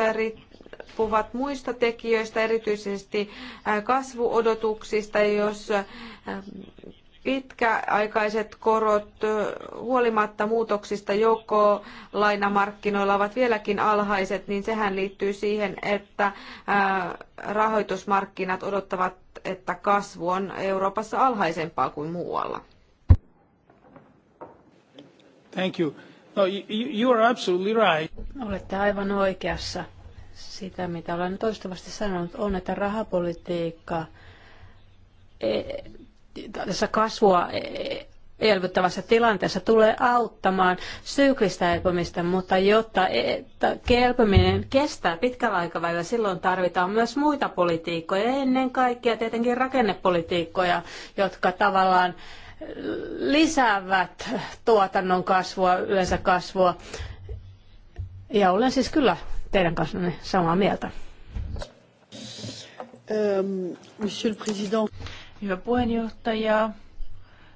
riippuvat muista tekijöistä, erityisesti äh, kasvuodotuksista, jos äh, pitkäaikaiset korot äh, huolimatta muutoksista joko lainamarkkinoilla ovat vieläkin alhaiset, niin sehän liittyy siihen, että rahoitusmarkkinat odottavat, että kasvu on Euroopassa alhaisempaa kuin muualla. Thank you. No, you, are absolutely right. Olette aivan oikeassa sitä, mitä olen toistuvasti sanonut, on, että rahapolitiikka e, tässä kasvua e, elvyttävässä tilanteessa tulee auttamaan syklistä elpymistä, mutta jotta e, elpyminen kestää pitkällä aikavälillä, silloin tarvitaan myös muita politiikkoja, ennen kaikkea tietenkin rakennepolitiikkoja, jotka tavallaan lisäävät tuotannon kasvua, yleensä kasvua. Ja olen siis kyllä teidän kanssanne samaa mieltä. Ähm, monsieur Hyvä puheenjohtaja,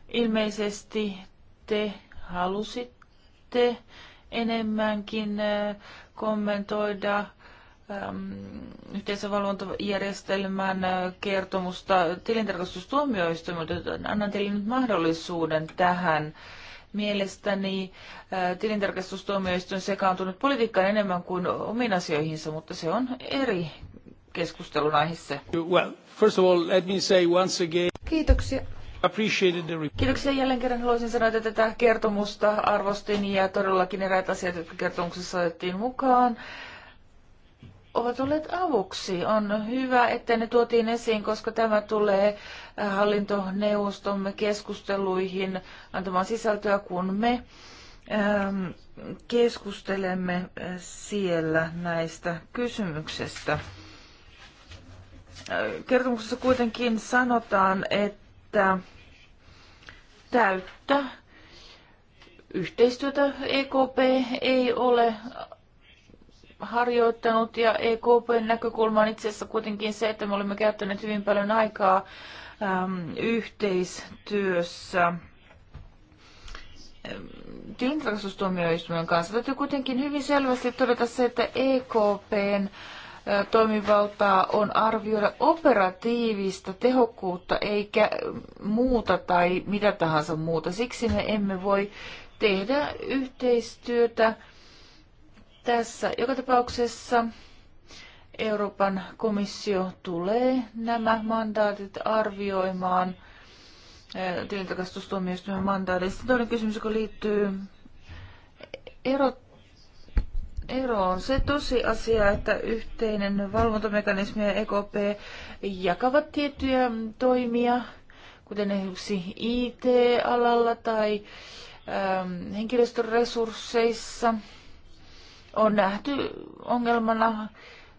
ilmeisesti te halusitte enemmänkin äh, kommentoida ähm, yhteisövalvontajärjestelmän äh, kertomusta tilintarkastustuomioistuimelta. Annan teille nyt mahdollisuuden tähän. Mielestäni äh, tilintarkastustuomioistuin sekaantunut politiikkaan enemmän kuin omiin asioihinsa, mutta se on eri keskustelun aiheessa. Well, first of all, let me say once again... Kiitoksia. Kiitoksia jälleen kerran. Haluaisin sanoa, että tätä kertomusta arvostin ja todellakin eräät asiat, jotka kertomuksessa otettiin mukaan ovat olleet avuksi. On hyvä, että ne tuotiin esiin, koska tämä tulee äh, hallintoneuvostomme keskusteluihin antamaan sisältöä, kun me ähm, keskustelemme äh, siellä näistä kysymyksistä. Äh, kertomuksessa kuitenkin sanotaan, että täyttä yhteistyötä EKP ei ole harjoittanut ja EKPn näkökulma on itse asiassa kuitenkin se, että me olemme käyttäneet hyvin paljon aikaa äm, yhteistyössä tilintarkastustuomioistuimen kanssa. Täytyy kuitenkin hyvin selvästi todeta se, että EKPn toimivaltaa on arvioida operatiivista tehokkuutta eikä muuta tai mitä tahansa muuta. Siksi me emme voi tehdä yhteistyötä tässä. Joka tapauksessa Euroopan komissio tulee nämä mandaatit arvioimaan tilintarkastustuomioistuimen mandaatista. Toinen kysymys, joka liittyy ero, ero on se tosiasia, että yhteinen valvontamekanismi ja EKP jakavat tiettyjä toimia, kuten esimerkiksi IT-alalla tai ähm, henkilöstöresursseissa – on nähty ongelmana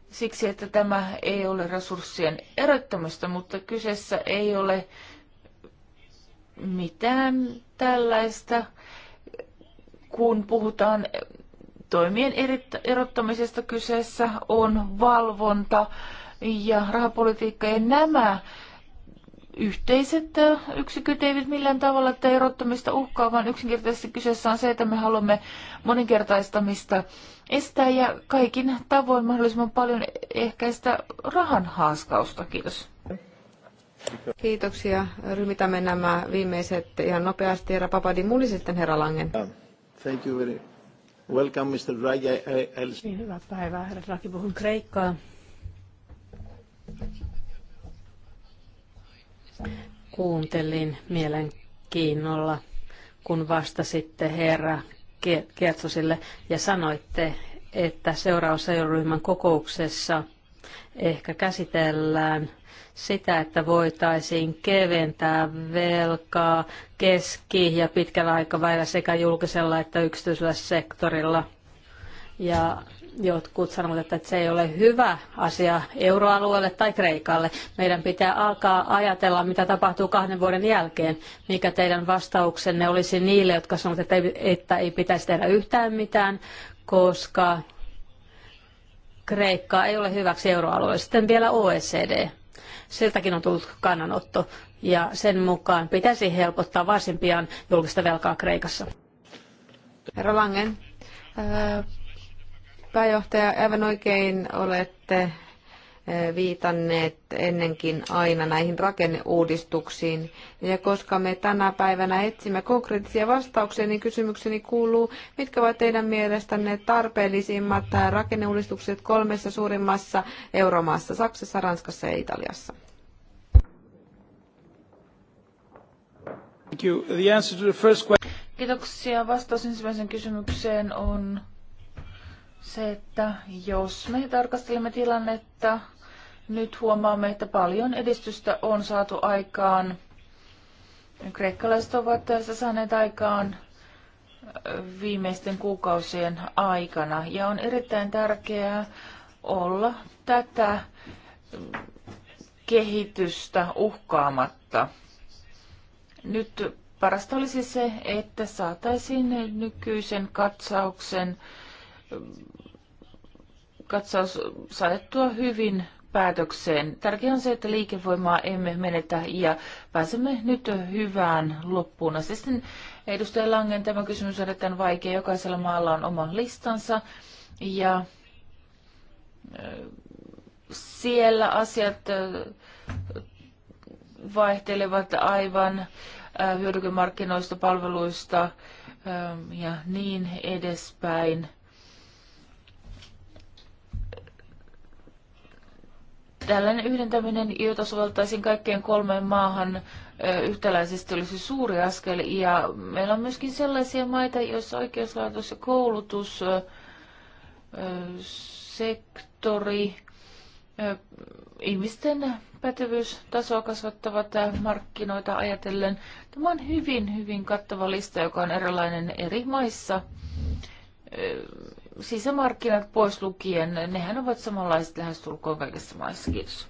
siksi, että tämä ei ole resurssien erottamista, mutta kyseessä ei ole mitään tällaista, kun puhutaan toimien erottamisesta kyseessä on valvonta ja rahapolitiikka ja nämä yhteiset äh, yksiköt eivät millään tavalla tätä erottamista uhkaa, vaan yksinkertaisesti kyseessä on se, että me haluamme moninkertaistamista estää ja kaikin tavoin mahdollisimman paljon ehkäistä rahan haaskausta. Kiitos. Kiitoksia. Ryhmitämme nämä viimeiset ihan nopeasti. Herra Papadi Muli, sitten herra Langen. Thank you very Welcome, Mr. Draghi. Niin, hyvää päivää, herra Draghi. Puhun Kreikkaa. Kuuntelin mielenkiinnolla, kun vastasitte herra Kertsosille ja sanoitte, että seuraavassa kokouksessa ehkä käsitellään sitä, että voitaisiin keventää velkaa keski- ja pitkällä aikavälillä sekä julkisella että yksityisellä sektorilla. Ja Jotkut sanovat, että se ei ole hyvä asia euroalueelle tai Kreikalle. Meidän pitää alkaa ajatella, mitä tapahtuu kahden vuoden jälkeen. Mikä teidän vastauksenne olisi niille, jotka sanovat, että ei, että ei pitäisi tehdä yhtään mitään, koska Kreikka ei ole hyväksi euroalueelle. Sitten vielä OECD. Siltäkin on tullut kannanotto ja sen mukaan pitäisi helpottaa varsin pian julkista velkaa Kreikassa. Herra Langen, Pääjohtaja, aivan oikein olette eh, viitanneet ennenkin aina näihin rakenneuudistuksiin. Ja koska me tänä päivänä etsimme konkreettisia vastauksia, niin kysymykseni kuuluu, mitkä ovat teidän mielestänne tarpeellisimmat rakenneuudistukset kolmessa suurimmassa euromaassa, Saksassa, Ranskassa ja Italiassa? Kiitoksia. Vastaus ensimmäiseen kysymykseen on se, että jos me tarkastelemme tilannetta, nyt huomaamme, että paljon edistystä on saatu aikaan. Kreikkalaiset ovat tässä saaneet aikaan viimeisten kuukausien aikana. Ja on erittäin tärkeää olla tätä kehitystä uhkaamatta. Nyt parasta olisi se, että saataisiin nykyisen katsauksen katsaus saatettua hyvin päätökseen. Tärkeää on se, että liikevoimaa emme menetä ja pääsemme nyt hyvään loppuun. Ja sitten edustaja Langen tämä kysymys on erittäin vaikea. Jokaisella maalla on oma listansa ja siellä asiat vaihtelevat aivan hyödykemarkkinoista, palveluista ja niin edespäin. tällainen yhdentäminen, jota soveltaisiin kaikkien kolmeen maahan yhtäläisesti, olisi suuri askel. Ja meillä on myöskin sellaisia maita, joissa oikeuslaitos ja koulutussektori, ihmisten pätevyystasoa kasvattavat markkinoita ajatellen. Tämä on hyvin, hyvin kattava lista, joka on erilainen eri maissa sisämarkkinat pois lukien, nehän ovat samanlaiset tulkoon kaikissa maissa. Kiitos.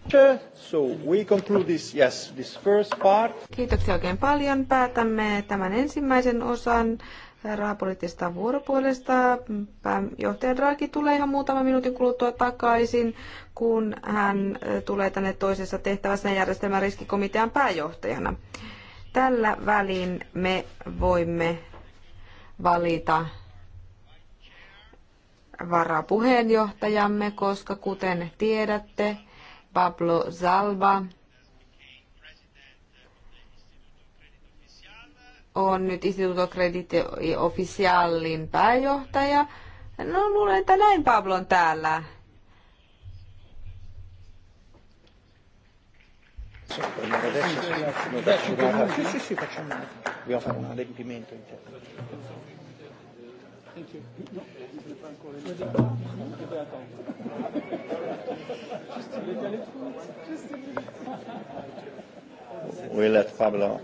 So we conclude this, yes, this first part. Kiitoksia oikein paljon. Päätämme tämän ensimmäisen osan rahapoliittisesta vuoropuolesta. Pääjohtaja Draghi tulee ihan muutama minuutin kuluttua takaisin, kun hän tulee tänne toisessa tehtävässä järjestelmän riskikomitean pääjohtajana. Tällä välin me voimme valita varapuheenjohtajamme, koska kuten tiedätte, Pablo Zalba on nyt Instituto Credit Officialin pääjohtaja. No luulen, että näin Pablon täällä. Thank you. We let Pablo.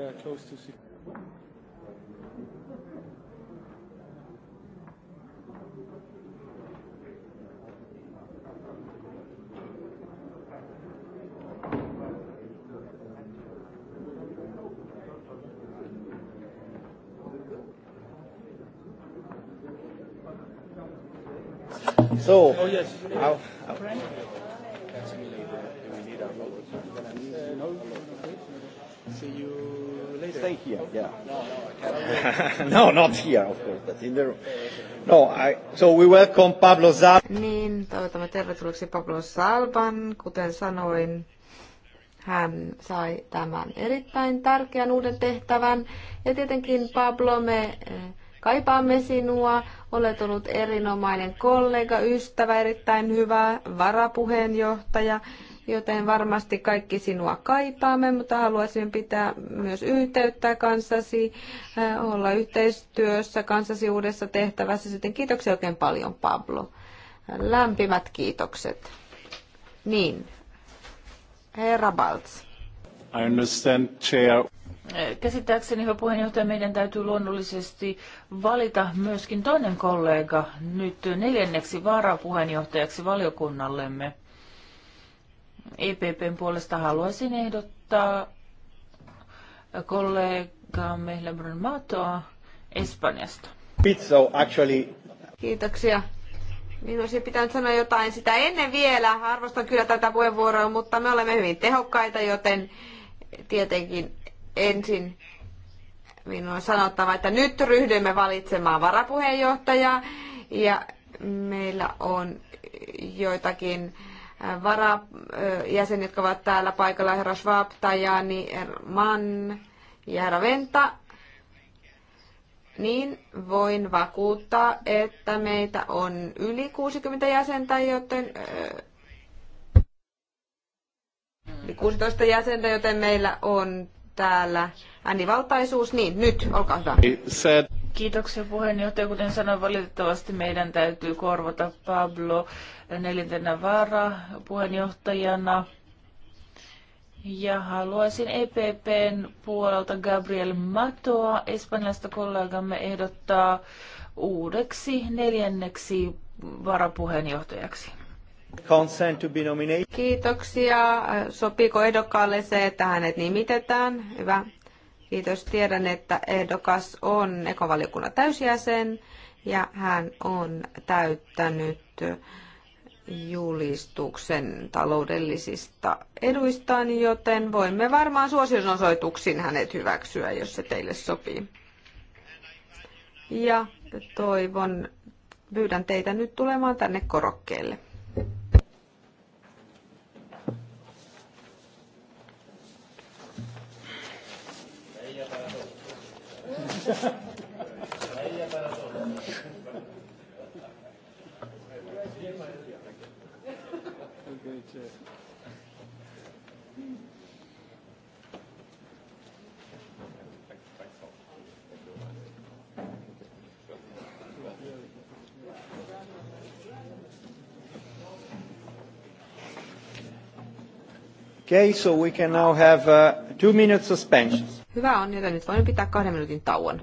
uh, close to see. So, oh, yes. I'll, I'll, stay here, yeah. no, not here, of course, but in the room. No, I, so we welcome Pablo Zalban. Niin, toivotamme tervetulleeksi Pablo Zalban. Kuten sanoin, hän sai tämän erittäin tärkeän uuden tehtävän. Ja tietenkin Pablo, me eh, kaipaamme sinua. Olet ollut erinomainen kollega, ystävä, erittäin hyvä varapuheenjohtaja joten varmasti kaikki sinua kaipaamme, mutta haluaisin pitää myös yhteyttä kanssasi, äh, olla yhteistyössä kanssasi uudessa tehtävässä. Sitten kiitoksia oikein paljon, Pablo. Lämpimät kiitokset. Niin, herra Baltz. I understand, Chair. Käsittääkseni, hyvä puheenjohtaja, meidän täytyy luonnollisesti valita myöskin toinen kollega nyt neljänneksi varapuheenjohtajaksi valiokunnallemme. EPPn puolesta haluaisin ehdottaa kollegaamme Lebron Matoa Espanjasta. Pizza, actually. Kiitoksia. Minun olisi pitänyt sanoa jotain sitä ennen vielä. Arvostan kyllä tätä puheenvuoroa, mutta me olemme hyvin tehokkaita, joten tietenkin ensin minun on sanottava, että nyt ryhdymme valitsemaan varapuheenjohtajaa ja meillä on joitakin varajäsen, jotka ovat täällä paikalla, herra Schwab, Tajani, herra Mann ja herra Venta, niin voin vakuuttaa, että meitä on yli 60 jäsentä, joten äh, yli 16 jäsentä, joten meillä on täällä äänivaltaisuus. Niin, nyt, olkaa hyvä. Kiitoksia puheenjohtaja. Kuten sanoin, valitettavasti meidän täytyy korvata Pablo neljäntenä vaara puheenjohtajana. Ja haluaisin EPPn puolelta Gabriel Matoa, espanjalaista kollegamme, ehdottaa uudeksi neljänneksi varapuheenjohtajaksi. Consent to be nominated. Kiitoksia. Sopiiko ehdokkaalle se, että hänet nimitetään? Hyvä. Kiitos. Tiedän, että ehdokas on ekovaliokunnan täysjäsen ja hän on täyttänyt julistuksen taloudellisista eduistaan, joten voimme varmaan suosionosoituksin hänet hyväksyä, jos se teille sopii. Ja toivon, pyydän teitä nyt tulemaan tänne korokkeelle. Okay, so we can now have a uh, two-minute suspension. Hyvä on, joten nyt voimme pitää kahden minuutin tauon.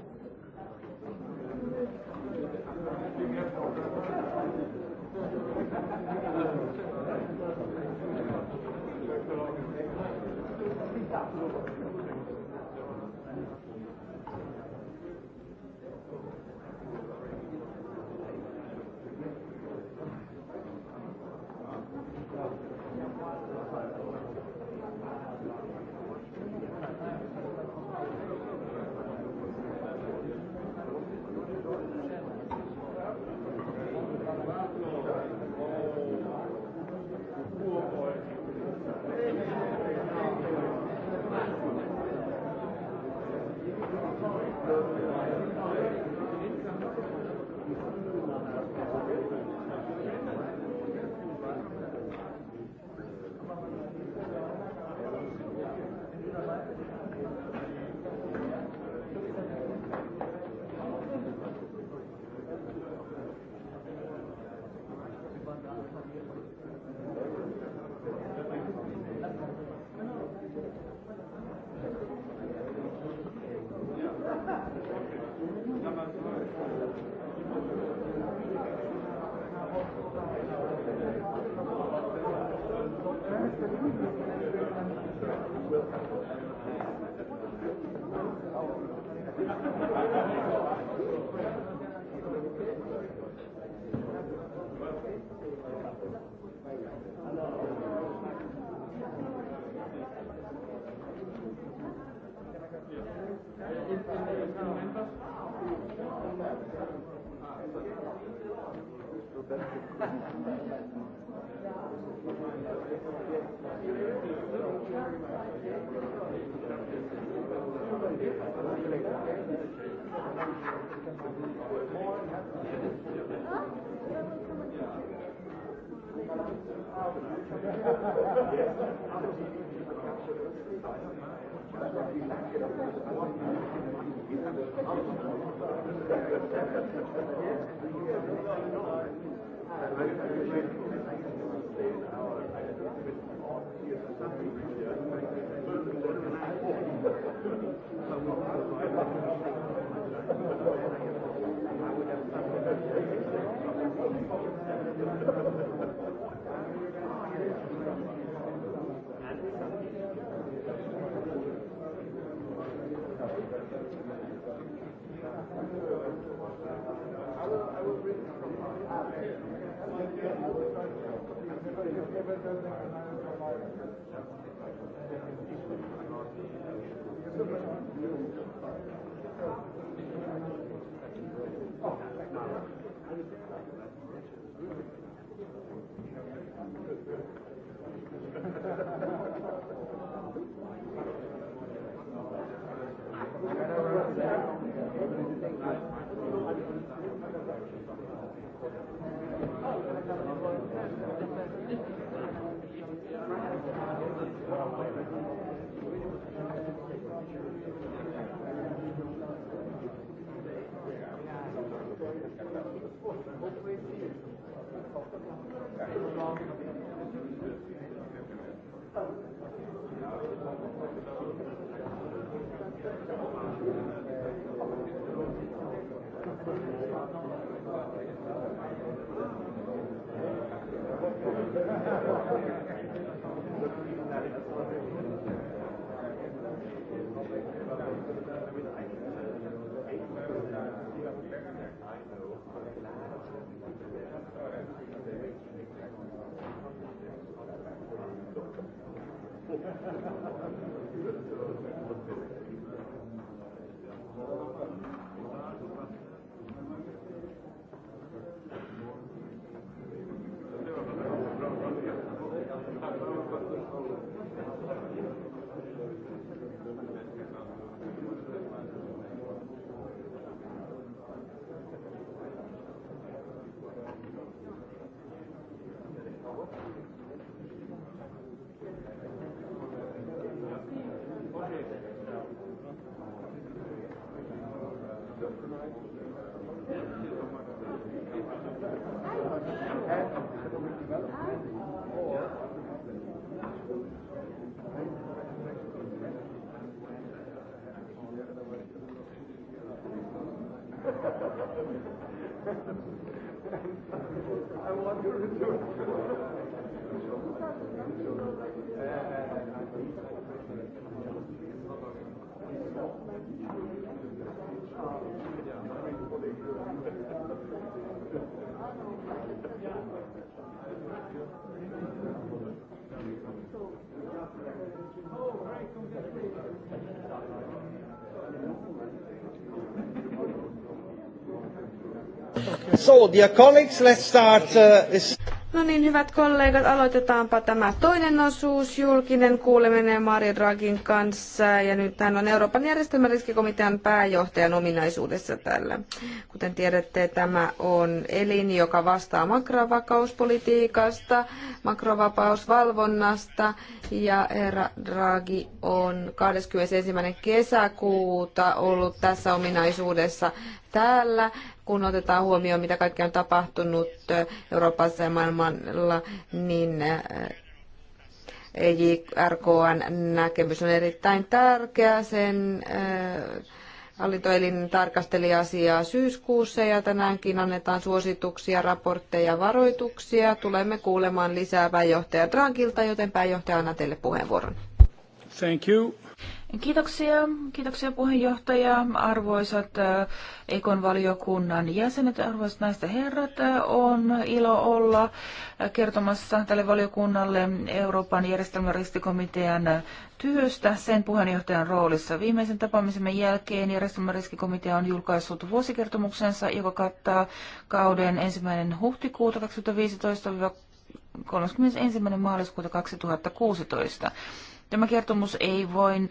So, dear colleagues, let's start uh, this. No niin, hyvät kollegat, aloitetaanpa tämä toinen osuus, julkinen kuuleminen Mari Dragin kanssa. Ja nyt hän on Euroopan järjestelmäriskikomitean pääjohtajan ominaisuudessa tällä. Kuten tiedätte, tämä on elin, joka vastaa makrovakauspolitiikasta, makrovapausvalvonnasta. Ja herra Draghi on 21. kesäkuuta ollut tässä ominaisuudessa täällä, kun otetaan huomioon, mitä kaikkea on tapahtunut Euroopassa ja maailmalla, niin eh, JRKn näkemys on erittäin tärkeä. Sen eh, hallintoelin tarkasteli asiaa syyskuussa ja tänäänkin annetaan suosituksia, raportteja, varoituksia. Tulemme kuulemaan lisää pääjohtaja Drankilta, joten pääjohtaja anna teille puheenvuoron. Thank you. Kiitoksia. Kiitoksia puheenjohtaja, arvoisat äh, Ekon valiokunnan jäsenet, arvoisat näistä herrat. Äh, on ilo olla äh, kertomassa tälle valiokunnalle Euroopan järjestelmäriskikomitean työstä sen puheenjohtajan roolissa. Viimeisen tapaamisemme jälkeen järjestelmäriskikomitea on julkaissut vuosikertomuksensa, joka kattaa kauden ensimmäinen huhtikuuta 2015 31. maaliskuuta 2016. Tämä kertomus ei voin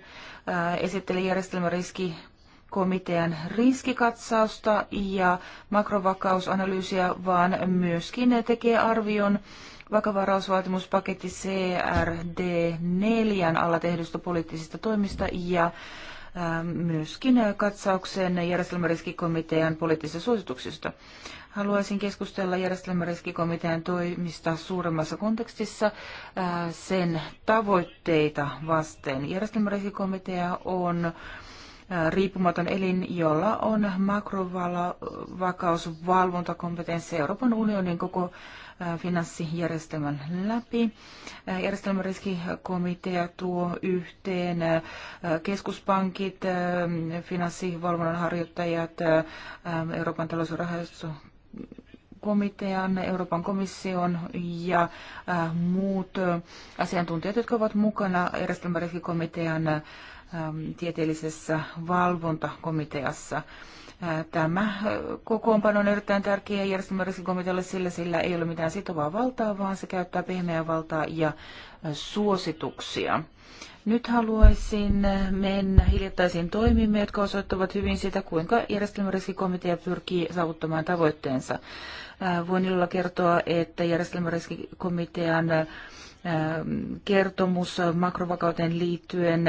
äh, esittele järjestelmäriskikomitean riskikatsausta ja makrovakausanalyysiä, vaan myöskin tekee arvion vakavarausvaatimuspaketti CRD4 alla tehdystä poliittisista toimista ja äh, myöskin katsauksen järjestelmäriskikomitean poliittisista suosituksista. Haluaisin keskustella järjestelmäriskikomitean toimista suuremmassa kontekstissa sen tavoitteita vasten. Järjestelmäriskikomitea on riippumaton elin, jolla on makrovakausvalvontakompetenssi Euroopan unionin koko finanssijärjestelmän läpi. Järjestelmäriskikomitea tuo yhteen keskuspankit, finanssivalvonnan harjoittajat, Euroopan talous- ja komitean, Euroopan komission ja äh, muut äh, asiantuntijat, jotka ovat mukana järjestelmäriskikomitean äh, tieteellisessä valvontakomiteassa. Tämä kokoonpano on erittäin tärkeä järjestelmäriskikomitealle, sillä sillä ei ole mitään sitovaa valtaa, vaan se käyttää pehmeää valtaa ja suosituksia. Nyt haluaisin mennä hiljattaisiin toimimme, jotka osoittavat hyvin sitä, kuinka järjestelmäriskikomitea pyrkii saavuttamaan tavoitteensa. Äh, voin illalla kertoa, että järjestelmäriskikomitean äh, kertomus makrovakauteen liittyen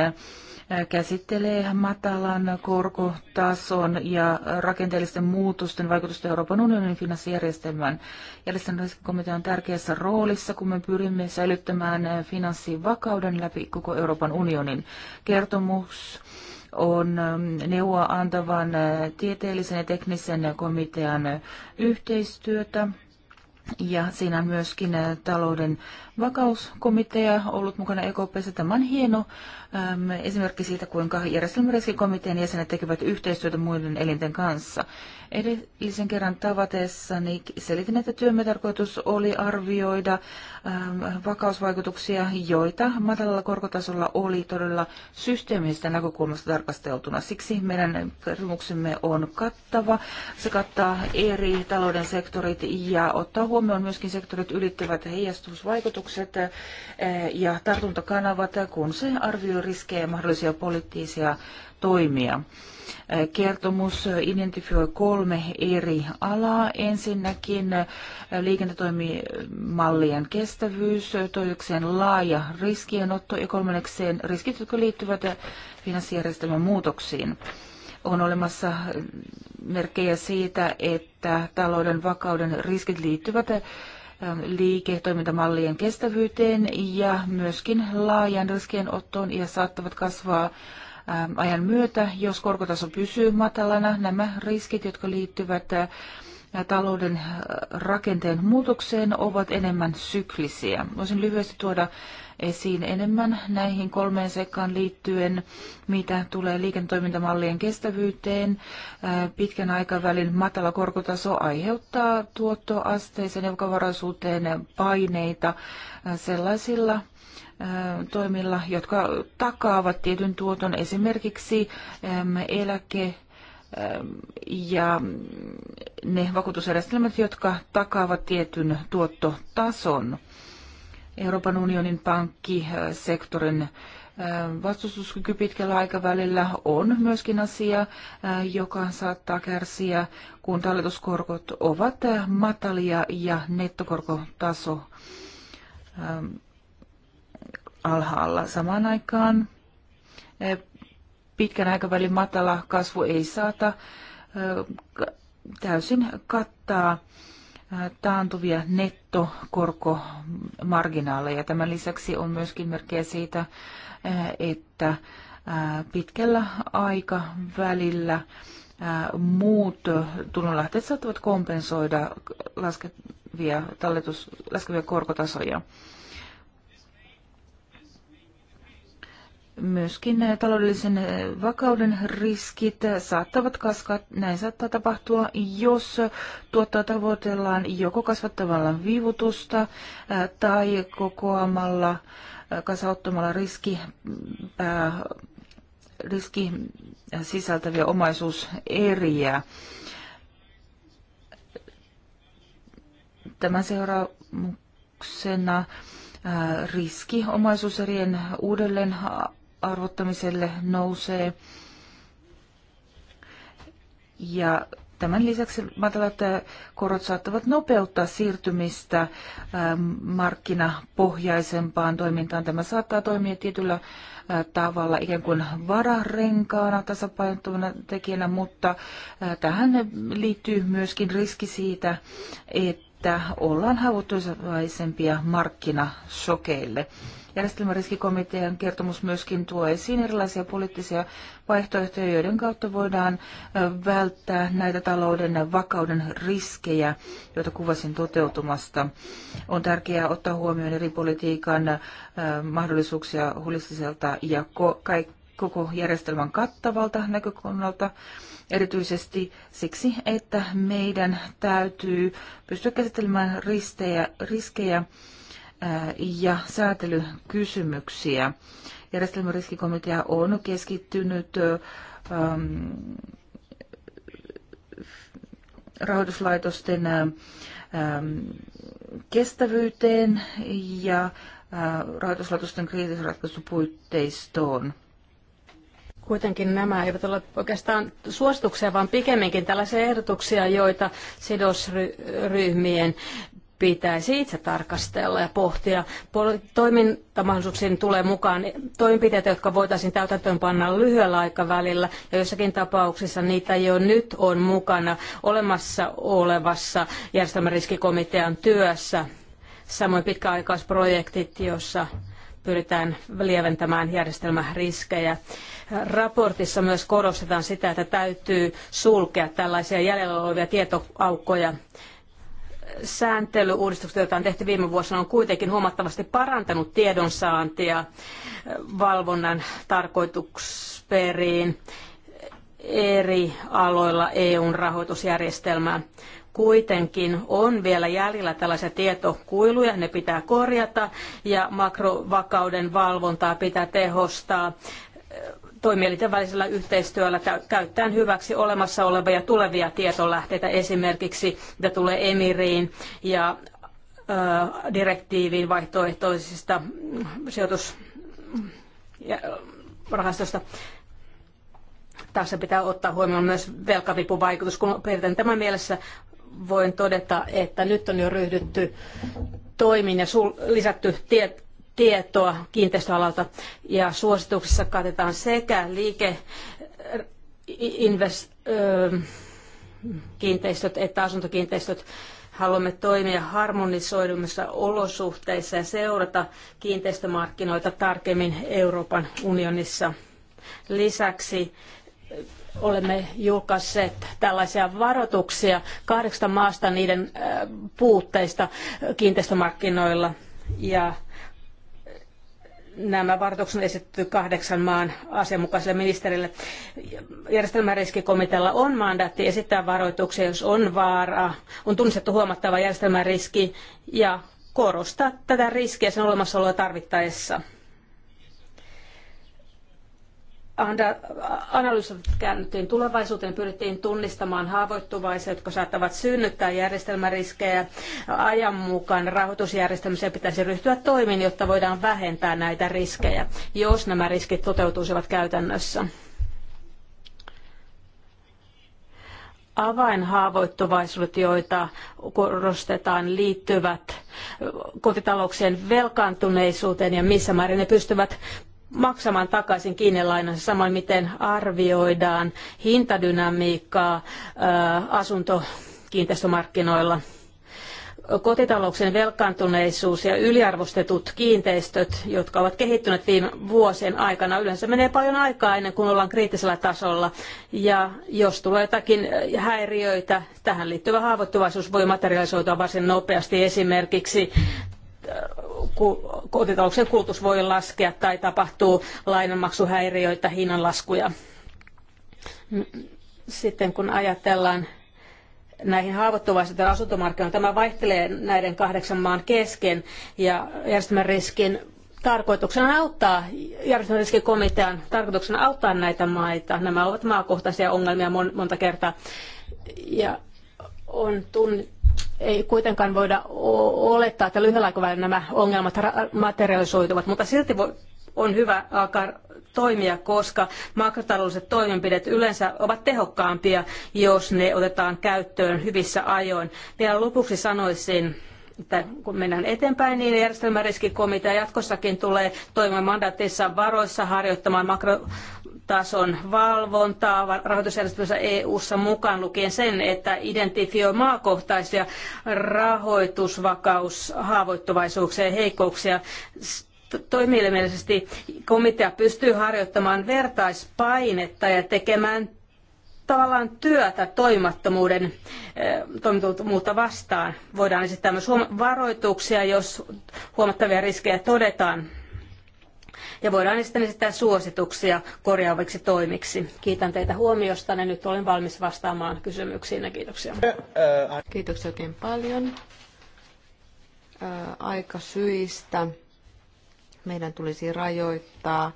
käsittelee matalan korkotason ja rakenteellisten muutosten vaikutusta Euroopan unionin finanssijärjestelmään. Järjestelmän komitea on tärkeässä roolissa, kun me pyrimme säilyttämään finanssivakauden läpi koko Euroopan unionin. Kertomus on mm, neuvoa antavan äh, tieteellisen ja teknisen komitean yhteistyötä. Ja siinä on myöskin äh, talouden vakauskomitea ollut mukana EKPssä. Tämä on hieno äm, esimerkki siitä, kuinka järjestelmäriskikomitean jäsenet tekevät yhteistyötä muiden elinten kanssa. Edellisen kerran tavatessani selitin, että työmme tarkoitus oli arvioida äm, vakausvaikutuksia, joita matalalla korkotasolla oli todella systeemisestä näkökulmasta tarkasteltuna. Siksi meidän kertomuksemme on kattava. Se kattaa eri talouden sektorit ja ottaa huomioon myöskin sektorit ylittävät heijastusvaikutukset hallitukset eh, ja tartuntakanavat, kun se arvioi riskejä ja mahdollisia poliittisia toimia. Eh, kertomus identifioi kolme eri alaa. Ensinnäkin eh, liikentätoimimallien kestävyys, toisekseen laaja riskienotto ja kolmannekseen riskit, jotka liittyvät finanssijärjestelmän muutoksiin. On olemassa merkkejä siitä, että talouden vakauden riskit liittyvät Ähm, liiketoimintamallien kestävyyteen ja myöskin laajan riskienottoon ja saattavat kasvaa ähm, ajan myötä, jos korkotaso pysyy matalana. Nämä riskit, jotka liittyvät äh, talouden äh, rakenteen muutokseen, ovat enemmän syklisiä. Voisin lyhyesti tuoda esiin enemmän näihin kolmeen sekkaan liittyen, mitä tulee liiketoimintamallien kestävyyteen. Pitkän aikavälin matala korkotaso aiheuttaa tuottoasteeseen ja vakavaraisuuteen paineita sellaisilla toimilla, jotka takaavat tietyn tuoton esimerkiksi eläke ja ne vakuutusjärjestelmät, jotka takaavat tietyn tuottotason. Euroopan unionin pankkisektorin äh, vastustuskyky pitkällä aikavälillä on myöskin asia, äh, joka saattaa kärsiä, kun talletuskorkot ovat äh, matalia ja nettokorkotaso alhaalla samaan aikaan. Pitkän aikavälin matala kasvu ei saata täysin kattaa taantuvia nettokorkomarginaaleja. Tämän lisäksi on myöskin merkkejä siitä, eh, että eh, pitkällä aikavälillä eh, muut tulonlähteet saattavat kompensoida laskevia, talletus, laskevia korkotasoja. Myöskin eh, taloudellisen eh, vakauden riskit saattavat kasvaa Näin saattaa tapahtua, jos tuottaa tavoitellaan joko kasvattavalla viivutusta eh, tai kokoamalla, kasauttamalla riski, mm, riski sisältäviä omaisuuseriä. Tämän seurauksena riski omaisuuserien uudelleen arvottamiselle nousee. Ja tämän lisäksi matalat korot saattavat nopeuttaa siirtymistä ähm, markkinapohjaisempaan toimintaan. Tämä saattaa toimia tietyllä äh, tavalla ikään kuin vararenkaana tasapainottavana tekijänä, mutta äh, tähän liittyy myöskin riski siitä, että että ollaan haavoittuvaisempia markkinasokeille. Järjestelmäriskikomitean kertomus myöskin tuo esiin erilaisia poliittisia vaihtoehtoja, joiden kautta voidaan välttää näitä talouden vakauden riskejä, joita kuvasin toteutumasta. On tärkeää ottaa huomioon eri politiikan mahdollisuuksia holistiselta ja kaikki koko järjestelmän kattavalta näkökulmalta, erityisesti siksi, että meidän täytyy pystyä käsittelemään ristejä, riskejä ja säätelykysymyksiä. Järjestelmäriskikomitea on keskittynyt ähm, rahoituslaitosten ähm, kestävyyteen ja äh, rahoituslaitosten kriisinratkaisupuitteistoon. Kuitenkin nämä eivät ole oikeastaan suosituksia, vaan pikemminkin tällaisia ehdotuksia, joita sidosryhmien pitäisi itse tarkastella ja pohtia. Toimintamahdollisuuksiin tulee mukaan toimenpiteitä, jotka voitaisiin täytäntöönpanna lyhyellä aikavälillä ja jossakin tapauksissa niitä jo nyt on mukana olemassa olevassa järjestelmäriskikomitean työssä. Samoin pitkäaikaisprojektit, joissa pyritään lieventämään järjestelmäriskejä. Raportissa myös korostetaan sitä, että täytyy sulkea tällaisia jäljellä olevia tietoaukkoja sääntelyuudistukset, joita on tehty viime vuosina, on kuitenkin huomattavasti parantanut tiedonsaantia valvonnan tarkoitusperiin eri aloilla EUn rahoitusjärjestelmää. Kuitenkin on vielä jäljellä tällaisia tietokuiluja, ne pitää korjata ja makrovakauden valvontaa pitää tehostaa eh, toimielinten välisellä yhteistyöllä käyttäen hyväksi olemassa olevia ja tulevia tietolähteitä esimerkiksi, mitä tulee Emiriin ja eh, direktiiviin vaihtoehtoisista mm, sijoitusrahastosta. Tässä pitää ottaa huomioon myös velkavipuvaikutus. Kun pidetään tämä mielessä, voin todeta, että nyt on jo ryhdytty toimiin ja lisätty tie- tietoa kiinteistöalalta ja suosituksissa katetaan sekä liike invest, ö, kiinteistöt että asuntokiinteistöt. Haluamme toimia harmonisoidumissa olosuhteissa ja seurata kiinteistömarkkinoita tarkemmin Euroopan unionissa. Lisäksi olemme julkaisseet tällaisia varoituksia kahdeksasta maasta niiden äh, puutteista kiinteistömarkkinoilla ja nämä varoitukset on esitetty kahdeksan maan asianmukaiselle ministerille. Järjestelmäriskikomitealla on mandaatti esittää varoituksia, jos on vaara, on tunnistettu huomattava järjestelmäriski ja korostaa tätä riskiä sen olemassaoloa tarvittaessa analyysit käännettiin tulevaisuuteen, pyrittiin tunnistamaan haavoittuvaiset, jotka saattavat synnyttää järjestelmäriskejä. Ajan mukaan rahoitusjärjestelmissä pitäisi ryhtyä toimiin, jotta voidaan vähentää näitä riskejä, jos nämä riskit toteutuisivat käytännössä. avainhaavoittuvaisuudet, joita korostetaan, liittyvät kotitalouksien velkaantuneisuuteen ja missä määrin ne pystyvät maksamaan takaisin lainansa, samoin miten arvioidaan hintadynamiikkaa äh, asuntokiinteistömarkkinoilla. Kotitalouksien velkaantuneisuus ja yliarvostetut kiinteistöt, jotka ovat kehittyneet viime vuosien aikana, yleensä menee paljon aikaa ennen kuin ollaan kriittisellä tasolla. Ja jos tulee jotakin häiriöitä, tähän liittyvä haavoittuvaisuus voi materialisoitua varsin nopeasti esimerkiksi kotitalouksien kulutus voi laskea tai tapahtuu lainanmaksuhäiriöitä, hinnanlaskuja. Sitten kun ajatellaan näihin haavoittuvaisuuteen asuntomarkkinoihin, tämä vaihtelee näiden kahdeksan maan kesken ja järjestelmän riskin tarkoituksena auttaa, järjestelmän komitean tarkoituksena auttaa näitä maita. Nämä ovat maakohtaisia ongelmia monta kertaa ja on tunnettu ei kuitenkaan voida olettaa, että lyhyellä aikavälillä nämä ongelmat materialisoituvat, mutta silti voi, on hyvä alkaa toimia, koska makrotaloudelliset toimenpiteet yleensä ovat tehokkaampia, jos ne otetaan käyttöön hyvissä ajoin. Vielä lopuksi sanoisin, että kun mennään eteenpäin, niin järjestelmäriskikomitea jatkossakin tulee toimimaan mandaatissa varoissa harjoittamaan makro tason valvontaa rahoitusjärjestelmässä EU-ssa mukaan lukien sen, että identifioi maakohtaisia rahoitusvakaushaavoittuvaisuuksia ja heikkouksia. Toimielimellisesti komitea pystyy harjoittamaan vertaispainetta ja tekemään tavallaan työtä toimattomuuden eh, toimimattomuutta vastaan. Voidaan esittää myös varoituksia, jos huomattavia riskejä todetaan ja voidaan esittää suosituksia korjaaviksi toimiksi. Kiitän teitä huomiosta ja nyt olen valmis vastaamaan kysymyksiin ja kiitoksia. Kiitoksia oikein paljon. Aika syistä meidän tulisi rajoittaa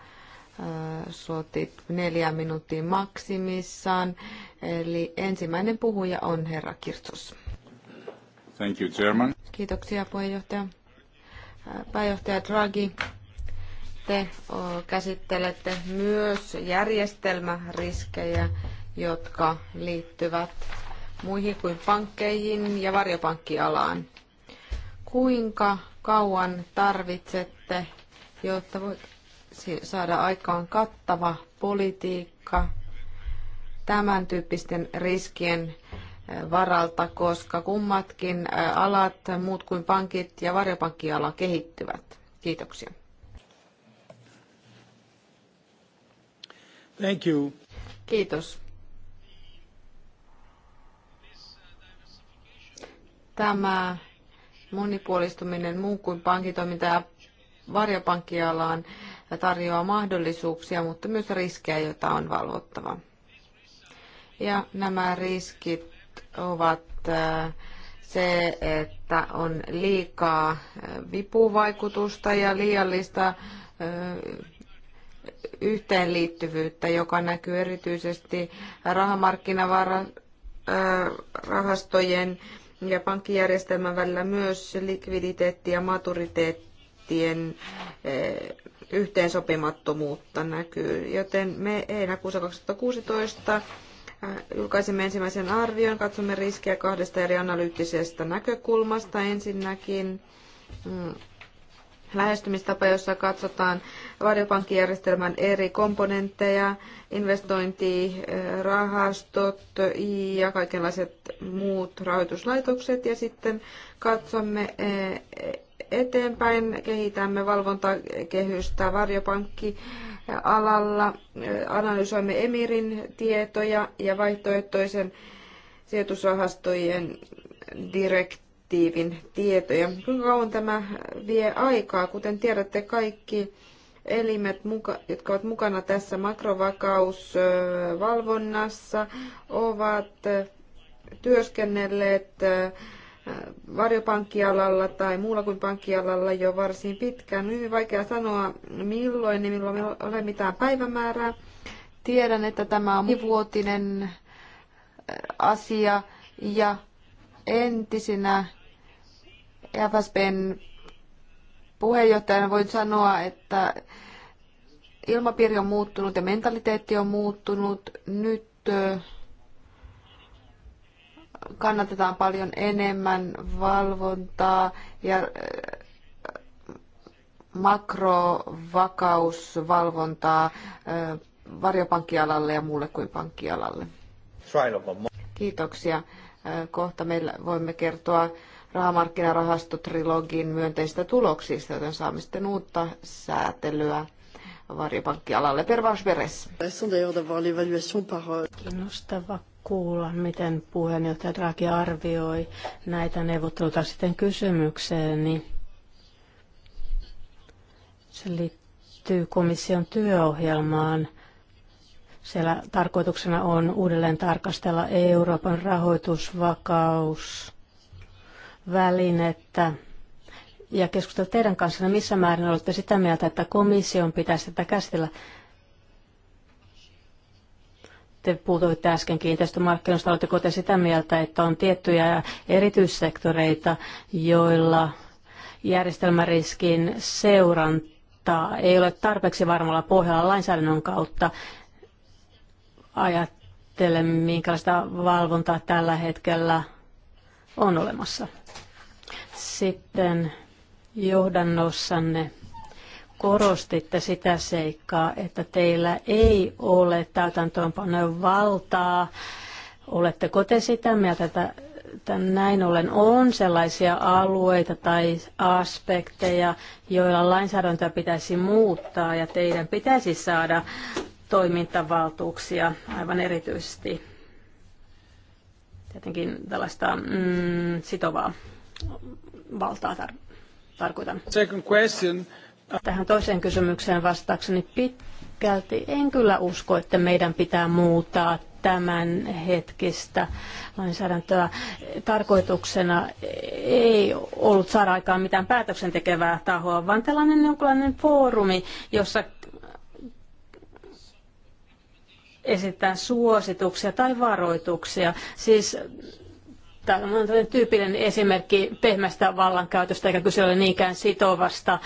suotit neljä minuuttia maksimissaan. Eli ensimmäinen puhuja on herra Kirtsos. Thank you, Chairman. Kiitoksia puheenjohtaja. Pääjohtaja Draghi, te käsittelette myös järjestelmäriskejä, jotka liittyvät muihin kuin pankkeihin ja varjopankkialaan. Kuinka kauan tarvitsette, jotta voit saada aikaan kattava politiikka tämän tyyppisten riskien varalta, koska kummatkin alat, muut kuin pankit ja varjopankkiala kehittyvät? Kiitoksia. Kiitos. Tämä monipuolistuminen muun kuin pankkitoiminta ja varjopankkialaan tarjoaa mahdollisuuksia, mutta myös riskejä, joita on valvottava. Ja nämä riskit ovat äh, se, että on liikaa vipuvaikutusta ja liiallista äh, yhteenliittyvyyttä, joka näkyy erityisesti rahamarkkinavarahastojen ja pankkijärjestelmän välillä myös likviditeetti- ja maturiteettien yhteensopimattomuutta näkyy. Joten me heinäkuussa 2016 julkaisimme ensimmäisen arvion, katsomme riskejä kahdesta eri analyyttisestä näkökulmasta. Ensinnäkin mm, lähestymistapa, jossa katsotaan varjopankkijärjestelmän eri komponentteja, investointirahastot ja kaikenlaiset muut rahoituslaitokset. Ja sitten katsomme eh, eteenpäin, kehitämme valvontakehystä varjopankki alalla, eh, analysoimme Emirin tietoja ja vaihtoehtoisen sijoitusrahastojen direkt direktiivin tietoja. Kuinka kauan tämä vie aikaa? Kuten tiedätte kaikki elimet, jotka ovat mukana tässä makrovakausvalvonnassa, ovat työskennelleet varjopankkialalla tai muulla kuin pankkialalla jo varsin pitkään. Hyvin vaikea sanoa milloin, niin milloin ei ole mitään päivämäärää. Tiedän, että tämä on vuotinen asia ja entisinä FSBn puheenjohtajana voin sanoa, että ilmapiiri on muuttunut ja mentaliteetti on muuttunut. Nyt kannatetaan paljon enemmän valvontaa ja makrovakausvalvontaa varjopankkialalle ja muulle kuin pankkialalle. Kiitoksia. Kohta meillä voimme kertoa rahamarkkinarahastotrilogin myönteistä tuloksista, joten saamme sitten uutta säätelyä varjopankkialalle. Pervaus Veres. Euh, Kiinnostava kuulla, miten puheenjohtaja Draghi arvioi näitä neuvotteluita sitten kysymykseen, niin se liittyy komission työohjelmaan. Siellä tarkoituksena on uudelleen tarkastella Euroopan rahoitusvakaus välinettä ja keskustella teidän kanssanne, missä määrin olette sitä mieltä, että komission pitäisi tätä käsitellä. Te puutuitte äsken kiinteistömarkkinoista, oletteko te sitä mieltä, että on tiettyjä erityissektoreita, joilla järjestelmäriskin seurantaa ei ole tarpeeksi varmalla pohjalla lainsäädännön kautta. ajattele, minkälaista valvontaa tällä hetkellä on olemassa. Sitten johdannossanne korostitte sitä seikkaa, että teillä ei ole täytäntöönpanojen valtaa. Oletteko te sitä mieltä, että tämän näin ollen on sellaisia alueita tai aspekteja, joilla lainsäädäntöä pitäisi muuttaa ja teidän pitäisi saada toimintavaltuuksia aivan erityisesti tietenkin tällaista mm, sitovaa valtaa tar- tarkoitan. Second question. Tähän toiseen kysymykseen vastaakseni pitkälti en kyllä usko, että meidän pitää muuttaa tämän hetkistä lainsäädäntöä. Tarkoituksena ei ollut saada aikaan mitään päätöksentekevää tahoa, vaan tällainen jonkinlainen foorumi, jossa esittää suosituksia tai varoituksia. Siis Tämä on tyypillinen esimerkki pehmästä vallankäytöstä, eikä kyse ole niinkään sitovasta äh,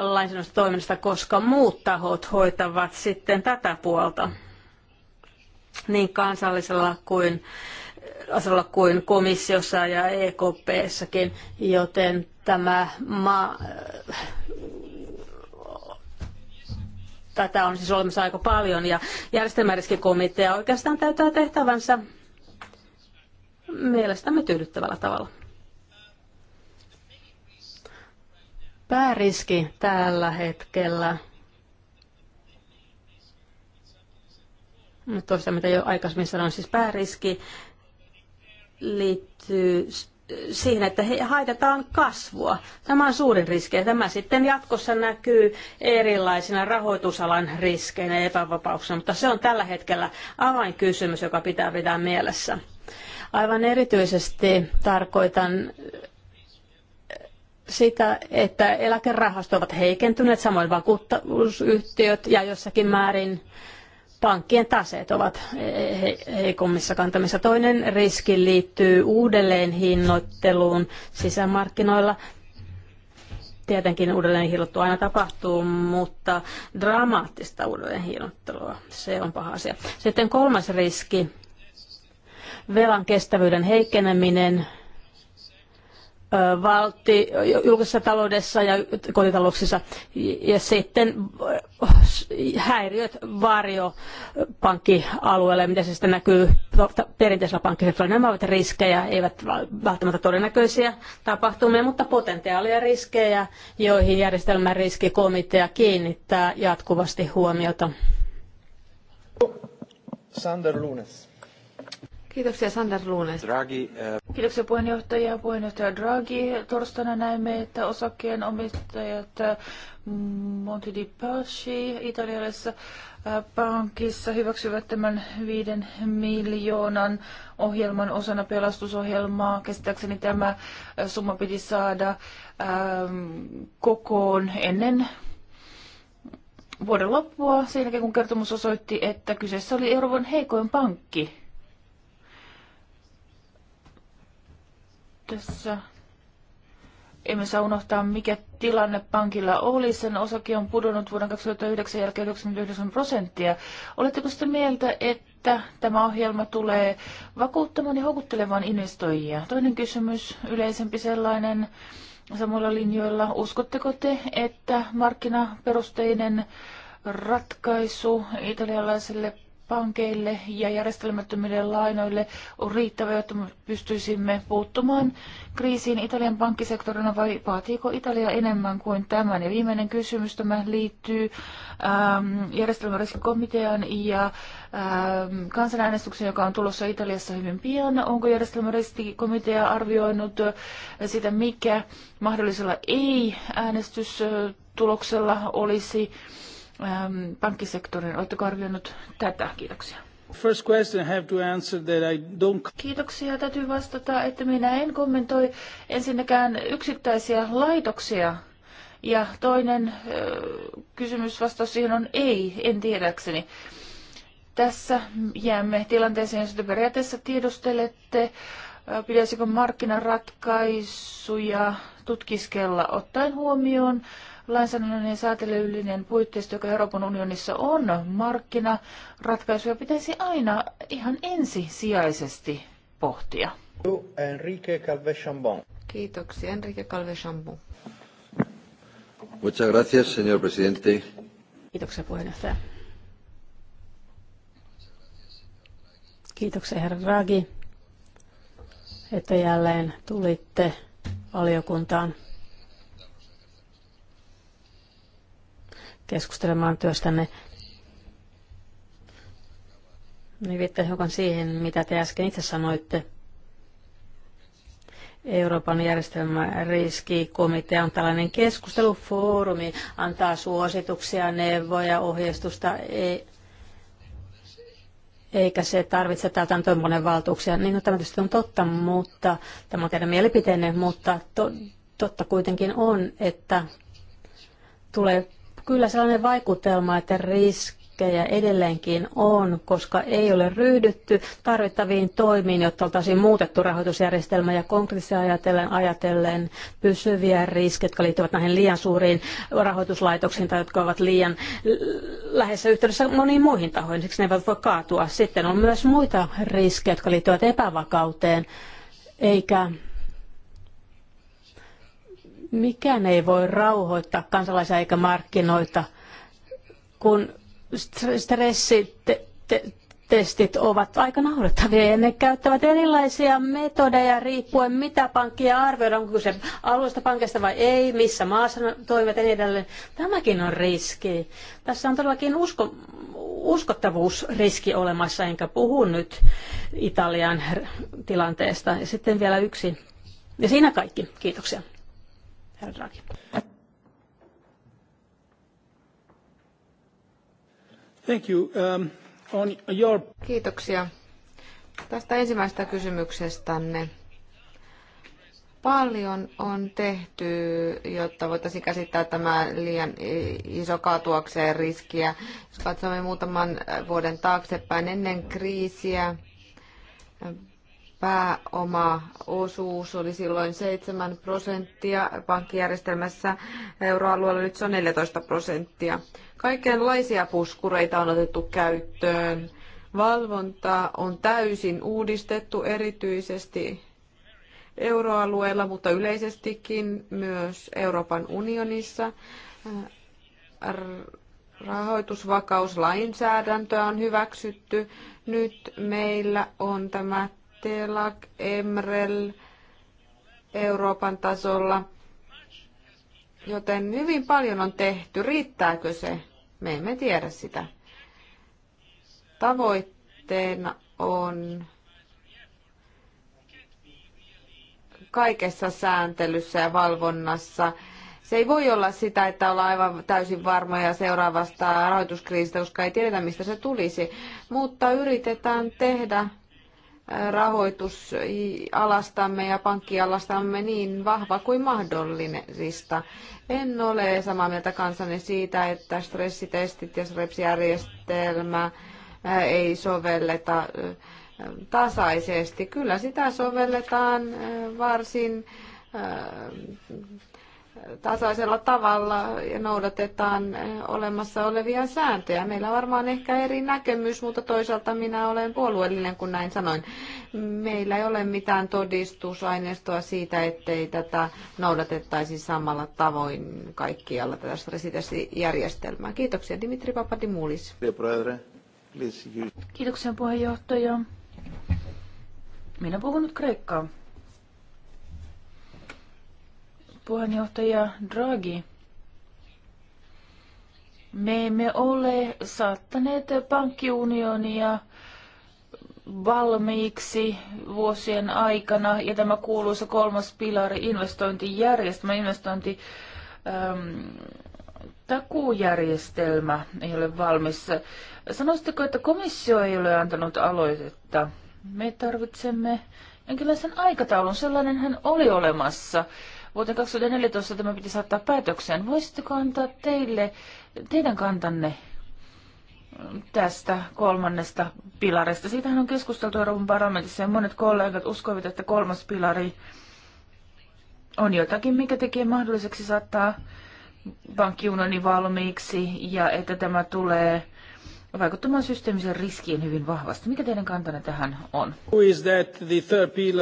lainsäädännöstä toiminnasta, koska muut tahot hoitavat sitten tätä puolta niin kansallisella kuin tasolla kuin komissiossa ja EKPssäkin, joten tämä ma- äh, tätä on siis olemassa aika paljon ja järjestelmäriskikomitea oikeastaan täyttää tehtävänsä mielestämme tyydyttävällä tavalla. Pääriski tällä hetkellä. Nyt toista, mitä jo aikaisemmin sanoin, siis pääriski liittyy siihen, että haitetaan kasvua. Tämä on suurin riski ja tämä sitten jatkossa näkyy erilaisina rahoitusalan riskeinä ja epävapauksina, mutta se on tällä hetkellä avainkysymys, joka pitää pitää mielessä. Aivan erityisesti tarkoitan sitä, että eläkerahastot ovat heikentyneet, samoin vakuutusyhtiöt ja jossakin määrin pankkien taseet ovat heikommissa kantamissa. Toinen riski liittyy uudelleen hinnoitteluun sisämarkkinoilla. Tietenkin uudelleen aina tapahtuu, mutta dramaattista uudelleen se on paha asia. Sitten kolmas riski velan kestävyyden heikkeneminen valti, julkisessa taloudessa ja kotitalouksissa ja sitten häiriöt varjo pankkialueelle, mitä se sitten näkyy perinteisellä pankkisektorilla. Nämä ovat riskejä, eivät välttämättä todennäköisiä tapahtumia, mutta potentiaalia riskejä, joihin järjestelmän riskikomitea kiinnittää jatkuvasti huomiota. Sander Lunes. Kiitoksia Sander Luune. Draghi, äh... Kiitoksia puheenjohtaja. Puheenjohtaja Draghi. Torstaina näemme, että osakkeen omistajat äh, Monti di Paschi italialaisessa äh, pankissa hyväksyvät tämän viiden miljoonan ohjelman osana pelastusohjelmaa. Käsittääkseni tämä äh, summa piti saada ähm, kokoon ennen vuoden loppua, sen jälkeen kun kertomus osoitti, että kyseessä oli Euroopan heikoin pankki tässä emme saa unohtaa, mikä tilanne pankilla oli. Sen osake on pudonnut vuoden 2009 jälkeen 99 prosenttia. Oletteko sitä mieltä, että tämä ohjelma tulee vakuuttamaan ja houkuttelemaan investoijia? Toinen kysymys, yleisempi sellainen, samoilla linjoilla. Uskotteko te, että markkinaperusteinen ratkaisu italialaiselle pankeille ja järjestelmättömille lainoille on riittävä, jotta me pystyisimme puuttumaan kriisiin Italian pankkisektorina vai vaatiiko Italia enemmän kuin tämän? Ja viimeinen kysymys tämä liittyy ähm, järjestelmäriskikomitean ja ähm, kansanäänestykseen, joka on tulossa Italiassa hyvin pian. Onko järjestelmäriskikomitea arvioinut äh, sitä, mikä mahdollisella ei-äänestystuloksella olisi äm, pankkisektorin. Oletteko arvioinut tätä? Kiitoksia. First question I have to answer that I don't... Kiitoksia. Täytyy vastata, että minä en kommentoi ensinnäkään yksittäisiä laitoksia. Ja toinen äh, kysymys vastaus siihen on ei, en tiedäkseni. Tässä jäämme tilanteeseen, jossa te periaatteessa tiedustelette, pitäisikö markkinaratkaisuja tutkiskella ottaen huomioon ja säätelyllinen puitteisto, joka Euroopan unionissa on, markkinaratkaisuja pitäisi aina ihan ensisijaisesti pohtia. Enrique Kiitoksia, Enrique Calvechambon. Muchas gracias, señor presidente. Kiitoksia, puheenjohtaja. Kiitoksia, herra Draghi, että jälleen tulitte valiokuntaan. keskustelemaan työstänne. Niin viittaan hiukan siihen, mitä te äsken itse sanoitte. Euroopan järjestelmäriskikomitea on tällainen keskustelufoorumi, antaa suosituksia, neuvoja, ohjeistusta, ei, eikä se tarvitse täytäntöönpaneen valtuuksia. Niin no, tämä tietysti on totta, mutta tämä on teidän mielipiteenne, mutta to, totta kuitenkin on, että tulee kyllä sellainen vaikutelma, että riskejä edelleenkin on, koska ei ole ryhdytty tarvittaviin toimiin, jotta oltaisiin muutettu rahoitusjärjestelmä ja konkreettisesti ajatellen, ajatellen pysyviä riskejä, jotka liittyvät näihin liian suuriin rahoituslaitoksiin tai jotka ovat liian lähes yhteydessä moniin muihin tahoihin, siksi ne eivät voi kaatua. Sitten on myös muita riskejä, jotka liittyvät epävakauteen, eikä mikään ei voi rauhoittaa kansalaisia eikä markkinoita, kun stressitestit ovat aika naurettavia ja ne käyttävät erilaisia metodeja riippuen mitä pankkia arvioidaan, onko se alueesta pankista vai ei, missä maassa toimivat ja niin edelleen. Tämäkin on riski. Tässä on todellakin usko, uskottavuusriski olemassa, enkä puhu nyt Italian tilanteesta. Ja sitten vielä yksi. Ja siinä kaikki. Kiitoksia herraakin. Thank you. Um, on your... Kiitoksia tästä ensimmäisestä kysymyksestänne. Paljon on tehty, jotta voitaisiin käsittää tämä liian iso katuakseen riskiä. Jos katsomme muutaman vuoden taaksepäin ennen kriisiä, osuus oli silloin 7 prosenttia pankkijärjestelmässä euroalueella, nyt se on 14 prosenttia. Kaikenlaisia puskureita on otettu käyttöön. Valvonta on täysin uudistettu erityisesti euroalueella, mutta yleisestikin myös Euroopan unionissa. Rahoitusvakauslainsäädäntöä on hyväksytty. Nyt meillä on tämä TELAC, EMREL Euroopan tasolla. Joten hyvin paljon on tehty. Riittääkö se? Me emme tiedä sitä. Tavoitteena on kaikessa sääntelyssä ja valvonnassa. Se ei voi olla sitä, että ollaan aivan täysin varmoja seuraavasta rahoituskriisistä, koska ei tiedetä, mistä se tulisi. Mutta yritetään tehdä rahoitusalastamme ja pankkialastamme niin vahva kuin mahdollista. En ole samaa mieltä kanssanne siitä, että stressitestit ja strepsijärjestelmä eh, ei sovelleta eh, tasaisesti. Kyllä sitä sovelletaan eh, varsin tasaisella tavalla ja noudatetaan olemassa olevia sääntöjä. Meillä on varmaan ehkä eri näkemys, mutta toisaalta minä olen puolueellinen, kun näin sanoin. Meillä ei ole mitään todistusaineistoa siitä, ettei tätä noudatettaisi samalla tavoin kaikkialla tätä stressitestijärjestelmää. Kiitoksia Dimitri Papadimulis. Kiitoksia puheenjohtaja. Minä puhun nyt kreikkaa. Puheenjohtaja Draghi, me emme ole saattaneet pankkiunionia valmiiksi vuosien aikana ja tämä kuuluisa kolmas pilari investointijärjestelmä, investointi ähm, takuujärjestelmä ei ole valmis. Sanoisitteko, että komissio ei ole antanut aloitetta? Me tarvitsemme jonkinlaisen aikataulun. Sellainen hän oli olemassa. Vuoteen 2014 tämä piti saattaa päätökseen. Voisitteko antaa teille, teidän kantanne tästä kolmannesta pilarista? Siitähän on keskusteltu Euroopan parlamentissa ja monet kollegat uskoivat, että kolmas pilari on jotakin, mikä tekee mahdolliseksi saattaa pankkiunoni valmiiksi ja että tämä tulee vaikuttamaan systeemisen riskiin hyvin vahvasti. Mikä teidän kantanne tähän on?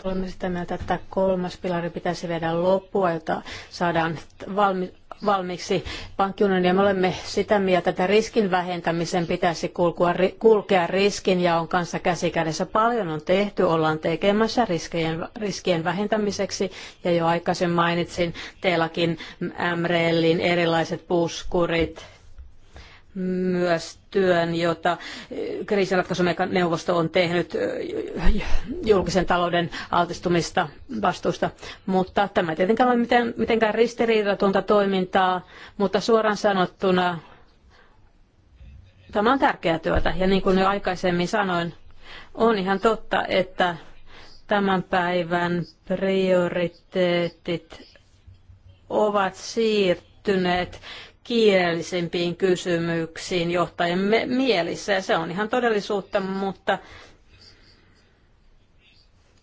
Olemme sitä mieltä, että kolmas pilari pitäisi viedä loppua, jota saadaan valmi, valmiiksi pankkiunin ja me olemme sitä mieltä, että riskin vähentämisen pitäisi kulkua, kulkea riskin ja on kanssa käsikädessä. Paljon on tehty, ollaan tekemässä riskien, riskien vähentämiseksi ja jo aikaisemmin mainitsin teilläkin MRLin erilaiset puskurit, myös työn, jota kriisinratkaisuneuvosto on tehnyt julkisen talouden altistumista vastuusta. Mutta tämä ei tietenkään ole miten, mitenkään ristiriidatonta toimintaa, mutta suoraan sanottuna tämä on tärkeää työtä. Ja niin kuin jo aikaisemmin sanoin, on ihan totta, että tämän päivän prioriteetit ovat siirtyneet kielisempiin kysymyksiin johtajan mielissä, ja se on ihan todellisuutta, mutta,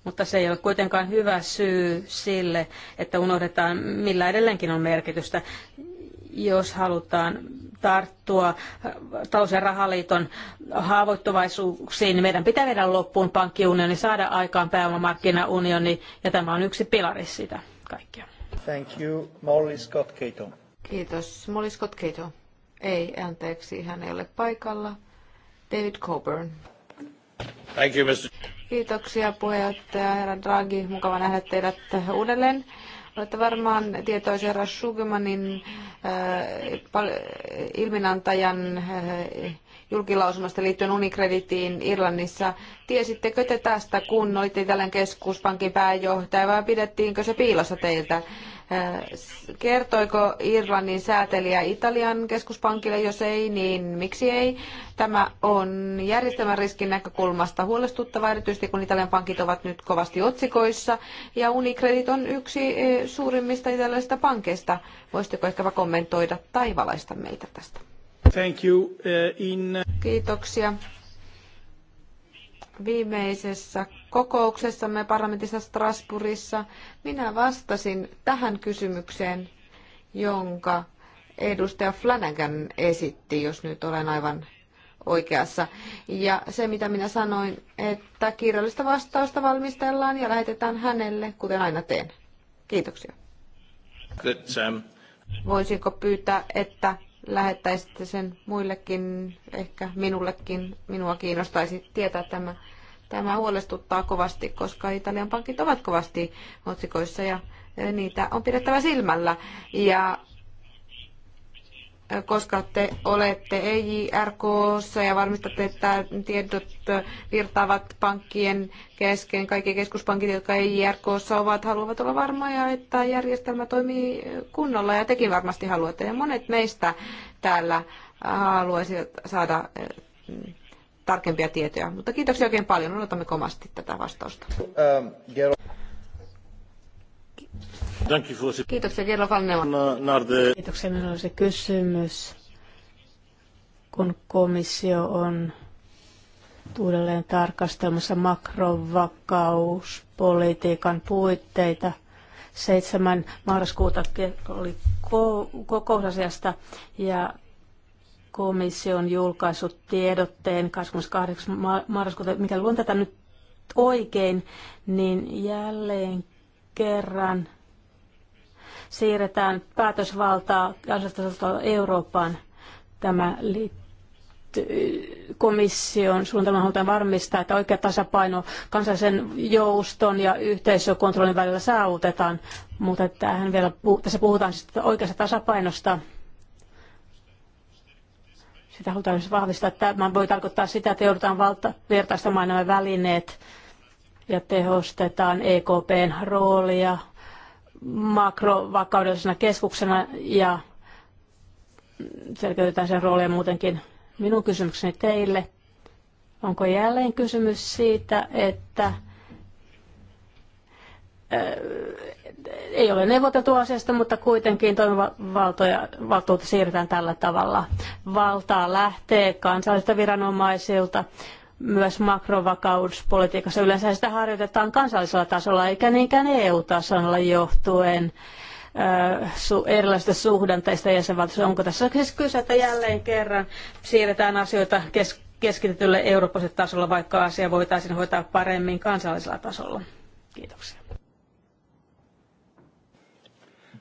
mutta se ei ole kuitenkaan hyvä syy sille, että unohdetaan, millä edelleenkin on merkitystä, jos halutaan tarttua talous- ja rahaliiton haavoittuvaisuuksiin, niin meidän pitää viedä loppuun pankkiunioni, saada aikaan pääomamarkkinaunioni, ja tämä on yksi pilari sitä kaikkea. Thank you, Molly Scott Kiitos. Molly Scott Cato. Ei, anteeksi, hän ei ole paikalla. David Coburn. Thank you, Mr. Kiitoksia puheenjohtaja herra Draghi. Mukava nähdä teidät uudelleen. Olette varmaan tietoisia herra Schumannin äh, äh, ilminantajan äh, julkilausumasta liittyen Unicreditiin Irlannissa. Tiesittekö te tästä, kun olitte Italian keskuspankin pääjohtaja vai pidettiinkö se piilossa teiltä? Äh, kertoiko Irlannin säätelijä Italian keskuspankille, jos ei, niin miksi ei? Tämä on järjestelmän riskin näkökulmasta huolestuttava, erityisesti kun Italian pankit ovat nyt kovasti otsikoissa. Ja Unicredit on yksi äh, suurimmista italialaisista pankeista. Voisitteko ehkä kommentoida tai valaista meitä tästä? Uh, uh, Kiitoksia. Viimeisessä kokouksessamme parlamentissa Strasbourgissa minä vastasin tähän kysymykseen, jonka edustaja Flanagan esitti, jos nyt olen aivan oikeassa. Ja se, mitä minä sanoin, että kirjallista vastausta valmistellaan ja lähetetään hänelle, kuten aina teen. Kiitoksia. Voisinko pyytää, että lähettäisitte sen muillekin, ehkä minullekin, minua kiinnostaisi tietää tämä. Tämä huolestuttaa kovasti, koska Italian pankit ovat kovasti otsikoissa ja eh, niitä on pidettävä silmällä. Ja koska te olette EJRKssa ja varmistatte, että tiedot virtaavat pankkien kesken. Kaikki keskuspankit, jotka EJRKssa ovat, haluavat olla varmoja, että järjestelmä toimii kunnolla ja tekin varmasti haluatte. Ja monet meistä täällä haluaisivat saada eh, tarkempia tietoja. Mutta kiitoksia oikein paljon. Odotamme komasti tätä vastausta. Ähm, Kiitoksia, Kerro Kiitoksia, minulla on se kysymys. Kun komissio on uudelleen tarkastelmassa makrovakauspolitiikan puitteita, 7. marraskuuta oli kokousasiasta ja komissio on julkaissut tiedotteen 28. marraskuuta, mikäli luen tätä nyt oikein, niin jälleen kerran siirretään päätösvaltaa kansallistasolta Eurooppaan. Tämä liittyy komission suunnitelman halutaan varmistaa, että oikea tasapaino kansallisen jouston ja yhteisökontrollin välillä saavutetaan, mutta tähän vielä puh- tässä puhutaan siis oikeasta tasapainosta. Sitä halutaan myös siis vahvistaa. Tämä voi tarkoittaa sitä, että joudutaan valta- vertaistamaan nämä välineet ja tehostetaan EKPn roolia makrovakaudellisena keskuksena ja selkeytetään sen roolia muutenkin. Minun kysymykseni teille, onko jälleen kysymys siitä, että äh, ei ole neuvoteltu asiasta, mutta kuitenkin valtuutta siirretään tällä tavalla. Valtaa lähtee kansallisilta viranomaisilta myös makrovakauspolitiikassa. Yleensä sitä harjoitetaan kansallisella tasolla eikä niinkään EU-tasolla johtuen äh, erilaisista suhdanteista jäsenvaltioissa. Onko tässä siis kyse, että jälleen kerran siirretään asioita keskitetylle eurooppalaiselle tasolla, vaikka asia voitaisiin hoitaa paremmin kansallisella tasolla? Kiitoksia.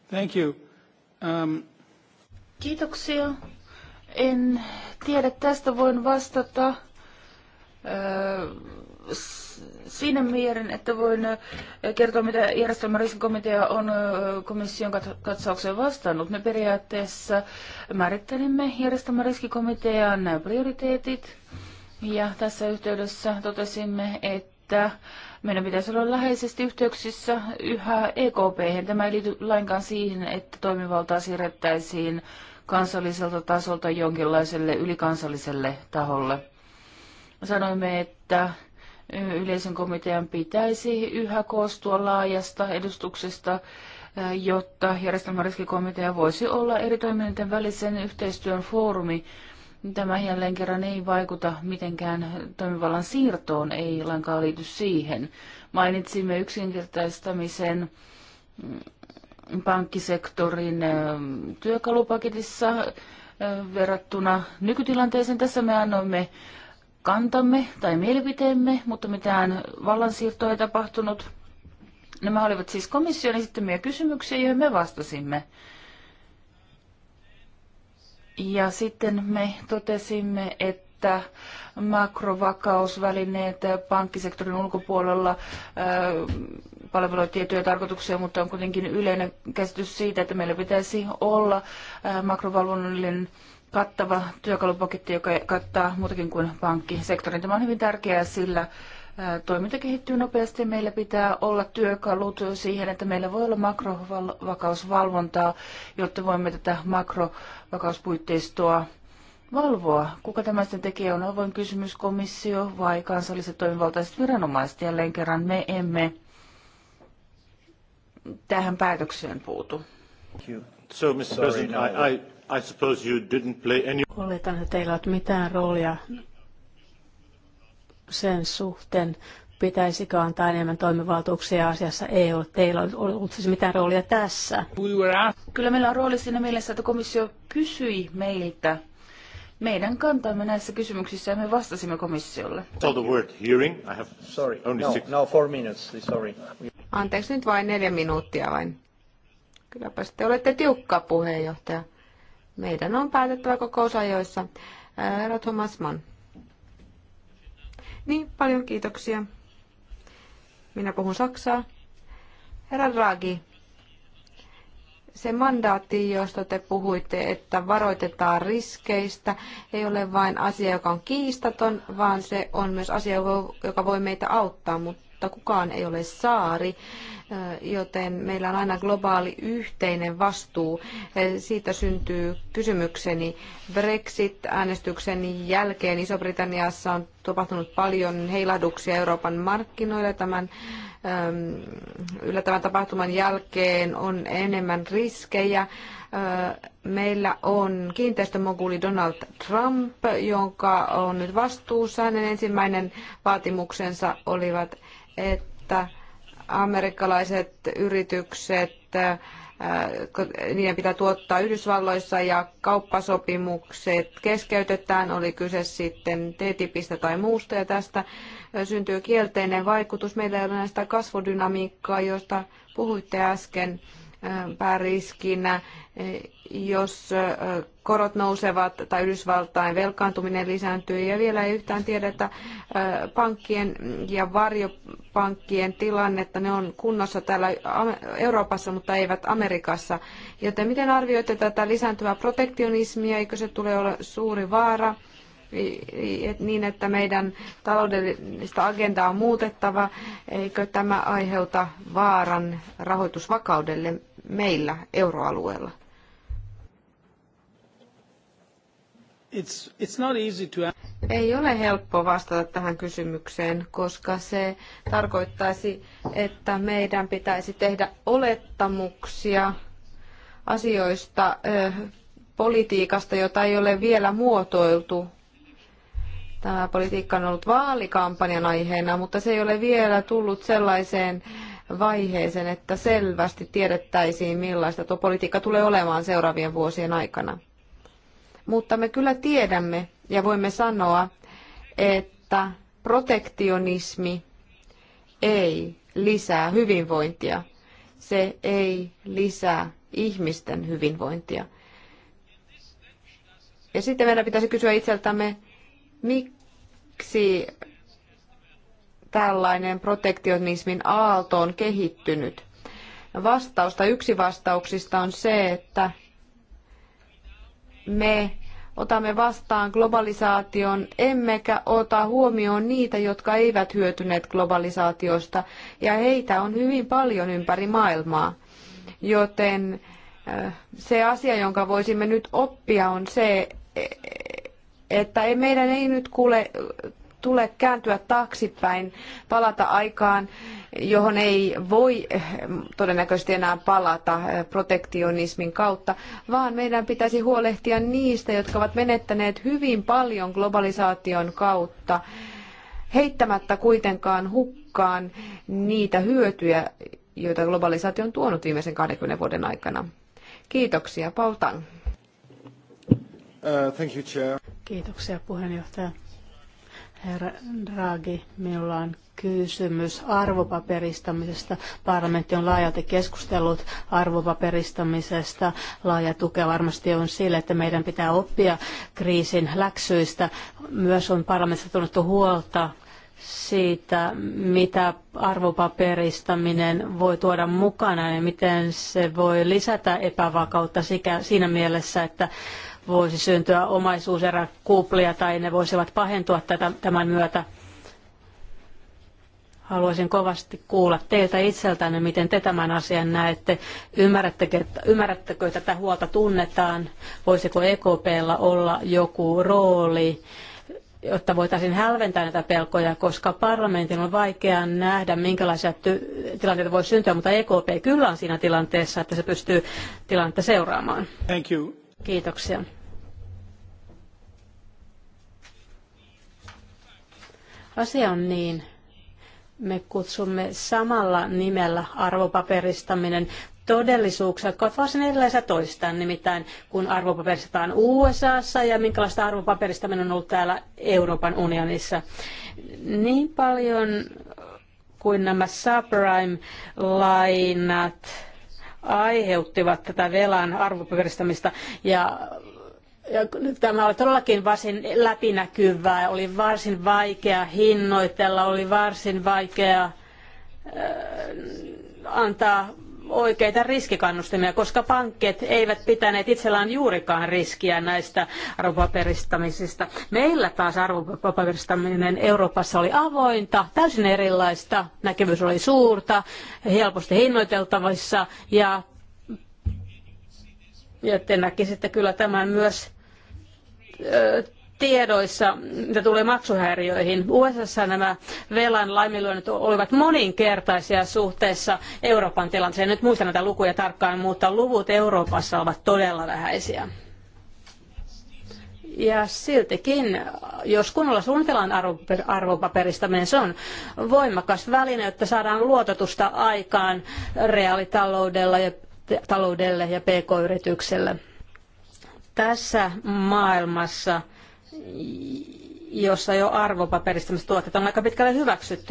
Thank you. Um... Kiitoksia. En tiedä, tästä voin vastata siinä mielin, että voin kertoa, mitä järjestelmän riskikomitea on komission katsaukseen vastannut. Me periaatteessa määrittelimme järjestelmän riskikomitean prioriteetit ja tässä yhteydessä totesimme, että meidän pitäisi olla läheisesti yhteyksissä yhä EKP. Tämä ei liity lainkaan siihen, että toimivaltaa siirrettäisiin kansalliselta tasolta jonkinlaiselle ylikansalliselle taholle sanoimme, että yleisen komitean pitäisi yhä koostua laajasta edustuksesta, jotta järjestelmäriskikomitea voisi olla eri toiminnan välisen yhteistyön foorumi. Tämä jälleen kerran ei vaikuta mitenkään toimivallan siirtoon, ei lainkaan liity siihen. Mainitsimme yksinkertaistamisen mm, pankkisektorin työkalupaketissa verrattuna nykytilanteeseen. Tässä me annoimme kantamme tai mielipiteemme, mutta mitään vallansiirtoa ei tapahtunut. Nämä olivat siis komission esittämiä kysymyksiä, joihin me vastasimme. Ja sitten me totesimme, että makrovakausvälineet pankkisektorin ulkopuolella palveluja tiettyjä tarkoituksia, mutta on kuitenkin yleinen käsitys siitä, että meillä pitäisi olla makrovalvonnallinen kattava työkalupaketti, joka kattaa muutakin kuin pankkisektorin. Tämä on hyvin tärkeää, sillä toiminta kehittyy nopeasti ja meillä pitää olla työkalut siihen, että meillä voi olla makrovakausvalvontaa, jotta voimme tätä makrovakauspuitteistoa valvoa. Kuka tämä sitten tekee on avoin kysymys, komissio vai kansalliset toimivaltaiset viranomaiset. Jälleen kerran me emme tähän päätökseen puutu. So, Mr. President, I, no. I I suppose you didn't play any... Oletan, että teillä ei ole mitään roolia sen suhteen, pitäisikö antaa enemmän toimivaltuuksia asiassa EU Teillä on ollut siis mitään roolia tässä. Kyllä meillä on rooli siinä mielessä, että komissio kysyi meiltä meidän kantamme näissä kysymyksissä ja me vastasimme komissiolle. So the word hearing, I have sorry, only no, six. No, four minutes, sorry. Anteeksi nyt vain neljä minuuttia vain. Kylläpä te olette tiukka puheenjohtaja. Meidän on päätettävä kokousajoissa. Herra Thomas Mann. Niin, paljon kiitoksia. Minä puhun saksaa. Herra Draghi, se mandaatti, josta te puhuitte, että varoitetaan riskeistä, ei ole vain asia, joka on kiistaton, vaan se on myös asia, joka voi meitä auttaa, mutta mutta kukaan ei ole saari, eh, joten meillä on aina globaali yhteinen vastuu. Eh, siitä syntyy kysymykseni. Brexit-äänestyksen jälkeen Iso-Britanniassa on tapahtunut paljon heilahduksia Euroopan markkinoille tämän ehm, yllättävän tapahtuman jälkeen on enemmän riskejä. Eh, meillä on kiinteistömoguli Donald Trump, jonka on nyt vastuussa. Hänen ensimmäinen vaatimuksensa olivat että amerikkalaiset yritykset, äh, niiden pitää tuottaa Yhdysvalloissa ja kauppasopimukset keskeytetään, oli kyse sitten TTIPistä tai muusta ja tästä äh, syntyy kielteinen vaikutus. Meillä ei ole näistä kasvudynamiikkaa, josta puhuitte äsken pääriskinä, jos korot nousevat tai Yhdysvaltain velkaantuminen lisääntyy ja vielä ei yhtään tiedetä pankkien ja varjopankkien tilannetta. Ne on kunnossa täällä Euroopassa, mutta eivät Amerikassa. Joten miten arvioitte tätä lisääntyvää protektionismia? Eikö se tule olla suuri vaara? niin, että meidän taloudellista agendaa on muutettava, eikö tämä aiheuta vaaran rahoitusvakaudelle meillä euroalueella? It's, it's not easy to... Ei ole helppo vastata tähän kysymykseen, koska se tarkoittaisi, että meidän pitäisi tehdä olettamuksia asioista, politiikasta, jota ei ole vielä muotoiltu. Tämä politiikka on ollut vaalikampanjan aiheena, mutta se ei ole vielä tullut sellaiseen vaiheeseen, että selvästi tiedettäisiin, millaista tuo politiikka tulee olemaan seuraavien vuosien aikana. Mutta me kyllä tiedämme ja voimme sanoa, että protektionismi ei lisää hyvinvointia. Se ei lisää ihmisten hyvinvointia. Ja sitten meidän pitäisi kysyä itseltämme, miksi tällainen protektionismin aalto on kehittynyt? Vastausta yksi vastauksista on se, että me otamme vastaan globalisaation, emmekä ota huomioon niitä, jotka eivät hyötyneet globalisaatiosta, ja heitä on hyvin paljon ympäri maailmaa. Joten eh, se asia, jonka voisimme nyt oppia, on se, eh, että meidän ei nyt kuule tule kääntyä taaksepäin, palata aikaan, johon ei voi eh, todennäköisesti enää palata eh, protektionismin kautta, vaan meidän pitäisi huolehtia niistä, jotka ovat menettäneet hyvin paljon globalisaation kautta, heittämättä kuitenkaan hukkaan niitä hyötyjä, joita globalisaatio on tuonut viimeisen 20 vuoden aikana. Kiitoksia, Paul Tang. Uh, thank you, Chair. Kiitoksia puheenjohtaja Herra Draghi, minulla on kysymys arvopaperistamisesta. Parlamentti on laajalti keskustellut arvopaperistamisesta. Laaja tukea varmasti on sille, että meidän pitää oppia kriisin läksyistä. Myös on parlamentissa tunnettu huolta siitä, mitä arvopaperistaminen voi tuoda mukana ja miten se voi lisätä epävakautta sikä siinä mielessä, että voisi syntyä omaisuuseräkuplia tai ne voisivat pahentua tätä, tämän myötä. Haluaisin kovasti kuulla teiltä itseltänne, miten te tämän asian näette. Ymmärrättekö, ymmärrättekö tätä huolta tunnetaan? Voisiko EKPlla olla joku rooli? jotta voitaisiin hälventää näitä pelkoja, koska parlamentin on vaikea nähdä, minkälaisia tilanteita voi syntyä, mutta EKP kyllä on siinä tilanteessa, että se pystyy tilannetta seuraamaan. Thank you. Kiitoksia. Asia on niin. Me kutsumme samalla nimellä arvopaperistaminen todellisuuksia, jotka ovat varsin erilaisia toistaan, nimittäin kun arvopaperistetaan USAssa ja minkälaista arvopaperistaminen on ollut täällä Euroopan unionissa. Niin paljon kuin nämä subprime-lainat, aiheuttivat tätä velan arvopyöristämistä ja ja tämä oli todellakin varsin läpinäkyvää, oli varsin vaikea hinnoitella, oli varsin vaikea äh, antaa oikeita riskikannustimia, koska pankit eivät pitäneet itsellään juurikaan riskiä näistä arvopaperistamisista. Meillä taas arvopaperistaminen Euroopassa oli avointa, täysin erilaista, näkyvyys oli suurta, helposti hinnoiteltavissa ja, ja te näkisitte kyllä tämän myös tiedoissa, mitä tulee maksuhäiriöihin. USA nämä velan laiminlyönnit olivat moninkertaisia suhteessa Euroopan tilanteeseen. Nyt muista näitä lukuja tarkkaan, mutta luvut Euroopassa ovat todella vähäisiä. Ja siltikin, jos kunnolla suunnitellaan arvopaperistaminen, niin se on voimakas väline, jotta saadaan luototusta aikaan reaalitaloudella ja taloudelle ja pk-yritykselle. Tässä maailmassa jossa jo tuotteet on aika pitkälle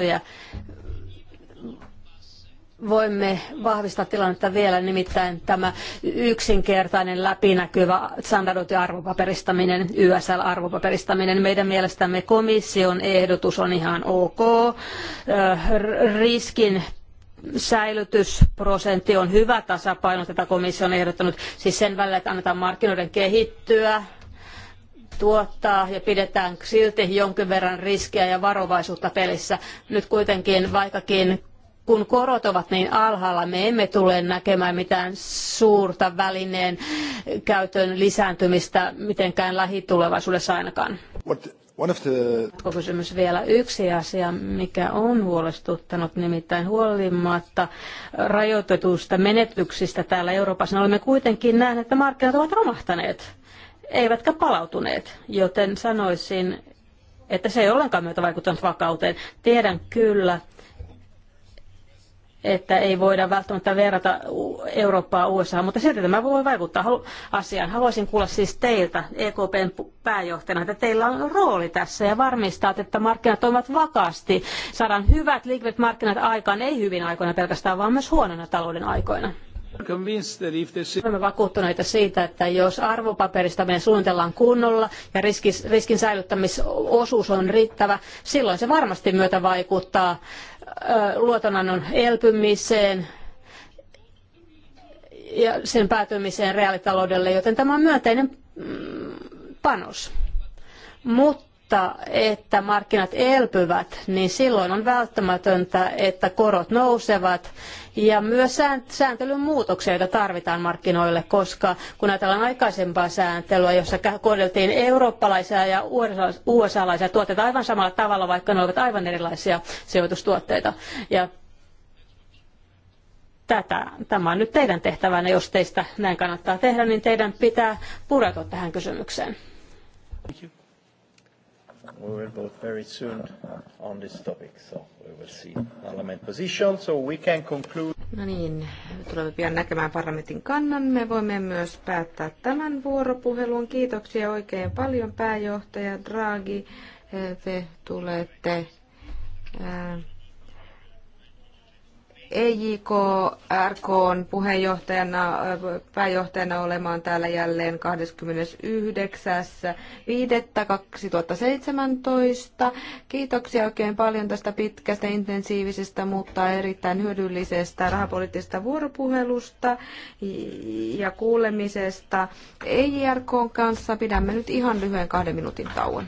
ja Voimme vahvistaa tilannetta vielä, nimittäin tämä yksinkertainen, läpinäkyvä standardoitu arvopaperistaminen, YSL-arvopaperistaminen. Meidän mielestämme komission ehdotus on ihan ok. Riskin säilytysprosentti on hyvä tasapaino tätä komissio on ehdottanut, siis sen välillä, että annetaan markkinoiden kehittyä tuottaa ja pidetään silti jonkin verran riskiä ja varovaisuutta pelissä. Nyt kuitenkin vaikkakin kun korot ovat niin alhaalla, me emme tule näkemään mitään suurta välineen käytön lisääntymistä mitenkään lähitulevaisuudessa ainakaan. kysymys vielä. Yksi asia, mikä on huolestuttanut, nimittäin huolimatta rajoitetuista menetyksistä täällä Euroopassa, niin olemme kuitenkin nähneet, että markkinat ovat romahtaneet eivätkä palautuneet, joten sanoisin, että se ei ollenkaan myötä vaikuttanut vakauteen. Tiedän kyllä, että ei voida välttämättä verrata Eurooppaa USA, mutta silti tämä voi vaikuttaa asiaan. Haluaisin kuulla siis teiltä EKPn pääjohtajana, että teillä on rooli tässä ja varmistaa, että markkinat toimivat vakaasti. Saadaan hyvät liikvet markkinat aikaan, ei hyvin aikoina pelkästään, vaan myös huonona talouden aikoina. Olemme vakuuttuneita siitä, että jos arvopaperistaminen suunnitellaan kunnolla ja riskis, riskin säilyttämisosuus on riittävä, silloin se varmasti myötä vaikuttaa luotonannon elpymiseen ja sen päätymiseen reaalitaloudelle, joten tämä on myönteinen mm, panos. Mutta olettaa, että markkinat elpyvät, niin silloin on välttämätöntä, että korot nousevat ja myös sääntelyn muutoksia, joita tarvitaan markkinoille, koska kun ajatellaan aikaisempaa sääntelyä, jossa kohdeltiin eurooppalaisia ja USA-laisia tuotteita aivan samalla tavalla, vaikka ne olivat aivan erilaisia sijoitustuotteita. Ja tätä, tämä on nyt teidän tehtävänne, jos teistä näin kannattaa tehdä, niin teidän pitää pureutua tähän kysymykseen. Thank you we will vote very soon on this topic, so we will see parliament position, so we can conclude. No niin, tulemme pian näkemään parlamentin kannan. Me voimme myös päättää tämän vuoropuhelun. Kiitoksia oikein paljon pääjohtaja Draghi. Eh, te tulette... Ää, eh, RK e on puheenjohtajana, pääjohtajana olemaan täällä jälleen 29.5.2017. Kiitoksia oikein paljon tästä pitkästä, intensiivisestä, mutta erittäin hyödyllisestä rahapoliittisesta vuoropuhelusta ja kuulemisesta EJRK kanssa. Pidämme nyt ihan lyhyen kahden minuutin tauon.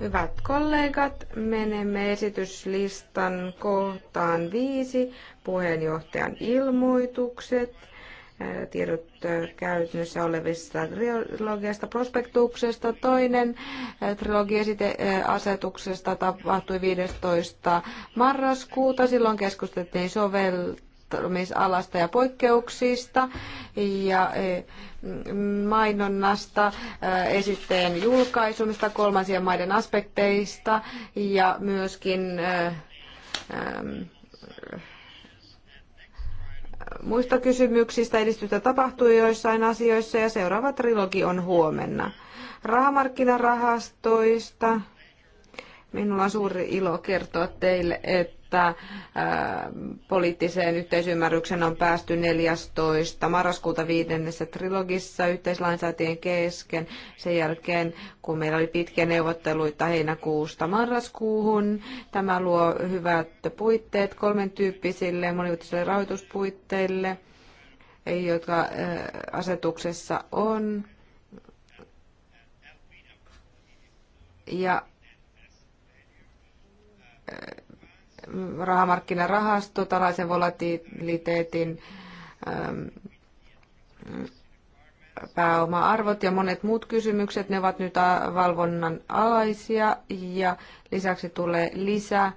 Hyvät kollegat, menemme esityslistan kohtaan viisi, puheenjohtajan ilmoitukset, tiedot käytännössä olevista trilogiasta, prospektuksesta. Toinen trilogiasetuksesta tapahtui 15. marraskuuta. Silloin keskusteltiin soveltamista soveltamisalasta ja poikkeuksista ja e, mainonnasta, e, esitteen julkaisumista, kolmansien maiden aspekteista ja myöskin e, muista kysymyksistä. Edistystä tapahtui joissain asioissa ja seuraava trilogi on huomenna. Rahamarkkinarahastoista. Minulla on suuri ilo kertoa teille, että että poliittiseen yhteisymmärrykseen on päästy 14. marraskuuta viidennessä trilogissa yhteislainsäätien kesken. Sen jälkeen, kun meillä oli pitkiä neuvotteluita heinäkuusta marraskuuhun, tämä luo hyvät puitteet kolmen tyyppisille monivuotisille rahoituspuitteille, jotka asetuksessa on. Ja rahamarkkinarahasto tällaisen volatiliteetin ähm, pääoma-arvot ja monet muut kysymykset, ne ovat nyt valvonnan alaisia ja lisäksi tulee lisää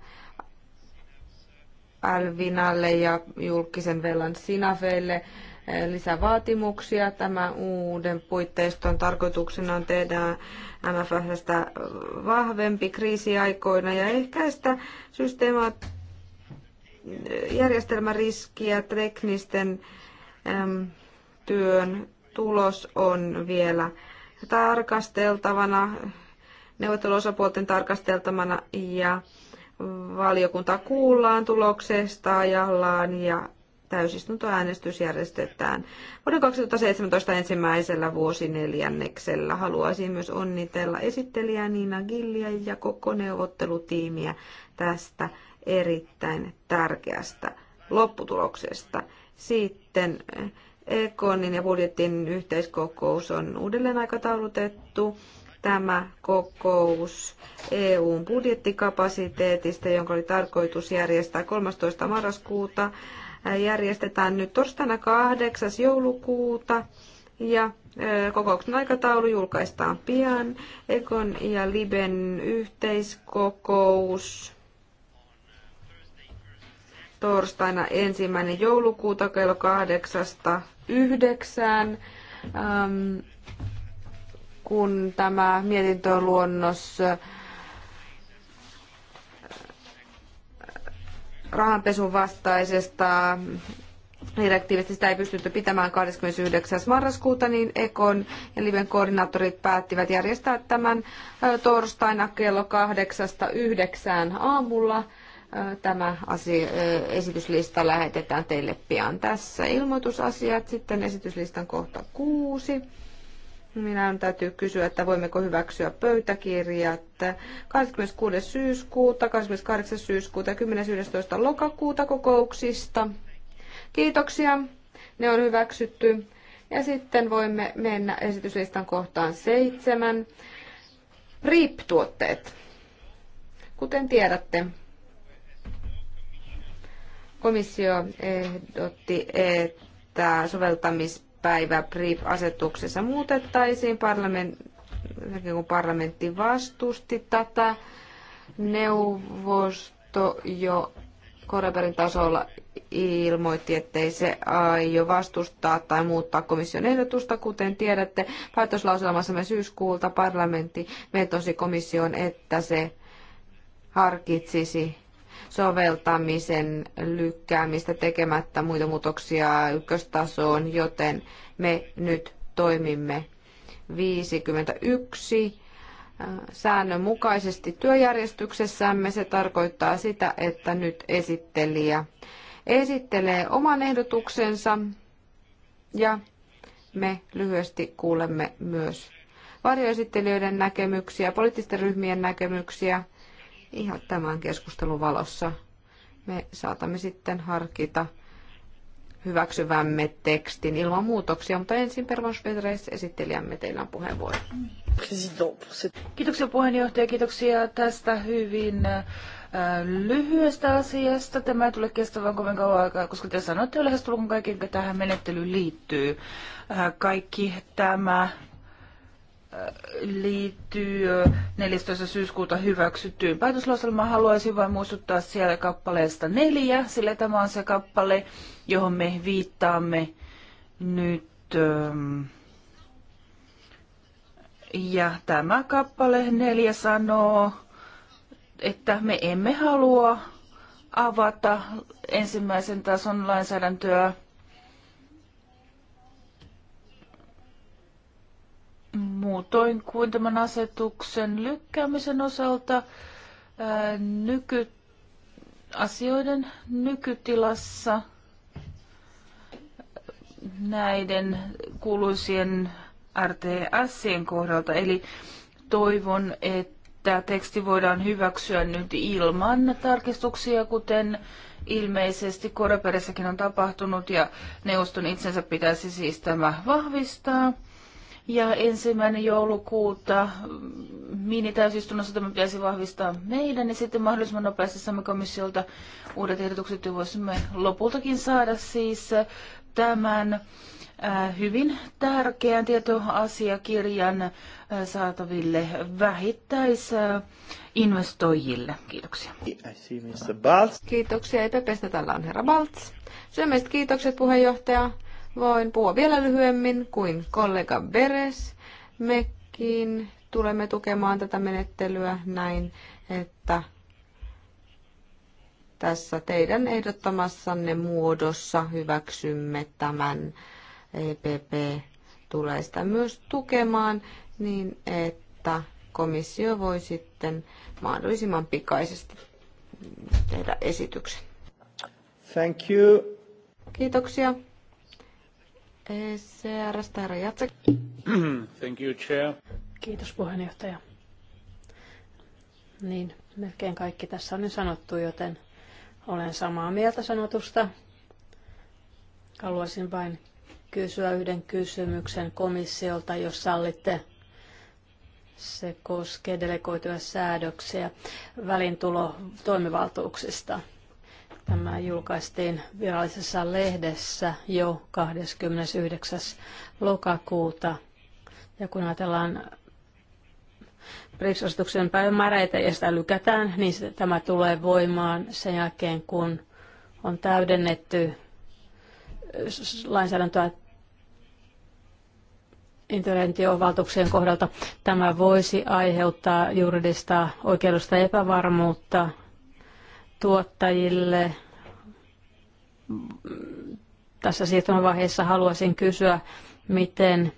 Alvinalle ja julkisen velan Sinafeille lisävaatimuksia. Tämä uuden puitteiston tarkoituksena on tehdä MFFstä vahvempi kriisiaikoina ja ehkäistä systeemaat järjestelmäriskiä, teknisten äm, työn tulos on vielä tarkasteltavana, neuvotteluosapuolten tarkasteltavana ja valiokunta kuullaan tuloksesta ajallaan ja täysistuntoäänestys järjestetään vuoden 2017 ensimmäisellä vuosineljänneksellä. Haluaisin myös onnitella esittelijää Niina Gillia ja koko neuvottelutiimiä tästä erittäin tärkeästä lopputuloksesta. Sitten Ekonin eh, ja budjetin yhteiskokous on uudelleen aikataulutettu. Tämä kokous EUn budjettikapasiteetista, jonka oli tarkoitus järjestää 13. marraskuuta järjestetään nyt torstaina 8. joulukuuta ja kokouksen aikataulu julkaistaan pian. Ekon ja Liben yhteiskokous torstaina ensimmäinen joulukuuta kello 8.9. Ähm, kun tämä mietintöluonnos äh, rahanpesun vastaisesta direktiivistä sitä ei pystytty pitämään 29. marraskuuta, niin Ekon ja Liven koordinaattorit päättivät järjestää tämän torstaina kello 8.9. aamulla. Tämä asia, esityslista lähetetään teille pian tässä. Ilmoitusasiat, sitten esityslistan kohta kuusi. Minä täytyy kysyä, että voimmeko hyväksyä pöytäkirjat 26. syyskuuta, 28. syyskuuta ja 10.11. lokakuuta kokouksista. Kiitoksia. Ne on hyväksytty. Ja sitten voimme mennä esityslistan kohtaan seitsemän. RIP-tuotteet. Kuten tiedätte, komissio ehdotti, että soveltamis päivä PRIP-asetuksessa muutettaisiin, parlament, kun parlamentti vastusti tätä, neuvosto jo Koreperin tasolla ilmoitti, ettei se aio vastustaa tai muuttaa komission ehdotusta. Kuten tiedätte, päätöslauselmassa me syyskuulta parlamentti vetosi komission, että se harkitsisi soveltamisen lykkäämistä tekemättä muita muutoksia ykköstasoon, joten me nyt toimimme 51 äh, säännönmukaisesti työjärjestyksessämme. Se tarkoittaa sitä, että nyt esittelijä esittelee oman ehdotuksensa ja me lyhyesti kuulemme myös varjoesittelijöiden näkemyksiä, poliittisten ryhmien näkemyksiä ihan tämän keskustelun valossa me saatamme sitten harkita hyväksyvämme tekstin ilman muutoksia, mutta ensin Pervans Petres esittelijämme teillä on puheenvuoro. Kiitoksia puheenjohtaja, kiitoksia tästä hyvin äh, lyhyestä asiasta. Tämä ei tule kestävän kovin kauan aikaa, koska te sanoitte jo lähestulkoon kaiken, mikä tähän menettelyyn liittyy. Äh, kaikki tämä liittyy 14. syyskuuta hyväksyttyyn päätöslauselmaan. Haluaisin vain muistuttaa siellä kappaleesta neljä, sillä tämä on se kappale, johon me viittaamme nyt. Ähm, ja tämä kappale neljä sanoo, että me emme halua avata ensimmäisen tason lainsäädäntöä muutoin kuin tämän asetuksen lykkäämisen osalta ää, nyky, asioiden nykytilassa näiden kuuluisien RTSien kohdalta. Eli toivon, että teksti voidaan hyväksyä nyt ilman tarkistuksia, kuten ilmeisesti Koreperissäkin on tapahtunut, ja neuvoston itsensä pitäisi siis tämä vahvistaa. Ja ensimmäinen joulukuuta minitäysistunnossa tämä pitäisi vahvistaa meidän ja sitten mahdollisimman nopeasti saamme komissiolta uudet ehdotukset, ja voisimme lopultakin saada siis tämän äh, hyvin tärkeän tietoasiakirjan äh, saataville vähittäisinvestoijille. Äh, Kiitoksia. Kiitoksia. EPPstä tällä on herra Baltz. Syömiset kiitokset puheenjohtaja. Voin puhua vielä lyhyemmin kuin kollega Beres. Mekin tulemme tukemaan tätä menettelyä näin, että tässä teidän ehdottamassanne muodossa hyväksymme tämän EPP tulee sitä myös tukemaan niin, että komissio voi sitten mahdollisimman pikaisesti tehdä esityksen. Thank you. Kiitoksia. ECRstä Thank you, Chair. Kiitos puheenjohtaja. Niin, melkein kaikki tässä on jo sanottu, joten olen samaa mieltä sanotusta. Haluaisin vain kysyä yhden kysymyksen komissiolta, jos sallitte. Se koskee delegoituja säädöksiä välintulo toimivaltuuksista. Tämä julkaistiin virallisessa lehdessä jo 29. lokakuuta. Ja kun ajatellaan BRICS-asetuksen päivämääräitä ja sitä lykätään, niin tämä tulee voimaan sen jälkeen, kun on täydennetty lainsäädäntöä interventiovaltuuksien kohdalta. Tämä voisi aiheuttaa juridista oikeudellista epävarmuutta tuottajille. Tässä siirtymävaiheessa haluaisin kysyä, miten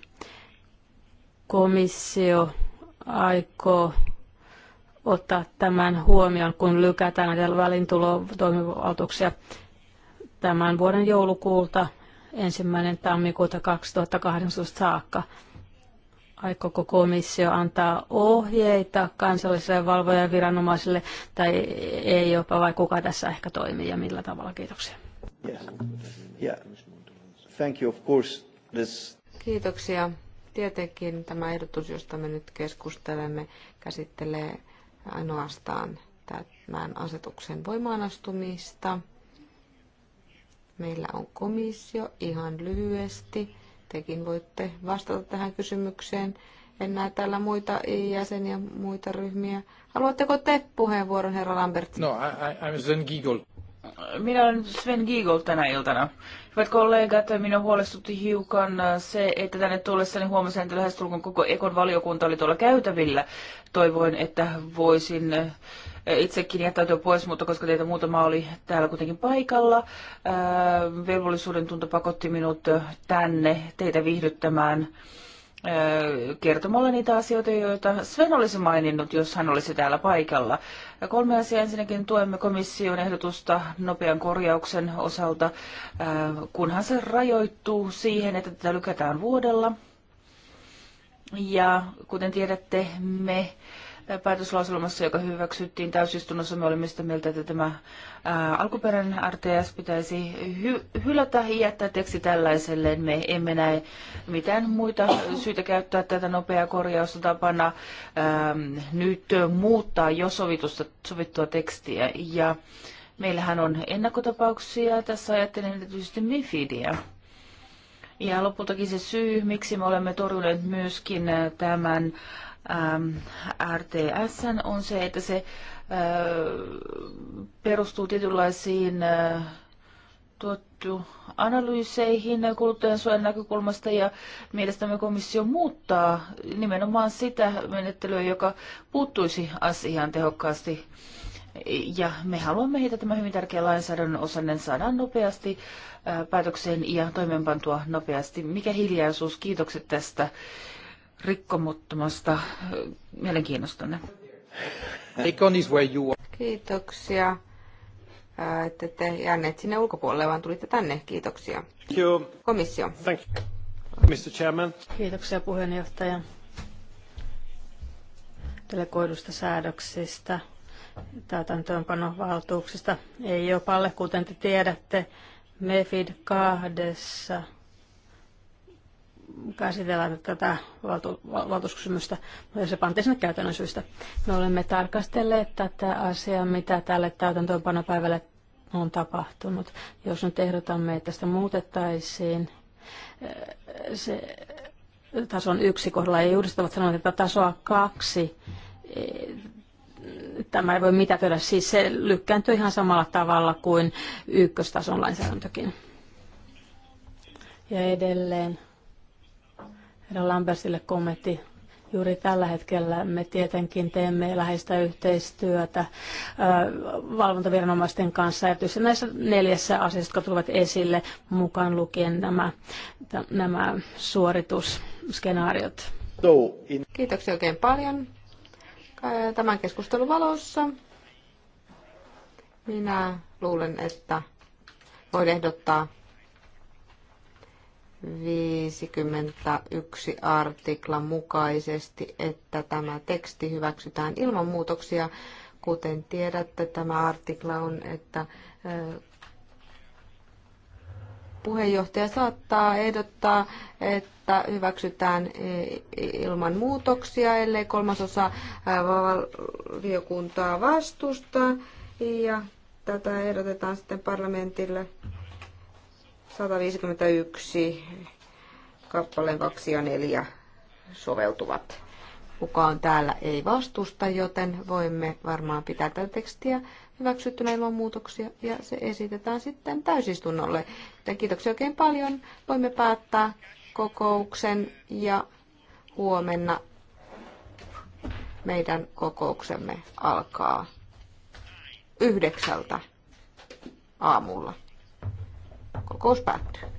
komissio aikoo ottaa tämän huomioon, kun lykätään näitä välintulotoimivaltuuksia tämän vuoden joulukuulta ensimmäinen tammikuuta 2018 saakka aikooko komissio antaa ohjeita kansallisille valvojan viranomaisille tai ei jopa, vai kuka tässä ehkä toimii ja millä tavalla? Kiitoksia. Yes. Yeah. Thank you. Of course, this... Kiitoksia. Tietenkin tämä ehdotus, josta me nyt keskustelemme, käsittelee ainoastaan tämän asetuksen voimaanastumista. Meillä on komissio ihan lyhyesti tekin voitte vastata tähän kysymykseen. En näe täällä muita jäseniä, muita ryhmiä. Haluatteko te puheenvuoron, herra Lambert? No, I, I'm Sven Giegel. Minä olen Sven Giegel tänä iltana. Hyvät kollegat, minua huolestutti hiukan se, että tänne tullessani huomasin, että lähestulkoon koko Ekon valiokunta oli tuolla käytävillä. Toivoin, että voisin itsekin jättäytyä pois, mutta koska teitä muutama oli täällä kuitenkin paikalla, velvollisuuden tunto pakotti minut tänne teitä viihdyttämään kertomalla niitä asioita, joita Sven olisi maininnut, jos hän olisi täällä paikalla. Kolme asiaa. Ensinnäkin tuemme komission ehdotusta nopean korjauksen osalta, kunhan se rajoittuu siihen, että tätä lykätään vuodella. Ja kuten tiedätte, me päätöslauselmassa, joka hyväksyttiin täysistunnossa, me olimme sitä mieltä, että tämä ää, alkuperäinen RTS pitäisi hy- hylätä ja jättää teksti tällaiselleen. Me emme näe mitään muita syitä käyttää tätä nopeaa korjausta tapana nyt muuttaa jo sovitusta, sovittua tekstiä. Ja meillähän on ennakkotapauksia. Tässä ajattelen erityisesti Mifidia. Ja lopultakin se syy, miksi me olemme torjuneet myöskin tämän Ähm, RTS on se, että se äh, perustuu tietynlaisiin äh, tuottu analyyseihin kuluttajansuojan näkökulmasta ja mielestämme komissio muuttaa nimenomaan sitä menettelyä, joka puuttuisi asiaan tehokkaasti. Ja me haluamme heitä tämä hyvin tärkeä lainsäädännön osannen saadaan nopeasti äh, päätökseen ja toimeenpantua nopeasti. Mikä hiljaisuus, kiitokset tästä rikkomuttomasta mielenkiinnostanne. Kiitoksia, että te jääneet sinne ulkopuolelle, vaan tulitte tänne. Kiitoksia. Komissio. Thank you. Mr. Chairman. Kiitoksia puheenjohtaja delegoidusta säädöksistä, täytäntöönpanovaltuuksista, ei jopalle, kuten te tiedätte, MEFID kahdessa käsitellään tätä valtu, valtuuskysymystä, mutta se pantiin sinne käytännön syystä. Me olemme tarkastelleet tätä asiaa, mitä tälle täytäntöönpanopäivälle on tapahtunut. Jos nyt ehdotamme, että sitä muutettaisiin, eh, se tason yksi kohdalla ei uudistavat sanoneet, että tasoa kaksi eh, tämä ei voi mitätöidä. Siis se lykkääntyy ihan samalla tavalla kuin ykköstason lainsäädäntökin. Ja edelleen Herra Lambersille kommentti. Juuri tällä hetkellä me tietenkin teemme läheistä yhteistyötä valvontaviranomaisten kanssa, tietysti näissä neljässä asiassa, jotka tulevat esille, mukaan lukien nämä, nämä suoritusskenaariot. Kiitoksia oikein paljon tämän keskustelun valossa. Minä luulen, että voin ehdottaa 51 artikla mukaisesti, että tämä teksti hyväksytään ilman muutoksia. Kuten tiedätte, tämä artikla on, että puheenjohtaja saattaa ehdottaa, että hyväksytään e, ilman muutoksia, ellei kolmasosa valiokuntaa vastusta. Ja tätä ehdotetaan sitten parlamentille 151 kappaleen 2 ja 4 soveltuvat. Kukaan täällä ei vastusta, joten voimme varmaan pitää tätä tekstiä hyväksyttynä ilman muutoksia ja se esitetään sitten täysistunnolle. Joten kiitoksia oikein paljon. Voimme päättää kokouksen ja huomenna meidän kokouksemme alkaa yhdeksältä aamulla. Kokous päättyy.